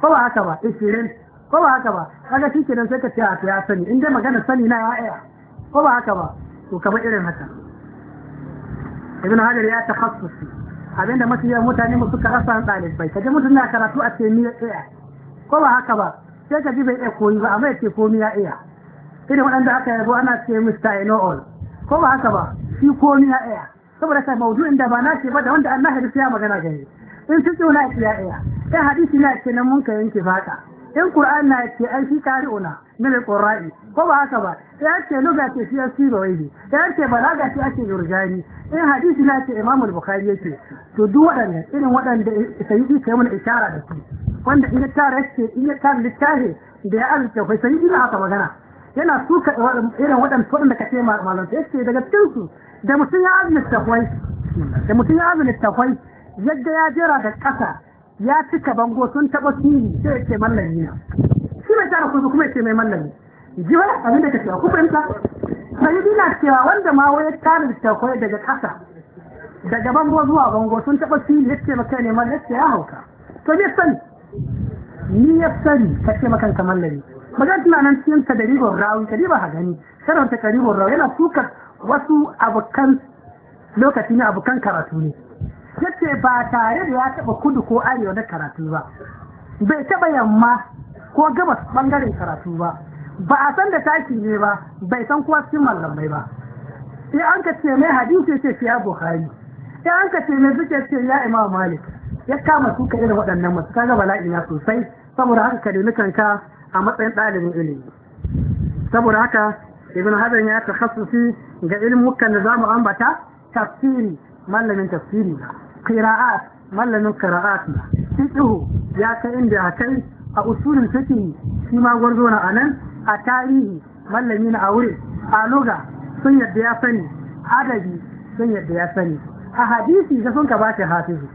Speaker 1: ko ba haka ba ikirin ko ba haka ba kaga shi kenan sai ka ce a ya sani in dai magana sani na aya ko ba haka ba to kamar irin haka ibn hajar ya takhassusi abinda masu yawan mutane mu suka rasa ɗalibai kaje mutum na karatu a ce ni ya tsaya ko ba haka ba sai ka ji bai iya koyi ba amma ya ce komi ya iya irin waɗanda aka yabo ana ce Mr. Eno'ol ko ba haka ba shi komi ya iya saboda sai maudu'in da ba na ba da wanda Allah sai ya magana gare in sun tsona ce ya iya in hadisi na ce nan mun ka yanke fata in Qur'an na ce ai shi kari'una na da ko ba haka ba ya ce luga ce shi yasi ba wai ya ce balaga ce ake yurjani in hadisi na ce Imam Bukhari yake to duk irin waɗanda sai yi kai mana isharar da su wanda in ya tara yake in ya tara littafi da ya arzuta kai sai ina haka magana yana suka irin waɗanda waɗanda ka ce sai yake daga cikin su da mutum ya azumi tafai da mutum ya azumi tafai yadda ya jera da ƙasa ya cika bango sun taɓa siri sai ya ce mallami na shi mai tara kuzu kuma ya ce mai mallami jiwa abin da ka cewa ku fahimta sai dina cewa wanda ma wai tara tafai daga ƙasa daga bango zuwa bango sun taɓa siri ya ce maka ne mallami ya hauka to ne sani ni ya sani ka ce makan kamar lari magan tuna nan cikin tadaribin rawi ka ba ha gani sharar ta karibin rawi yana sukar wasu abokan lokaci ne abokan karatu ne yace ba tare da ya taba kudu ko arewa na karatu ba bai taba yamma ko gabas bangaren karatu ba ba a san da taki ne ba bai san kuwa cikin mallamai ba sai an ka ce mai hadisi ce ya bukhari sai an ka ce mai zuke ce ya imam malik ya kama su kare waɗannan masu kaga bala'i na sosai saboda haka ka kanka a matsayin ɗalibin ilimi saboda haka ibn hazan ya takhassusi ga ilmukan da za mu ambata tafsiri mallamin tafsiri na kira'at mallamin kira'at na fiqh ya kai inda kai a usulin fiqh shi ma gwarzo na anan a tarihi mallami na aure a loga sun yadda ya sani adabi sun yadda ya sani a hadisi ga sun ka ba shi hafizu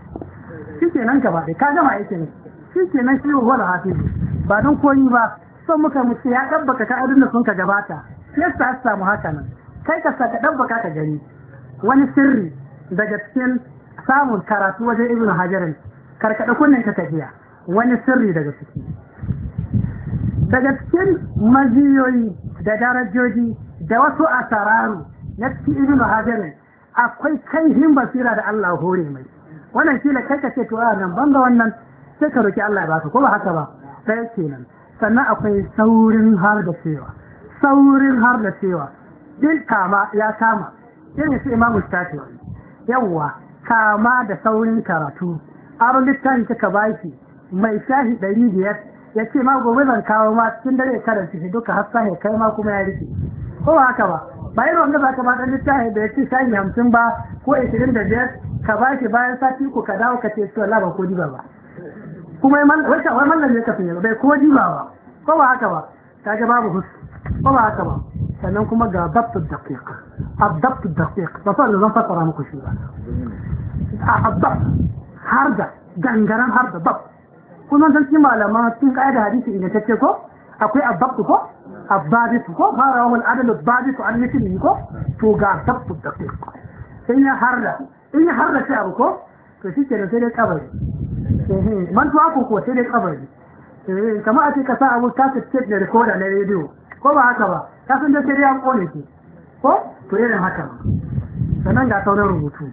Speaker 1: shi nan ka ba ka gama aikin shi ke nan shi hafi ne? ba don koyi ba son muka mu Ya ya ka abin da sun ka gabata yasta ya samu haka nan kai ka saka ɗabbaka ka gani wani sirri daga cikin samun karatu wajen ibnu hajarin karkaɗa kunnen ka tafiya wani sirri daga ciki daga cikin maziyoyi da darajoji da wasu asararu na cikin ibnu hajarin akwai kaihin basira da Allah hore mai wannan shi kila kai ka ce to a ah, nan banga wannan sai ka roki Allah ya baka ko ba haka ba sai kenan sannan akwai saurin har da cewa saurin har da cewa din kama ya kama irin su imamu shafi yawwa kama da saurin karatu aron littafi kika baki mai shahi ɗari biyar ya ce ma gobe zan kawo ma cikin dare karanta shi duka har sahi kai ma kuma ya rike ko ba haka ba ba irin wanda za ka ba da littafin da ya ce shafi hamsin ba ko ashirin da biyar ka ba shi bayan sati ku ka dawo ka ce su Allah ba ko diba ba kuma wata wai mallan ne kafin yanzu bai kuma jima ba ko ba haka ba ga babu hus ko ba haka ba sannan kuma ga dabtu daqiq adabtu daqiq ba fa zan fasara muku shi ba adab har da gangaren har da bab kuma dan cikin malama cikin kaida hadisi inda tace ko akwai adabtu ko abaditu ko farawa wal adalu abaditu an yi ko to ga dabtu daqiq sai ya har da in ya har da ko to shi kenan sai dai kabari ko kuwa sai dai kabari kamar a ce ka sa abu kasa tape da rikoda na rediyo ko ba haka ba ka san da sai dai an kone ko to irin haka sannan ga sauran rubutu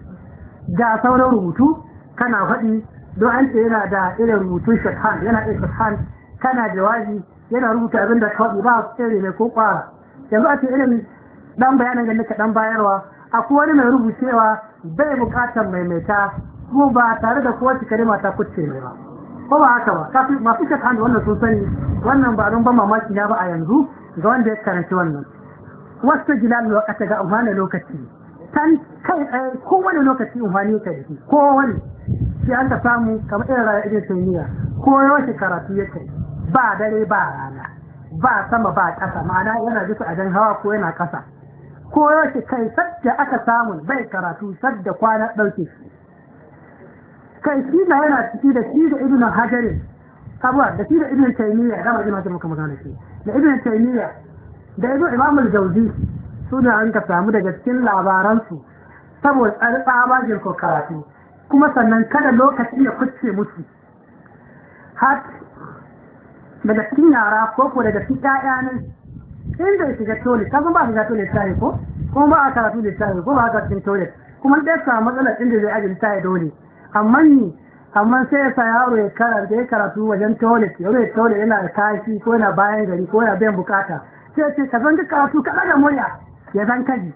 Speaker 1: ga sauran rubutu kana faɗi don an ce yana da irin rubutun shakhan yana irin shorthand kana jawabi yana rubuta abin da kawai ba tsere mai ko kwara yanzu a ce irin dan bayanin ganin nika dan bayarwa akwai wani mai rubucewa bai bukatar maimaita kuma ba tare da kowace kalima ta kuce ne ba ko ba haka ba kafin masu shaka da wannan sun sani wannan ba abin ban mamaki na ba a yanzu ga wanda ya karanci wannan wasu jilal aka ga amfani lokaci tan kai eh, kowane lokaci amfani ka yi wani shi an ta samu kamar irin rayuwar irin tuniya ko yaushe karatu ya kai ba dare ba rana ba sama ba ƙasa ma'ana yana bisa a jan hawa ko yana ƙasa ko yaushe kai sadda aka samu bai karatu sadda kwana ɗauke kai shi na yana ciki da shi da ibn hajar sabuwa da shi da ibn taymiya da ibn hajar muka magana shi da ibn taymiya da ibn imam al-jawzi suna an ka samu daga cikin labaransu saboda jin ko karatu kuma sannan kada lokaci ya kuce musu har daga cikin yara ko ko daga cikin ƴaƴa ne inda shiga tole kasan ba shiga tole tare ko kuma ba a karatu da tare ko ba a karatu tole kuma ɗaya samu matsalar inda zai ajiye tare dole amma ni amma sai ya sa yaro ya karanta ya karatu wajen toilet yaro ya toilet yana da kashi ko yana bayan gari ko yana bayan bukata sai ce ka zan ka karatu ka ɗaga murya ya zan kaji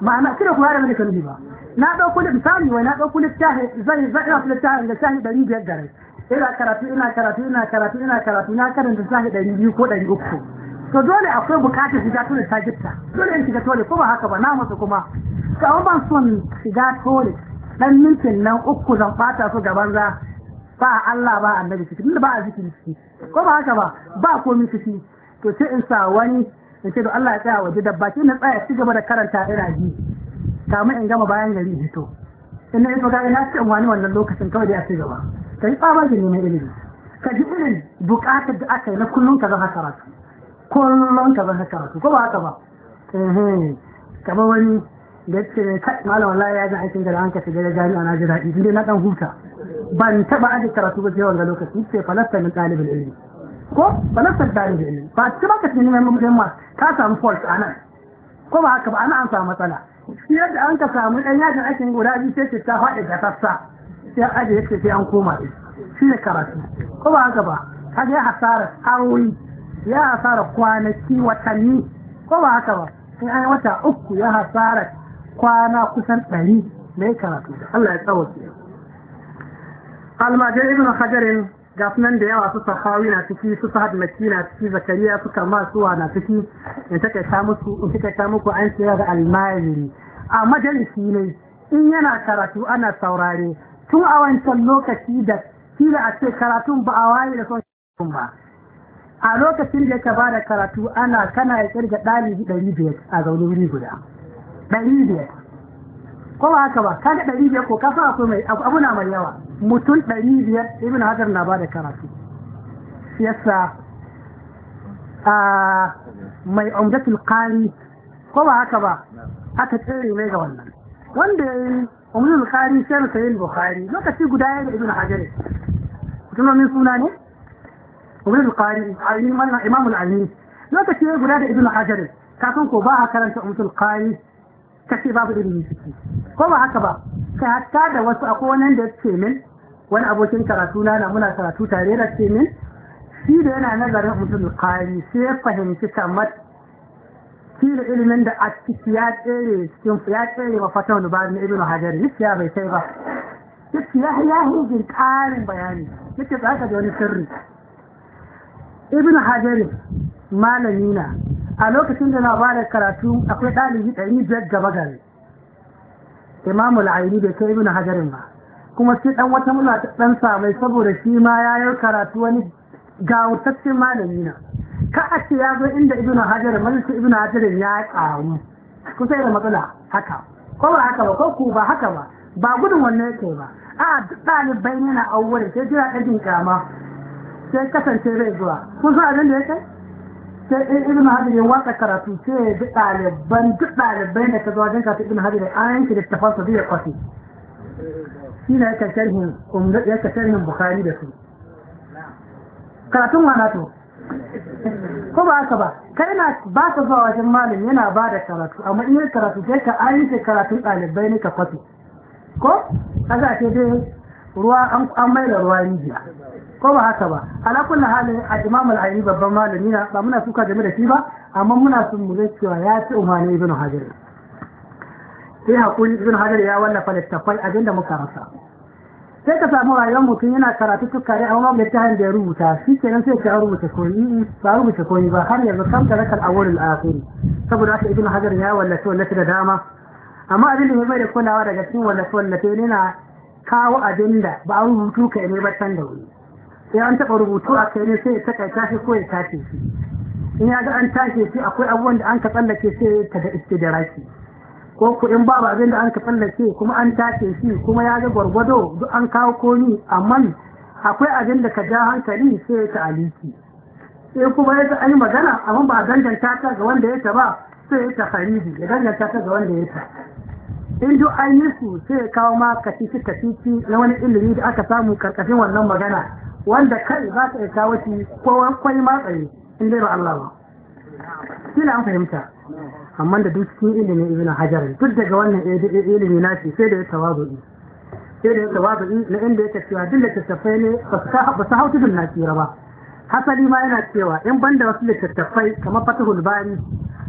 Speaker 1: ma'ana kira kuma da mulkin bi ba na ɗauku da misali wai na da littafi zai zai na littafi da tashi ɗari biyar da rai ina karatu ina karatu ina karatu ina karatu na karanta tashi ɗari biyu ko ɗari uku to dole akwai bukatar shiga tole ta gitta dole in shiga tole ko ba haka ba na masa kuma ka an ban son shiga tole dan mintin nan uku zan fata su gaban za ba Allah ba annabi shi tunda ba a zikiri ciki ko ba haka ba ba komai shi to sai in sa wani in ce to Allah ya tsaya waje dabba sai na tsaya ci gaba da karanta ina ji kamar in gama bayan gari hito in na iso ga ina ce wani wannan lokacin kawai da ya ci gaba ka yi tsabar da neman ilimi ka ji irin bukatar da aka yi na kullum ka zama karatu kullum ka zama karatu ko ba haka ba kamar wani da ce kai malam wallahi ya ga aikin da ranka ta da jami'a na jira in na dan huta ban taba aje karatu ba sai wanga lokaci ce falasta min talibul ilmi ko falasta talibul ilmi ba ci ba ka tunanin mun ma ka samu fault anan ko ba haka ba ana an samu matsala shi yadda an ka samu ɗan yajin aikin guda biyu sai ce ta faɗi ga sassa sai an aje yake sai an koma shi ne karatu ko ba haka ba kaga ya hasara awoyi ya hasara kwanaki watanni ko ba haka ba sai an wata uku ya hasara kwana kusan ɗari na yi karatu da Allah ya tsawo ke ibn hajarin nan da yawa su sahawi na ciki su sahad maki na ciki zakariya su kama suwa na ciki in ta kaita musu in ta kaita muku an tsira da almajiri a majalisi ne in yana karatu ana saurare tun a wancan lokaci da kila a ce karatun ba a waye da son ba a lokacin da ya ba da karatu ana kana ya kirga ɗalibi ɗari biyar a zaune wuri guda ɗari biyar ko ba haka ba kaga ɗari biyar ko ka akwai mai abu na mai yawa mutum ɗari biyar ibn hajar na bada karatu yasa a mai umdatul qari ko ba haka ba aka tsere mai ga wannan wanda ya yi umdatul qari sai sai bukhari lokaci guda ya da ibn hajar mutumin suna ne umdatul qari ayi imamul ali lokaci guda da ibn hajar kafin ko ba a karanta umdatul qari ka ce babu ilimin ciki ko ba haka ba kai hatta da wasu akwai wannan da ce min wani abokin karatu na muna karatu tare da ce min shi da yana nazarin mutum qari sai ya fahimci kamar da ilimin da a ciki ya tsere cikin ya tsere wa fatan da na ibnu hajar ya bai kai ba yace ya ya hijin karin bayani yake za ji wani sirri ibnu hajar malami na a lokacin da na bada karatu akwai ɗalibi ɗari biyar gaba gare imamu la'ayi bai kai ibn hajarin ba kuma sai ɗan wata mula ta ɗan samai saboda shi ma ya yi karatu wani gawutaccen malami na ka a ce ya zo inda ibn hajarin majalisar ibina hajarin ya ƙaru kusa da matsala haka ko ba haka ba ko ku ba haka ba ba gudun wannan yake ba a duk ɗalibai ne na auwari sai jira ɗajin kama sai kasance zai zuwa kun san abin da ya kai sai in ibn hajar ya watsa karatu sai ya bi ɗaliban duk ɗalibai da ka zo wajen karatu ibn hajar an yanke da tafansa zai kwafi shi ne yake sharhin umdat yake sharhin bukhari da su karatun wa nato ko ba haka ba kai na ba ka zuwa wajen malam yana ba da karatu amma in karatu sai ka an yanke karatun ɗalibai ne ka kwafi ko a za ce dai ruwa an mai da ruwa rijiya ko ba haka ba ala kullu halin a imam al babban malami na ba muna suka game da shi ba amma muna son mu zai cewa ya ci umarni ibn hajar sai hakuri ibn hajar ya wallafa littafai da muka rasa sai ka samu rayuwar mutum yana karatu tukare a wani littafin da ya rubuta shi kenan sai ka rubuta koyi ba rubuta koyi ba har yanzu kam taraka rakar a wurin akhir saboda haka ibn hajar ya wallafa wallafa da dama amma abin da ya bai da kulawa daga cikin wallafa wallafa yana kawo abinda ba a rubutu ka ne ba can da wuri sai an taɓa rubutu a kai ne sai ya takaita tashi ko ya tashi shi in ya ga an tashi shi akwai abubuwan da an ka tsallake sai ta da iske da raki ko ku in ba abin da an ka tsallake kuma an tashi shi kuma ya ga gwargwado duk an kawo komi amma akwai abin da ka ja hankali sai ta aliki sai kuma ya an yi magana amma ba a danganta ta ga wanda ya ta ba sai ya ta haribi ya danganta ta ga wanda ya ta in duk an su sai ya kawo ma kacici kacici na wani ilimi da aka samu karkashin wannan magana wanda kai za ka yi kawo shi ko kwai matsayi in dai ba Allah ba kila an fahimta amma da duk cikin ilimin ibn hajar duk daga wannan ilimi na shi sai da ya tawazu'i sai da ya tawazu'i na inda ya cewa duk da tattafai ne ba su hau tudun nasira ba hasali ma yana cewa in banda wasu littattafai kamar fatihul bari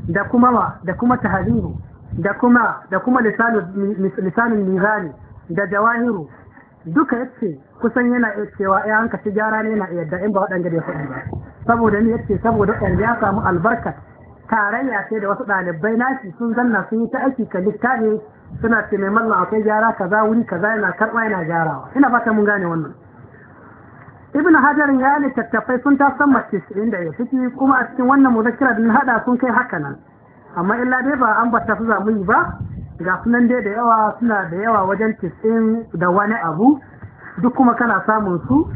Speaker 1: da kuma wa da kuma tahalilu da kuma da kuma lisanin mizani da jawahiru duka yace kusan yana iya cewa ya hanka shi gyara ne na yadda in ba waɗanda da kuɗi ba saboda ni yace saboda ɗan ya samu albarka tarayya ce da wasu ɗalibai nashi sun zanna sun yi ta aiki ka littafi suna ce mai mallan akwai gyara kaza wuri kaza yana karɓa yana gyarawa ina fata mun gane wannan ibn hajar ya littattafai sun ta san mace da ya ciki kuma a cikin wannan muzakkira da haɗa sun kai haka nan amma illa dai ba an basa su zamu yi ba ga sunan dai da yawa suna da yawa wajen tisin da wani abu duk kuma kana samun su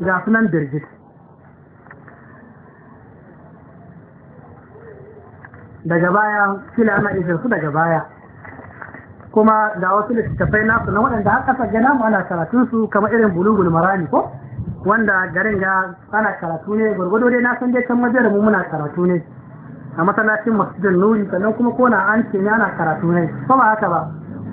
Speaker 1: ga sunan birgit daga baya kila ana isar su daga baya kuma ga wasu littattafai nasu na waɗanda har ƙasar gana mu ana karatun su kamar irin bulugul marani ko wanda garin ga ana karatu ne gwargwado dai na san dai can majiyar mu muna karatu ne a masallacin masjidin nuri sannan kuma kona an ce ana karatu ne ko ba haka ba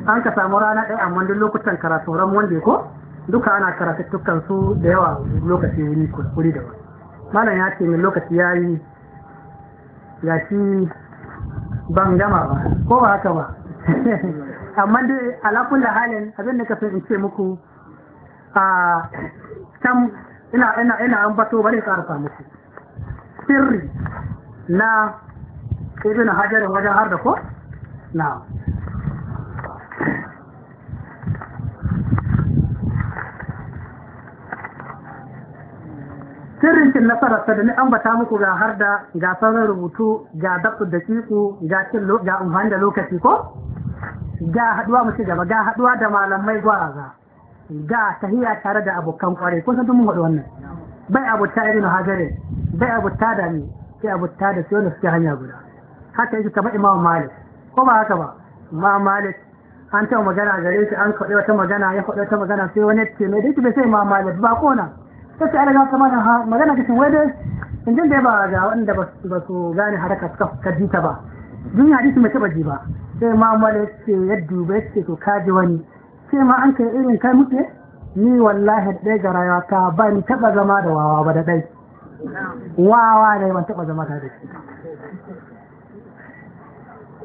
Speaker 1: an ka samu rana ɗaya amma duk lokutan karatu ran wanda ko duka ana dukkan su da yawa lokaci wuri wuri da malam ya ce min lokaci ya yi ya ci ban gama ba ko ba haka ba amma dai alakun da halin abin da kafin in ce muku a can ina ina ina an bato bari ka muku sirri na ibn hajjar wajen har da ko na sirrin nasara da ni ambata muku ga har da ga sauran rubutu ga dabtu da kiku ga cin ga da lokaci ko ga haduwa musu gaba ga haduwa da malamai gwaraza ga tahiya tare da abokan kware kun san mun haɗu wannan bai abuta irin hajare bai abuta da ni sai abuta da sai da suke hanya guda haka yake kamar imam malik ko ba haka ba imam malik an taɓa magana gare shi an faɗi wata magana ya faɗi wata magana sai wani ce mai dai bai sai imam malik ba kona sai sai daga kamar magana kace wai dai in jin dai ba ga wanda ba su gane haraka suka kaji ta ba duniya hadisi mai taɓa ji ba sai imam malik ce ya duba ce to kaji wani sai ma an kai irin kai muke ni wallahi dai ga rayuwa ta ban taɓa zama da wawa ba da dai wawa ne ban taɓa zama da shi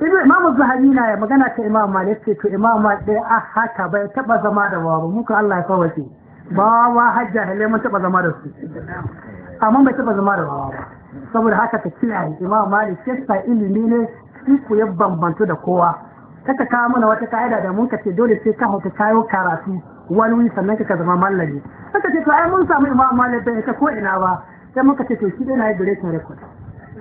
Speaker 1: Ibi imamu zahabi na ya magana ta imam ya ce to imam ma ɗaya a ah, haka bai taɓa zama da babu muka Allah ya kawace ba wa hajja hele mun taɓa zama da su amma bai taɓa zama da babu ba saboda haka ta kiyaye imam malik ce sa ilimi ne shi ku ya bambantu da kowa ka kawo mana wata ka'ida da mun ka ce dole sai ka hauta kayo karatu wani wuri sannan ka zama mallami kaka ce to ai mun samu imam malik bai ta ko ina ba sai muka ce to shi dai na yi direction record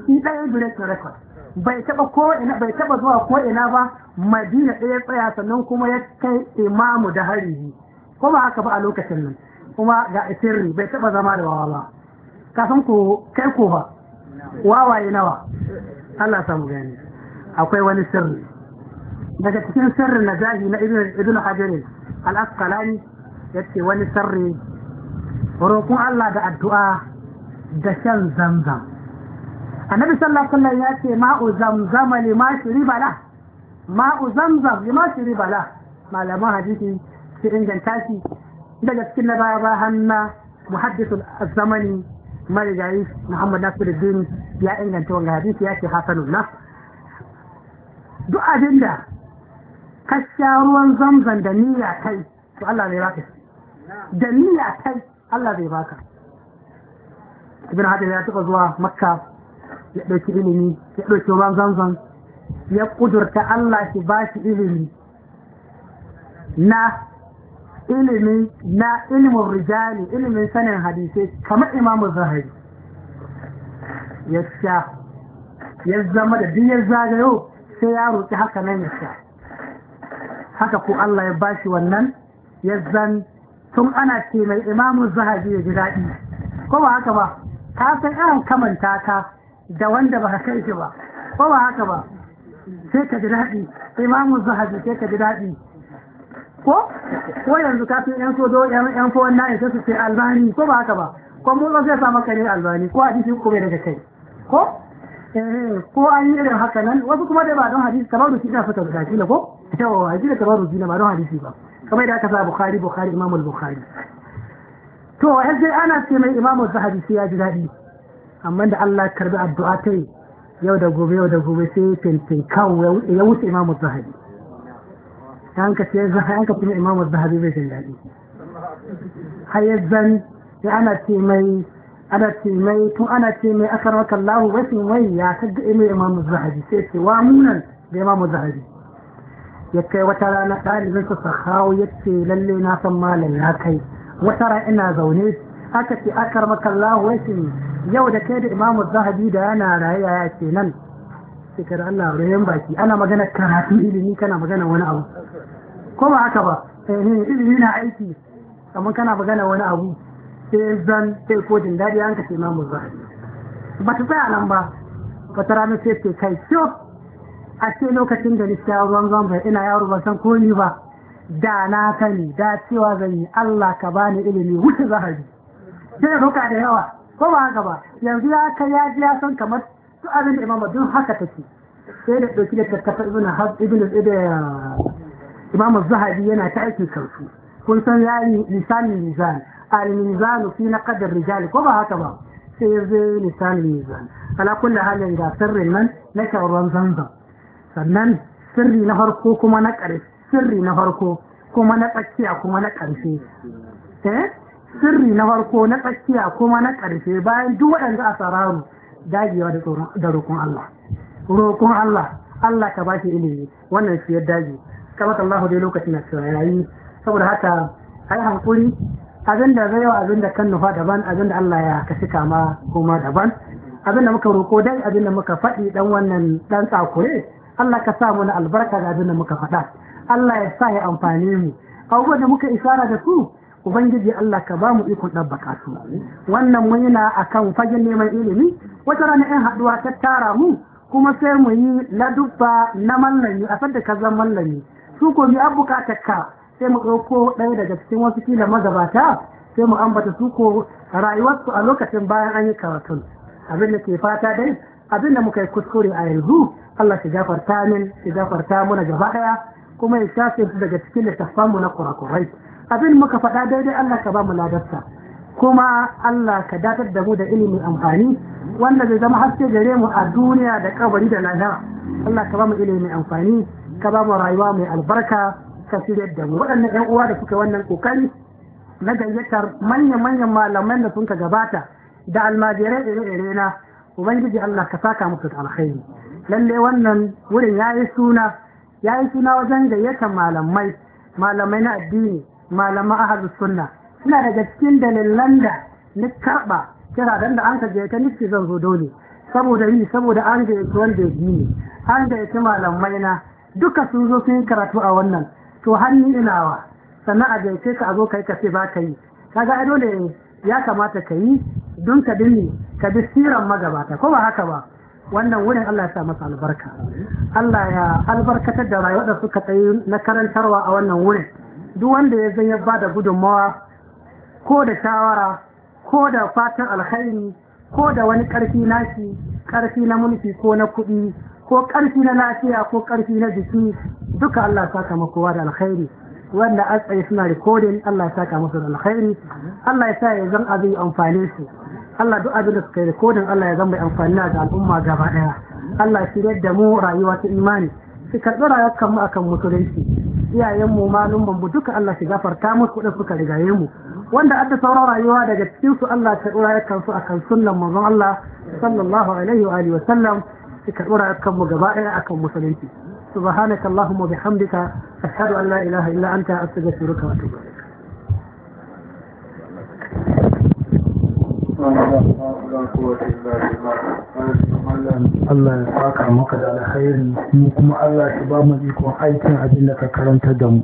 Speaker 1: shi dai direction record bai taba ko ina bai taba zuwa ko ina ba madina ɗaya tsaya sannan kuma ya kai imamu da harihi ko ba haka ba a lokacin nan kuma ga sirri bai taba zama da wawa ba ka san ko kai ko ba wawaye nawa Allah samu gani akwai wani sirri daga cikin sirri na jahi na ibn hajar al-asqalani yace wani sirri roƙon Allah da addu'a da shan zamzam annabi sallallahu alaihi ya ce ma'u zamzam lima shuriba la ma'u zamzam lima shuriba la malaman hadisi su inganta shi daga cikin na ba hanna muhaddisul zamani marigayi muhammad nasiruddin ya inganta wanga hadisi ya ce hasanun nas duk abin da ka sha ruwan zamzam da niyya kai to Allah zai baka da niyya kai Allah zai baka ibn hajar ya tuka zuwa makka ya ɗauki ilimi ya ɗauki ruwan zanzan ya kudurta Allah shi ba shi ilimi na ilimin na ilimin rijali ilimin sanin hadisai kamar imamu zahari ya sha ya zama da biyar zagayo sai ya roƙi haka nan ya sha haka ko Allah ya ba shi wannan ya zan tun ana ce mai imamu zahabi ya ji daɗi ko ba haka ba ka san irin kamanta ka da wanda ba kai shi ba ko ba haka ba sai ka ji daɗi imamu zahabi sai ka ji daɗi ko ko yanzu kafin yan sojo yan fowon na'in sai su ce albani ko ba haka ba ko mun zai sa kare albani ko hadisi ko bai daga kai ko eh, ko an yi irin haka nan wasu kuma dai ba don hadisi kamar rufi ina suka rubuta na, ko yawa hadisi da kamar rufi ba don hadisi ba kamar da aka sa bukhari bukhari imamul bukhari to yanzu ana ce mai imamu zahabi sai ya ji daɗi amma da Allah karbi addu'a ta yi yau da gobe yau da gobe sai fintin kawo ya wuce imamu zahabi an ka ce zahabi an ka fi imamu zahabi bai jin daɗi har ya zan sai ana ce mai ana ce mai tun ana ce mai aka raka lahu wasu mai ya kaga imai imamu zahabi sai ce wa munan da imamu zahabi ya kai wata rana ɗalibinsa sa kawo ya ce lalle na san malam ya kai wata rana ina zaune aka ce akar makallahu wasin yau da kai da imamu zahabi da yana rayuwa ya ce nan shekar Allah rayan baki ana magana karatu ilimi kana magana wani abu ko ba haka ba eh, ilimi na aiki amma kana magana wani abu sai zan sai ko jin daɗi an ka ce imamu zahabi ba ta tsaya nan ba wata rana sai ce kai kyau a ce lokacin da ni sha ruwan zamba ina yaro ba san ni ba da na sani da cewa zan yi Allah ka bani ilimi wuce zahabi sai ya roka da yawa ko ba haka ba yanzu ya kai ya ji ya san kamar su abin da imam abdul haka take sai da dauki da tattafa ibn hab ibn da imam zahabi yana ta aiki kansu kun san ya yi lisanin mizan al mizan fi naqd ar rijal ko ba haka ba sai ya zo lisanin mizan ala kulli halin ga sirri nan na shauran zanzan sannan sirri na farko kuma na ƙarshe sirri na farko kuma na tsakiya kuma na ƙarshe eh sirri na farko na tsakiya kuma na ƙarshe bayan duk waɗanda a sararu dagewa da roƙon Allah roƙon Allah Allah ka bashi ilimi wannan shi ya daji. kamar Allah dai lokacin na cewa yayi saboda haka ai hankuri abin da zai wa abin da kan nufa daban abin da Allah ya kashi kama kuma daban abin da muka roƙo dai abin da muka faɗi ɗan wannan ɗan tsakure Allah ka sa mana albarka ga abin da muka faɗa Allah ya sa ya amfane mu abubuwan da muka isara da su ubangiji Allah ka ba mu ikon ɗan bakatu wannan mun a akan fagen neman ilimi wata rana yan haɗuwa ta tara mu kuma sai mu yi ladubba na mallami a sadda ka zan mallami su ko mi an bukatar ka sai mu ɗauko ɗaya daga cikin wasu kila magabata sai mu ambata su ko rayuwarsu a lokacin bayan an yi karatun abin da ke fata dai abin da muka yi kuskure a yanzu Allah shi gafarta min shi gafarta mana gaba ɗaya kuma ya shafe su daga cikin littafanmu na kurakurai abin muka faɗa daidai Allah ka ba mu ladarsa kuma Allah ka datar da mu da ilimin amfani wanda zai zama haske gare mu a duniya da kabari da lahira Allah ka ba mu ilimin amfani ka ba mu rayuwa mai albarka ka shirya da mu waɗannan ƴan uwa da suka wannan kokari na gayyatar manya-manyan malaman da sun ka gabata da almajirai ire-ire na ubangiji Allah ka saka musu alkhairi lalle wannan wurin yayi suna yayi suna wajen gayyatar malamai malamai na addini malaman ahadus sunna suna daga cikin dalilan da ni karɓa kira dan da an kaje ta nufi zan zo dole saboda yi saboda an da yake wanda ya gini an da yake malamai na duka sun zo sun yi karatu a wannan to hannu inawa sannan a gaice ka a zo kai ka ce ba ka yi kaga ai dole ya kamata ka yi don ka dinne ka bi siran magabata ko ba haka ba wannan wurin Allah ya sa masa albarka Allah ya albarkatar da rayuwar da suka tsaye na karantarwa a wannan wurin duk wanda ya zan ya da gudunmawa ko da shawara ko da fatan alkhairi ko da wani ƙarfi nashi ƙarfi na mulki ko na kuɗi ko ƙarfi na lafiya ko ƙarfi na jiki duka Allah saka kowa da alkhairi wanda an tsaye suna rikodin Allah ya saka musu da alkhairi Allah ya sa ya zan abin amfane su Allah duk abin da suka yi rikodin Allah ya zan mai amfani ga al'umma gaba ɗaya Allah ya shirya da mu rayuwa ta imani shi karɓi rayuwar mu akan musulunci iyayenmu malumman mu duka Allah shi gafarta musu da suka rigaye mu wanda adda sauran rayuwa daga cikin su Allah ta dora yakan su akan sunnan manzon Allah sallallahu alaihi wa alihi wa sallam shi karɓi rayuwar kanmu gaba ɗaya akan musulunci subhanakallahumma bihamdika ashhadu an la ilaha illa anta astaghfiruka wa atubu ilaik
Speaker 2: Allah ya saka maka da alkhairi mu kuma Allah ya ba mu ikon aikin abin da ka karanta da mu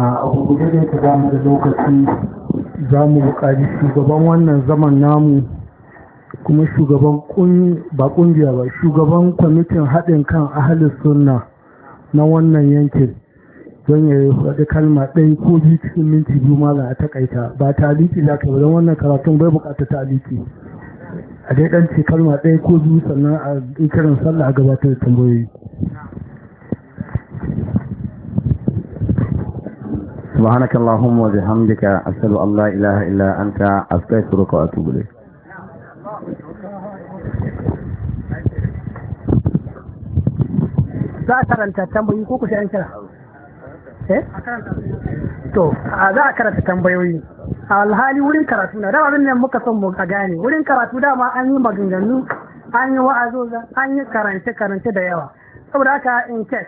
Speaker 2: a gobe da ta zama da lokaci za mu buƙaci shugaban wannan zaman namu kuma shugaban ba ƙungiya ba shugaban kwamitin haɗin kan ahalin sunna na wannan yankin don ya faɗi kalma ɗaya ko biyu cikin minti biyu za a takaita ba taliki za ka don wannan karatun bai ta taliki a dai ɗan ce kalma ɗaya ko biyu sannan a kiran sallah a gabatar da tambayoyi سبحانك اللهم وبحمدك أشهد أن لا إله إلا أنت أستغفرك وأتوب
Speaker 1: إليك za a karanta tambayi ko ku sai an kira Eh? to za a karanta tambayoyi a alhali wurin karatu na dama abin muka son mu a gane wurin karatu dama an yi maganganu an yi wa'azoza an yi karance karance da yawa saboda haka in case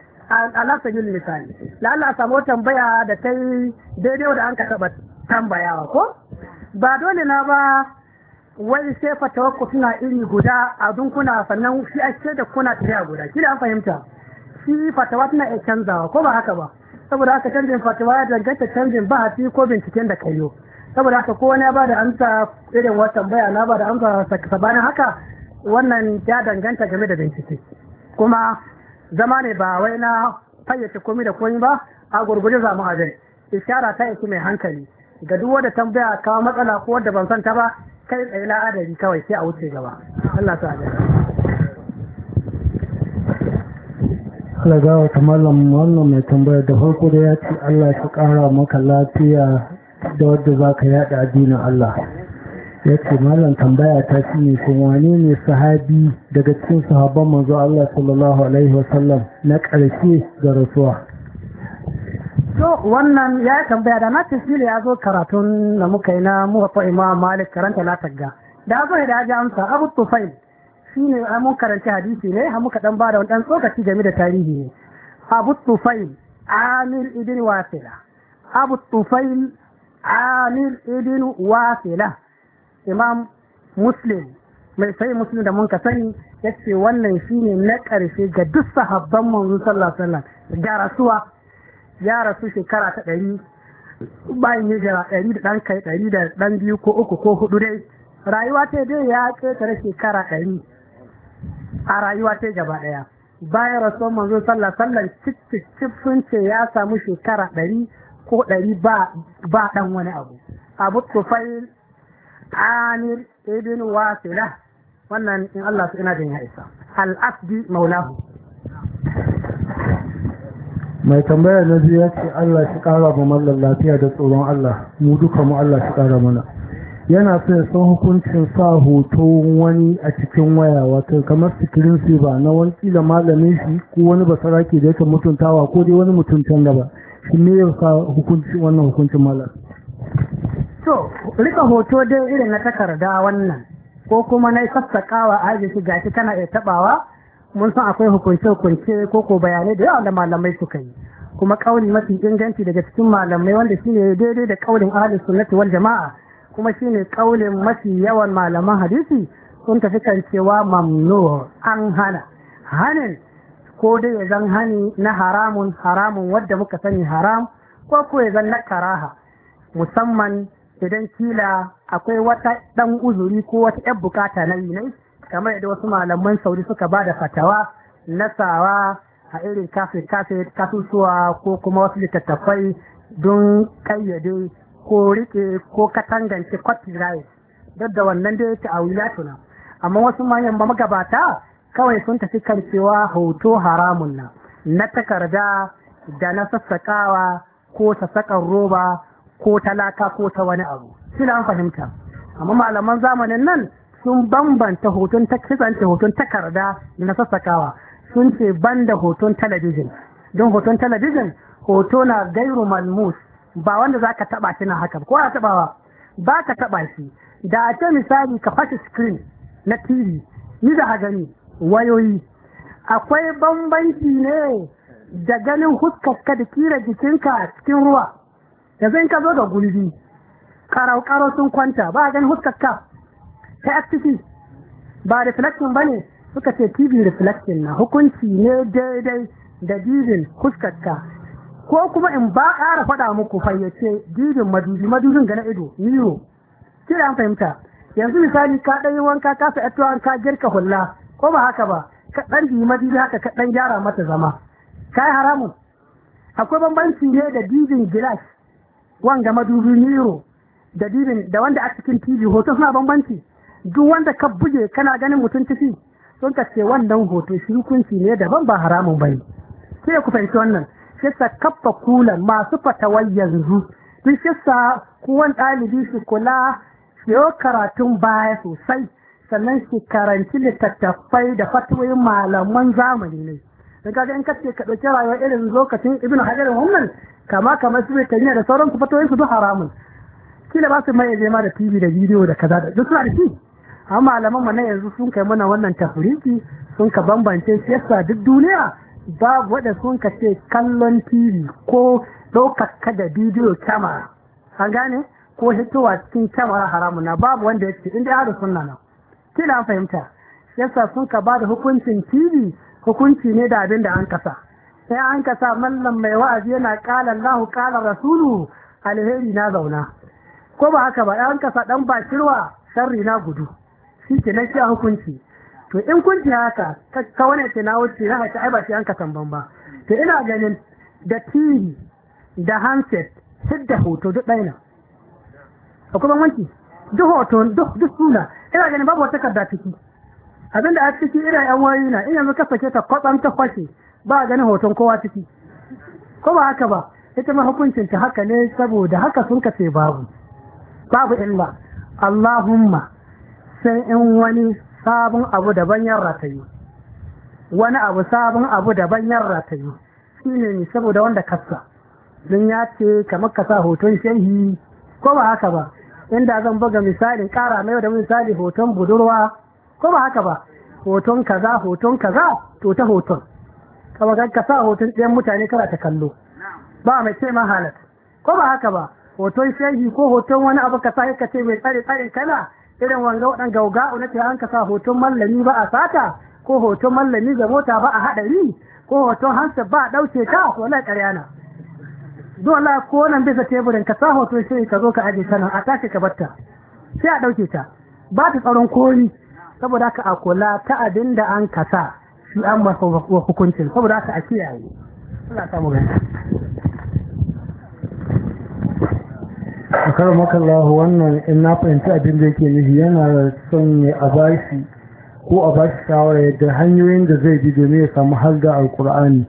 Speaker 1: lasa yin misali lalata a tambaya da ta yi daidai da an ka taba tambayawa ko ba dole na ba wai sai fatawa suna iri guda a dunkuna sannan shi ake da kuna tafiya guda shi da an fahimta shi fatawa tana iya canzawa ko ba haka ba saboda haka canjin fatawa ya danganta canjin a ko binciken da yi saboda aka kowa ya ba da amsa irin watan tambaya na ba da amsa sabanin haka wannan ya danganta game da bincike kuma zama ne ba wai na fayyace komi da komi ba a gurguje zamu zai ishara ta yake mai hankali ga duk wanda tambaya kawo matsala ko wanda ban san ta ba kai tsaye la'adari kawai sai a wuce gaba Allah jira.
Speaker 2: Allah ga wata wannan mai tambaya da farko da ya ce Allah ya ƙara maka lafiya da wadda za ka yada adinin Allah ya ce malam tambaya ta shi ne shin ne sahabi daga cikin sahabban manzo Allah sallallahu alaihi wasallam na ƙarshe ga rasuwa
Speaker 1: to wannan ya tambaya da na tafi ya zo karatun da muka yi na muwafa imam malik karanta na tagga da zo da ya ji amsa abu tufail ne a mun karanta hadisi ne har muka dan ba da wani tsokaci game da tarihi ne Abu Tufail Amir ibn Wasila Abu Tufail Amir ibn Wasila Imam Muslim mai sai Muslim da mun ka sani yace wannan shine na karshe ga duk sahabban manzon sallallahu alaihi wasallam ga rasuwa ya rasu shekara ta ɗari bayan hijira ɗari da ɗan kai ɗari da ɗan biyu ko uku ko hudu dai rayuwa ta dai ya ƙetare shekara ɗari a rayuwa ta gaba ɗaya bayan rasuwar manzo sallah sallar cikin ce ya samu shekara ɗari ko ɗari ba ɗan wani abu abu tufai anir ibn wasila wannan in Allah su ina jin ya isa al-asbi maulahu
Speaker 2: mai tambaya na biyu ya ce Allah shi ƙara mu mallan lafiya da tsoron Allah mu duka mu Allah shi ƙara mana yana so ya san hukuncin sa hoton wani a cikin waya wato kamar sikirin sai ba na wani kila malamin shi ko wani basara ke da yake mutuntawa ko dai wani mutuntan da ba shi ne ya sa hukuncin wannan hukuncin malam
Speaker 1: to rika hoto dai irin na takarda wannan ko kuma na sassakawa a ajiye shi gashi kana iya tabawa mun san akwai hukunce hukunce ko ko bayanai da yawa da malamai suka yi kuma kauli mafi inganci daga cikin malamai wanda shine daidai da kaulin ahlus sunnati wal jama'a kuma shi ne kaulin mafi yawan malaman hadisi sun tafi kan cewa mamnu an hana hanin ko dai ya zan hani na haramun haramun wadda muka sani haram ko ko ya zan na karaha musamman idan kila akwai wata dan uzuri ko wata yan bukata na yi ne kamar yadda wasu malaman sauri suka ba da fatawa nasawa a irin kafe kafe kasusuwa ko kuma wasu littattafai don kayyade ko rike ko katangance copyright duk da wannan da yake a tuna amma wasu manyan ba magabata kawai sun tafi kan cewa hoto haramun nan, na takarda da na sassaƙawa ko sassaƙar roba ko talaka ko ta wani abu suna an fahimta amma malaman zamanin nan sun bambanta hoton ta kisance hoton takarda da na sassaƙawa sun ce banda hoton talabijin don hoton talabijin hoto na gairu malmus ba wanda za ka taba shi na haka ko a taɓawa ba ka taɓa shi da a ce misali ka fashe screen na tv ni da gani wayoyi akwai bambanci ne da ganin huskarka da kira jikinka cikin ruwa Da zai ka zo da gulbi karau sun kwanta ba a ganin huskarka ta ftc ba reflection ba ne suka ce tv reflection na hukunci ne daidai da dizin huskarka ko kuma in ba ƙara faɗa muku fayyace didin madubi madubin ga na ido niyo da an fahimta yanzu misali ka ɗan yi wanka ka sa ƴattuwa ka girka hulla ko ba haka ba ka ɗan yi madubi haka ka ɗan gyara mata zama ka yi haramun akwai bambanci ne da didin gilas wanga madubi niyo da didin da wanda a cikin tv hoto suna bambanci duk wanda ka buge kana ganin mutum tafi sun ka wannan hoto shi ne daban ba haramun bane sai ku fahimci wannan kisa sa kafa kulan masu fatawar yanzu duk kisa kuwan ɗalibi su kula shi karatun baya sosai sannan shi karanci littattafai da fatawoyin malaman zamani ne don kaga in kace ka ɗauki rayuwa irin lokacin ibn hajar wannan kama kamar su bai da sauran ku fatawoyin su duk haramun kila ba su mai zai ma da tv da bidiyo da kaza da duk suna da shi amma malaman mu na yanzu sun kai mana wannan tafriki sun ka bambance siyasa duk duniya babu wadda sun ka ce kallon tv ko ɗaukar kada bidiyo kyamara an gane ko hitowa cikin kyamara haramun na babu wanda ya ce inda ya sunna na kila an fahimta yasa sun ka ba da hukuncin tv hukunci ne da abin da an kasa sai an kasa mallam mai wa'azi yana kala Allahu kala rasulu alheri na zauna ko ba haka ba an kasa dan bakirwa sharri na gudu shi ke nan hukunci to in kun ji haka ka wani ce na wuce na haka ai ba shi an ka tamban ba to ina ganin da TV da handset da hoto duk ɗaya akwai banwanci duk hoto duk suna ina ganin babu wata takarda ciki abin da a ciki ina yan wayoyi na ina muka ka sake ta kwatsam ta kwashe ba ganin hoton kowa ciki ko ba haka ba ita ma hukuncin ta haka ne saboda haka sun kace babu babu illa Allahumma sai in wani sabon abu daban yan ratayi wani abu sabon abu daban yan ratayi shi ne saboda wanda kasa don ya ce kamar ka sa hoton shehi ko ba haka ba inda zan buga misalin kara mai da misali hoton budurwa ko ba haka ba hoton kaza hoton kaza to ta hoton kama ka sa hoton ɗayan mutane kana ta kallo ba mai ce ma halat ko ba haka ba hoton shehi ko hoton wani abu ka sa ka ce mai tsare tsare kana irin wanga wadan gauga na ta an kasa hoton mallami ba a sata ko hoton mallami ga mota ba a haɗari ko hoton hansa ba a ɗauke ta wallahi ƙarya na dole ko nan bisa teburin ka sa hoton shi ka zo ka aje ta nan a tashi ka batta sai a ɗauke ta ba ta tsaron kori saboda ka a kula ta abin da an kasa shi an masa hukuncin saboda ka a kiyaye gani
Speaker 2: a kar makallahu wannan in na fahimci abin da yake nufi yana son ne a bashi ko a bashi shawara yadda hanyoyin da zai bi domin ya samu halga da alkur'ani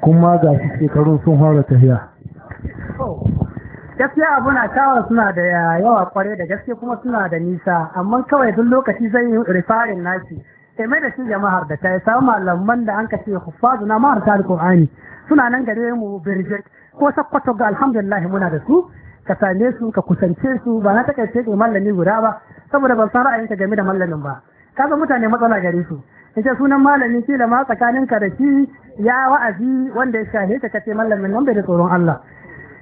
Speaker 2: kuma ga shi shekarun sun fara tafiya
Speaker 1: gaskiya abuna shawara suna da yawa kware da gaske kuma suna da nisa amma kawai duk lokaci zai yi rifarin nasi sai mai da shi jama'ar da ta yi samu malaman da an kace hufazu na maharta alkur'ani suna nan gare mu birjik ko sakkwato ga alhamdulillah muna da su ka same su ka kusance su ba na takaice ga mallami guda ba saboda ban san ra'ayinka game da mallamin ba ka mutane matsala gare su ce sunan malami shi da ma tsakanin ka da shi ya wa'azi wanda ya shahe ka kace mallamin nan bai da tsoron Allah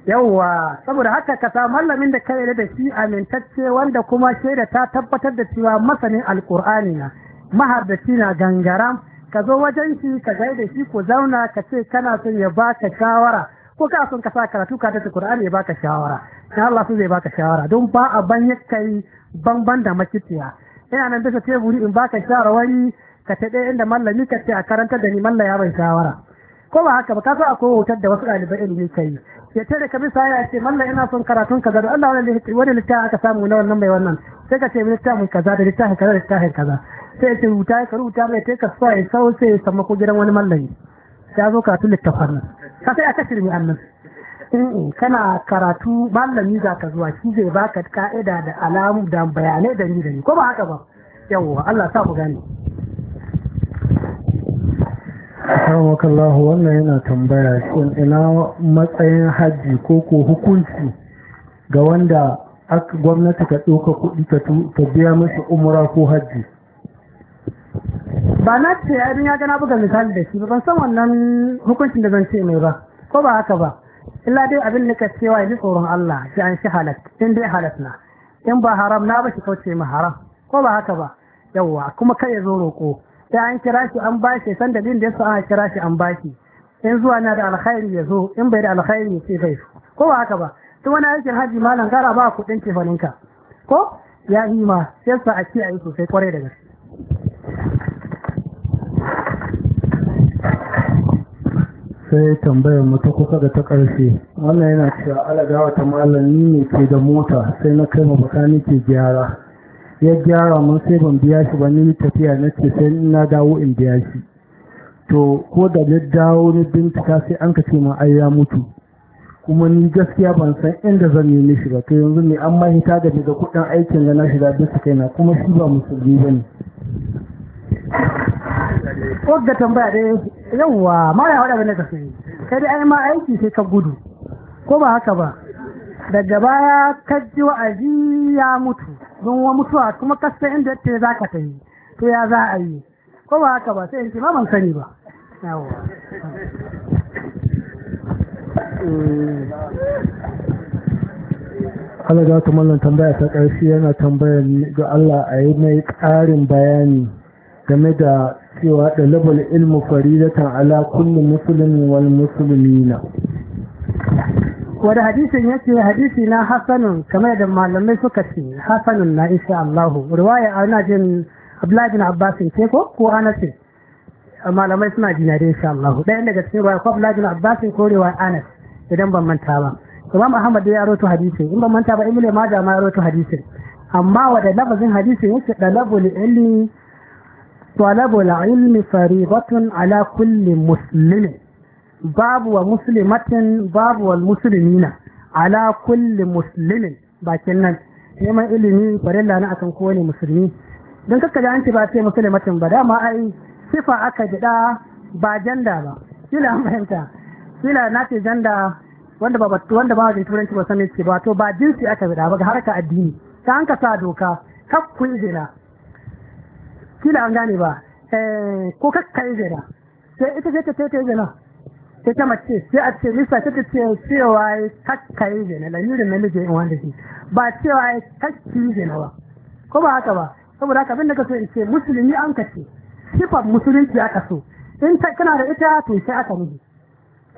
Speaker 1: yawwa saboda haka ka samu mallamin da ka da shi amintacce wanda kuma shaida ta tabbatar da cewa masanin alkur'ani na mahaddaci na gangaram ka zo wajen shi ka da shi ku zauna ka ce kana son ya baka shawara ko ka son ka sa karatu ka tace Qur'an ya baka shawara in Allah su zai baka shawara don ba a ban kai banban da makitiya ina nan bisa teburi in baka shawarwari ka ta dai inda mallami ka ce a karanta da ni Mallami ya bai shawara ko ba haka ba ka so akwai hotar da wasu ɗalibai ilimi ka yi ya tare ka bisa ya ce mallam ina son karatun kaza da Allah wani wani littafi aka samu na wannan mai wannan sai ka ce littafin kaza da littafin kaza da littafin kaza sai ya ce rubuta ka rubuta mai sai ka so ya sau sai ya samu ko gidan wani mallami ya zo karatun littafin sai aka shirme annan eh, kana karatu malami za ka zuwa shi zai baka ka'ida da alamu da bayanai da ni da ni ko ba haka ba yawwa Allah sa ku gane
Speaker 2: Assalamualaikum wannan yana tambaya shin ina matsayin hajji ko ko hukunci ga wanda gwamnati ka ɗauka kuɗi ta biya masa umra ko hajji
Speaker 1: ba na ce ya ya gana buga misali da shi ba ban san wannan hukuncin da zan ce mai ba ko ba haka ba illa dai abin da ka ce ya ji tsoron Allah shi an shi halak in dai halak na in ba haram na ba shi kauce ma haram ko ba haka ba yawwa kuma kai ya zo roƙo sai an kira shi an bashi san dalilin da yasa an kira shi an bashi in zuwa na da alkhairi ya zo in bai da alkhairi ya ce bai ko ba haka ba to wani aikin haji malam gara ba kuɗin kifaninka ko ya yi ma sai sa a ce a yi sosai kwarai da gaske
Speaker 2: sai tambayar mu ta kusa da ta ƙarshe wannan yana cewa alagawa ta malami ne ke da mota sai na kai mabakani ke gyara ya gyara mun sai ban biya shi ba ni tafiya na ce sai na dawo in biya shi to ko da ya dawo ni bincika sai an ka ce ma ai ya mutu kuma ni gaskiya ban san inda zan yi shi ba to yanzu ne an mahita da daga kuɗin aikin da na shiga bisa kaina kuma shi ba musulmi ba
Speaker 1: ne. yawwa ma ya haɗa da ka yi kai dai ai ma aiki sai ka gudu ko ba haka ba daga baya ka ji wa'azi ya mutu don wa mutuwa kuma kasta inda ta za ka ta yi to ya za a yi ko ba haka ba sai in ce ma ban sani ba yawwa eh.
Speaker 2: Allah za ta mallan tambaya ta ƙarshe yana tambayar ga Allah a yi mai ƙarin bayani game da cewa ɗalibul ilmu faridatan ala
Speaker 1: wal hadisin hadisi na hasanun kamar da malamai suka ce hasanun na insha Allah riwaya ana jin Abdullahi bin ce ko ko ana ce malamai suna jina da insha Allah ɗaya daga cikin riwaya ko Abdullahi bin ko Anas idan ban manta ba Imam Ahmad ya rawaito hadisin in ban manta ba Ibn Majah ma ya rawaito hadisin amma wanda lafazin hadisin yake dalabul ilmi طلب العلم فريضة على كل مسلم باب ومسلمة باب والمسلمين على كل مسلم باكنا neman ilimi farilla na akan kowane musulmi don kakka da anti ba ce musulmatin ba dama ai sifa aka jida ba janda ba kila fahimta kila na ce janda wanda ba wanda ba jin turanci ba sanin ce ba to ba jinsi aka jida ba ga harka addini ta an ka sa doka kakkun zina kila an gane ba eh, ko kakka yi zina sai ita ce ta ta zina sai ta mace sai a ce nisa ta ta ce cewa ya kakka yi zina lamirin namiji in wanda shi ba cewa ya kakki yi zina ba ko ba haka ba saboda haka abin da ka so in ce musulmi an ka ce sifar musulunci aka so in ta kana da ita to sai aka miji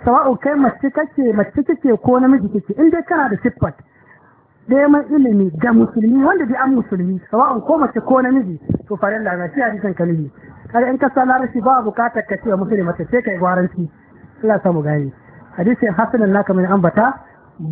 Speaker 1: sawa'u kai mace kake mace kake ko namiji kake in dai kana da sifar neman ilimi ga musulmi wanda bi an musulmi sawa'un ko mace ko namiji to farin na shi hadisin kalimi kada in ka sa larashi ba bukatar ka cewa musulmi mace sai kai gwaranci Allah samu gani hadisin hasanan naka mai ambata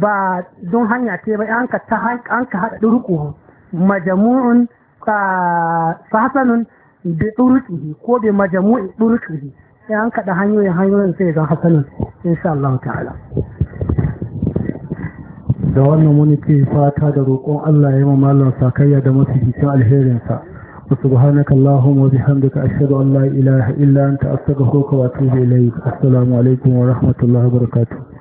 Speaker 1: ba don hanya ce ba an ka ta an ka hada duruku majamu'un ka hasanun bi durukihi ko bi majamu'i durukihi sai an kaɗa hanyoyin hanyoyin sai ga hasanun insha Allah ta'ala
Speaker 2: da wannan wani ke fata da roƙon Allah ya yi mamalar sakayya da mafificin alherinsa wa subhanaka allahumma wa bihamdika ashhadu an la ilaha illa anta astaghfiruka wa atubu ilayk assalamu alaikum wa rahmatullahi wa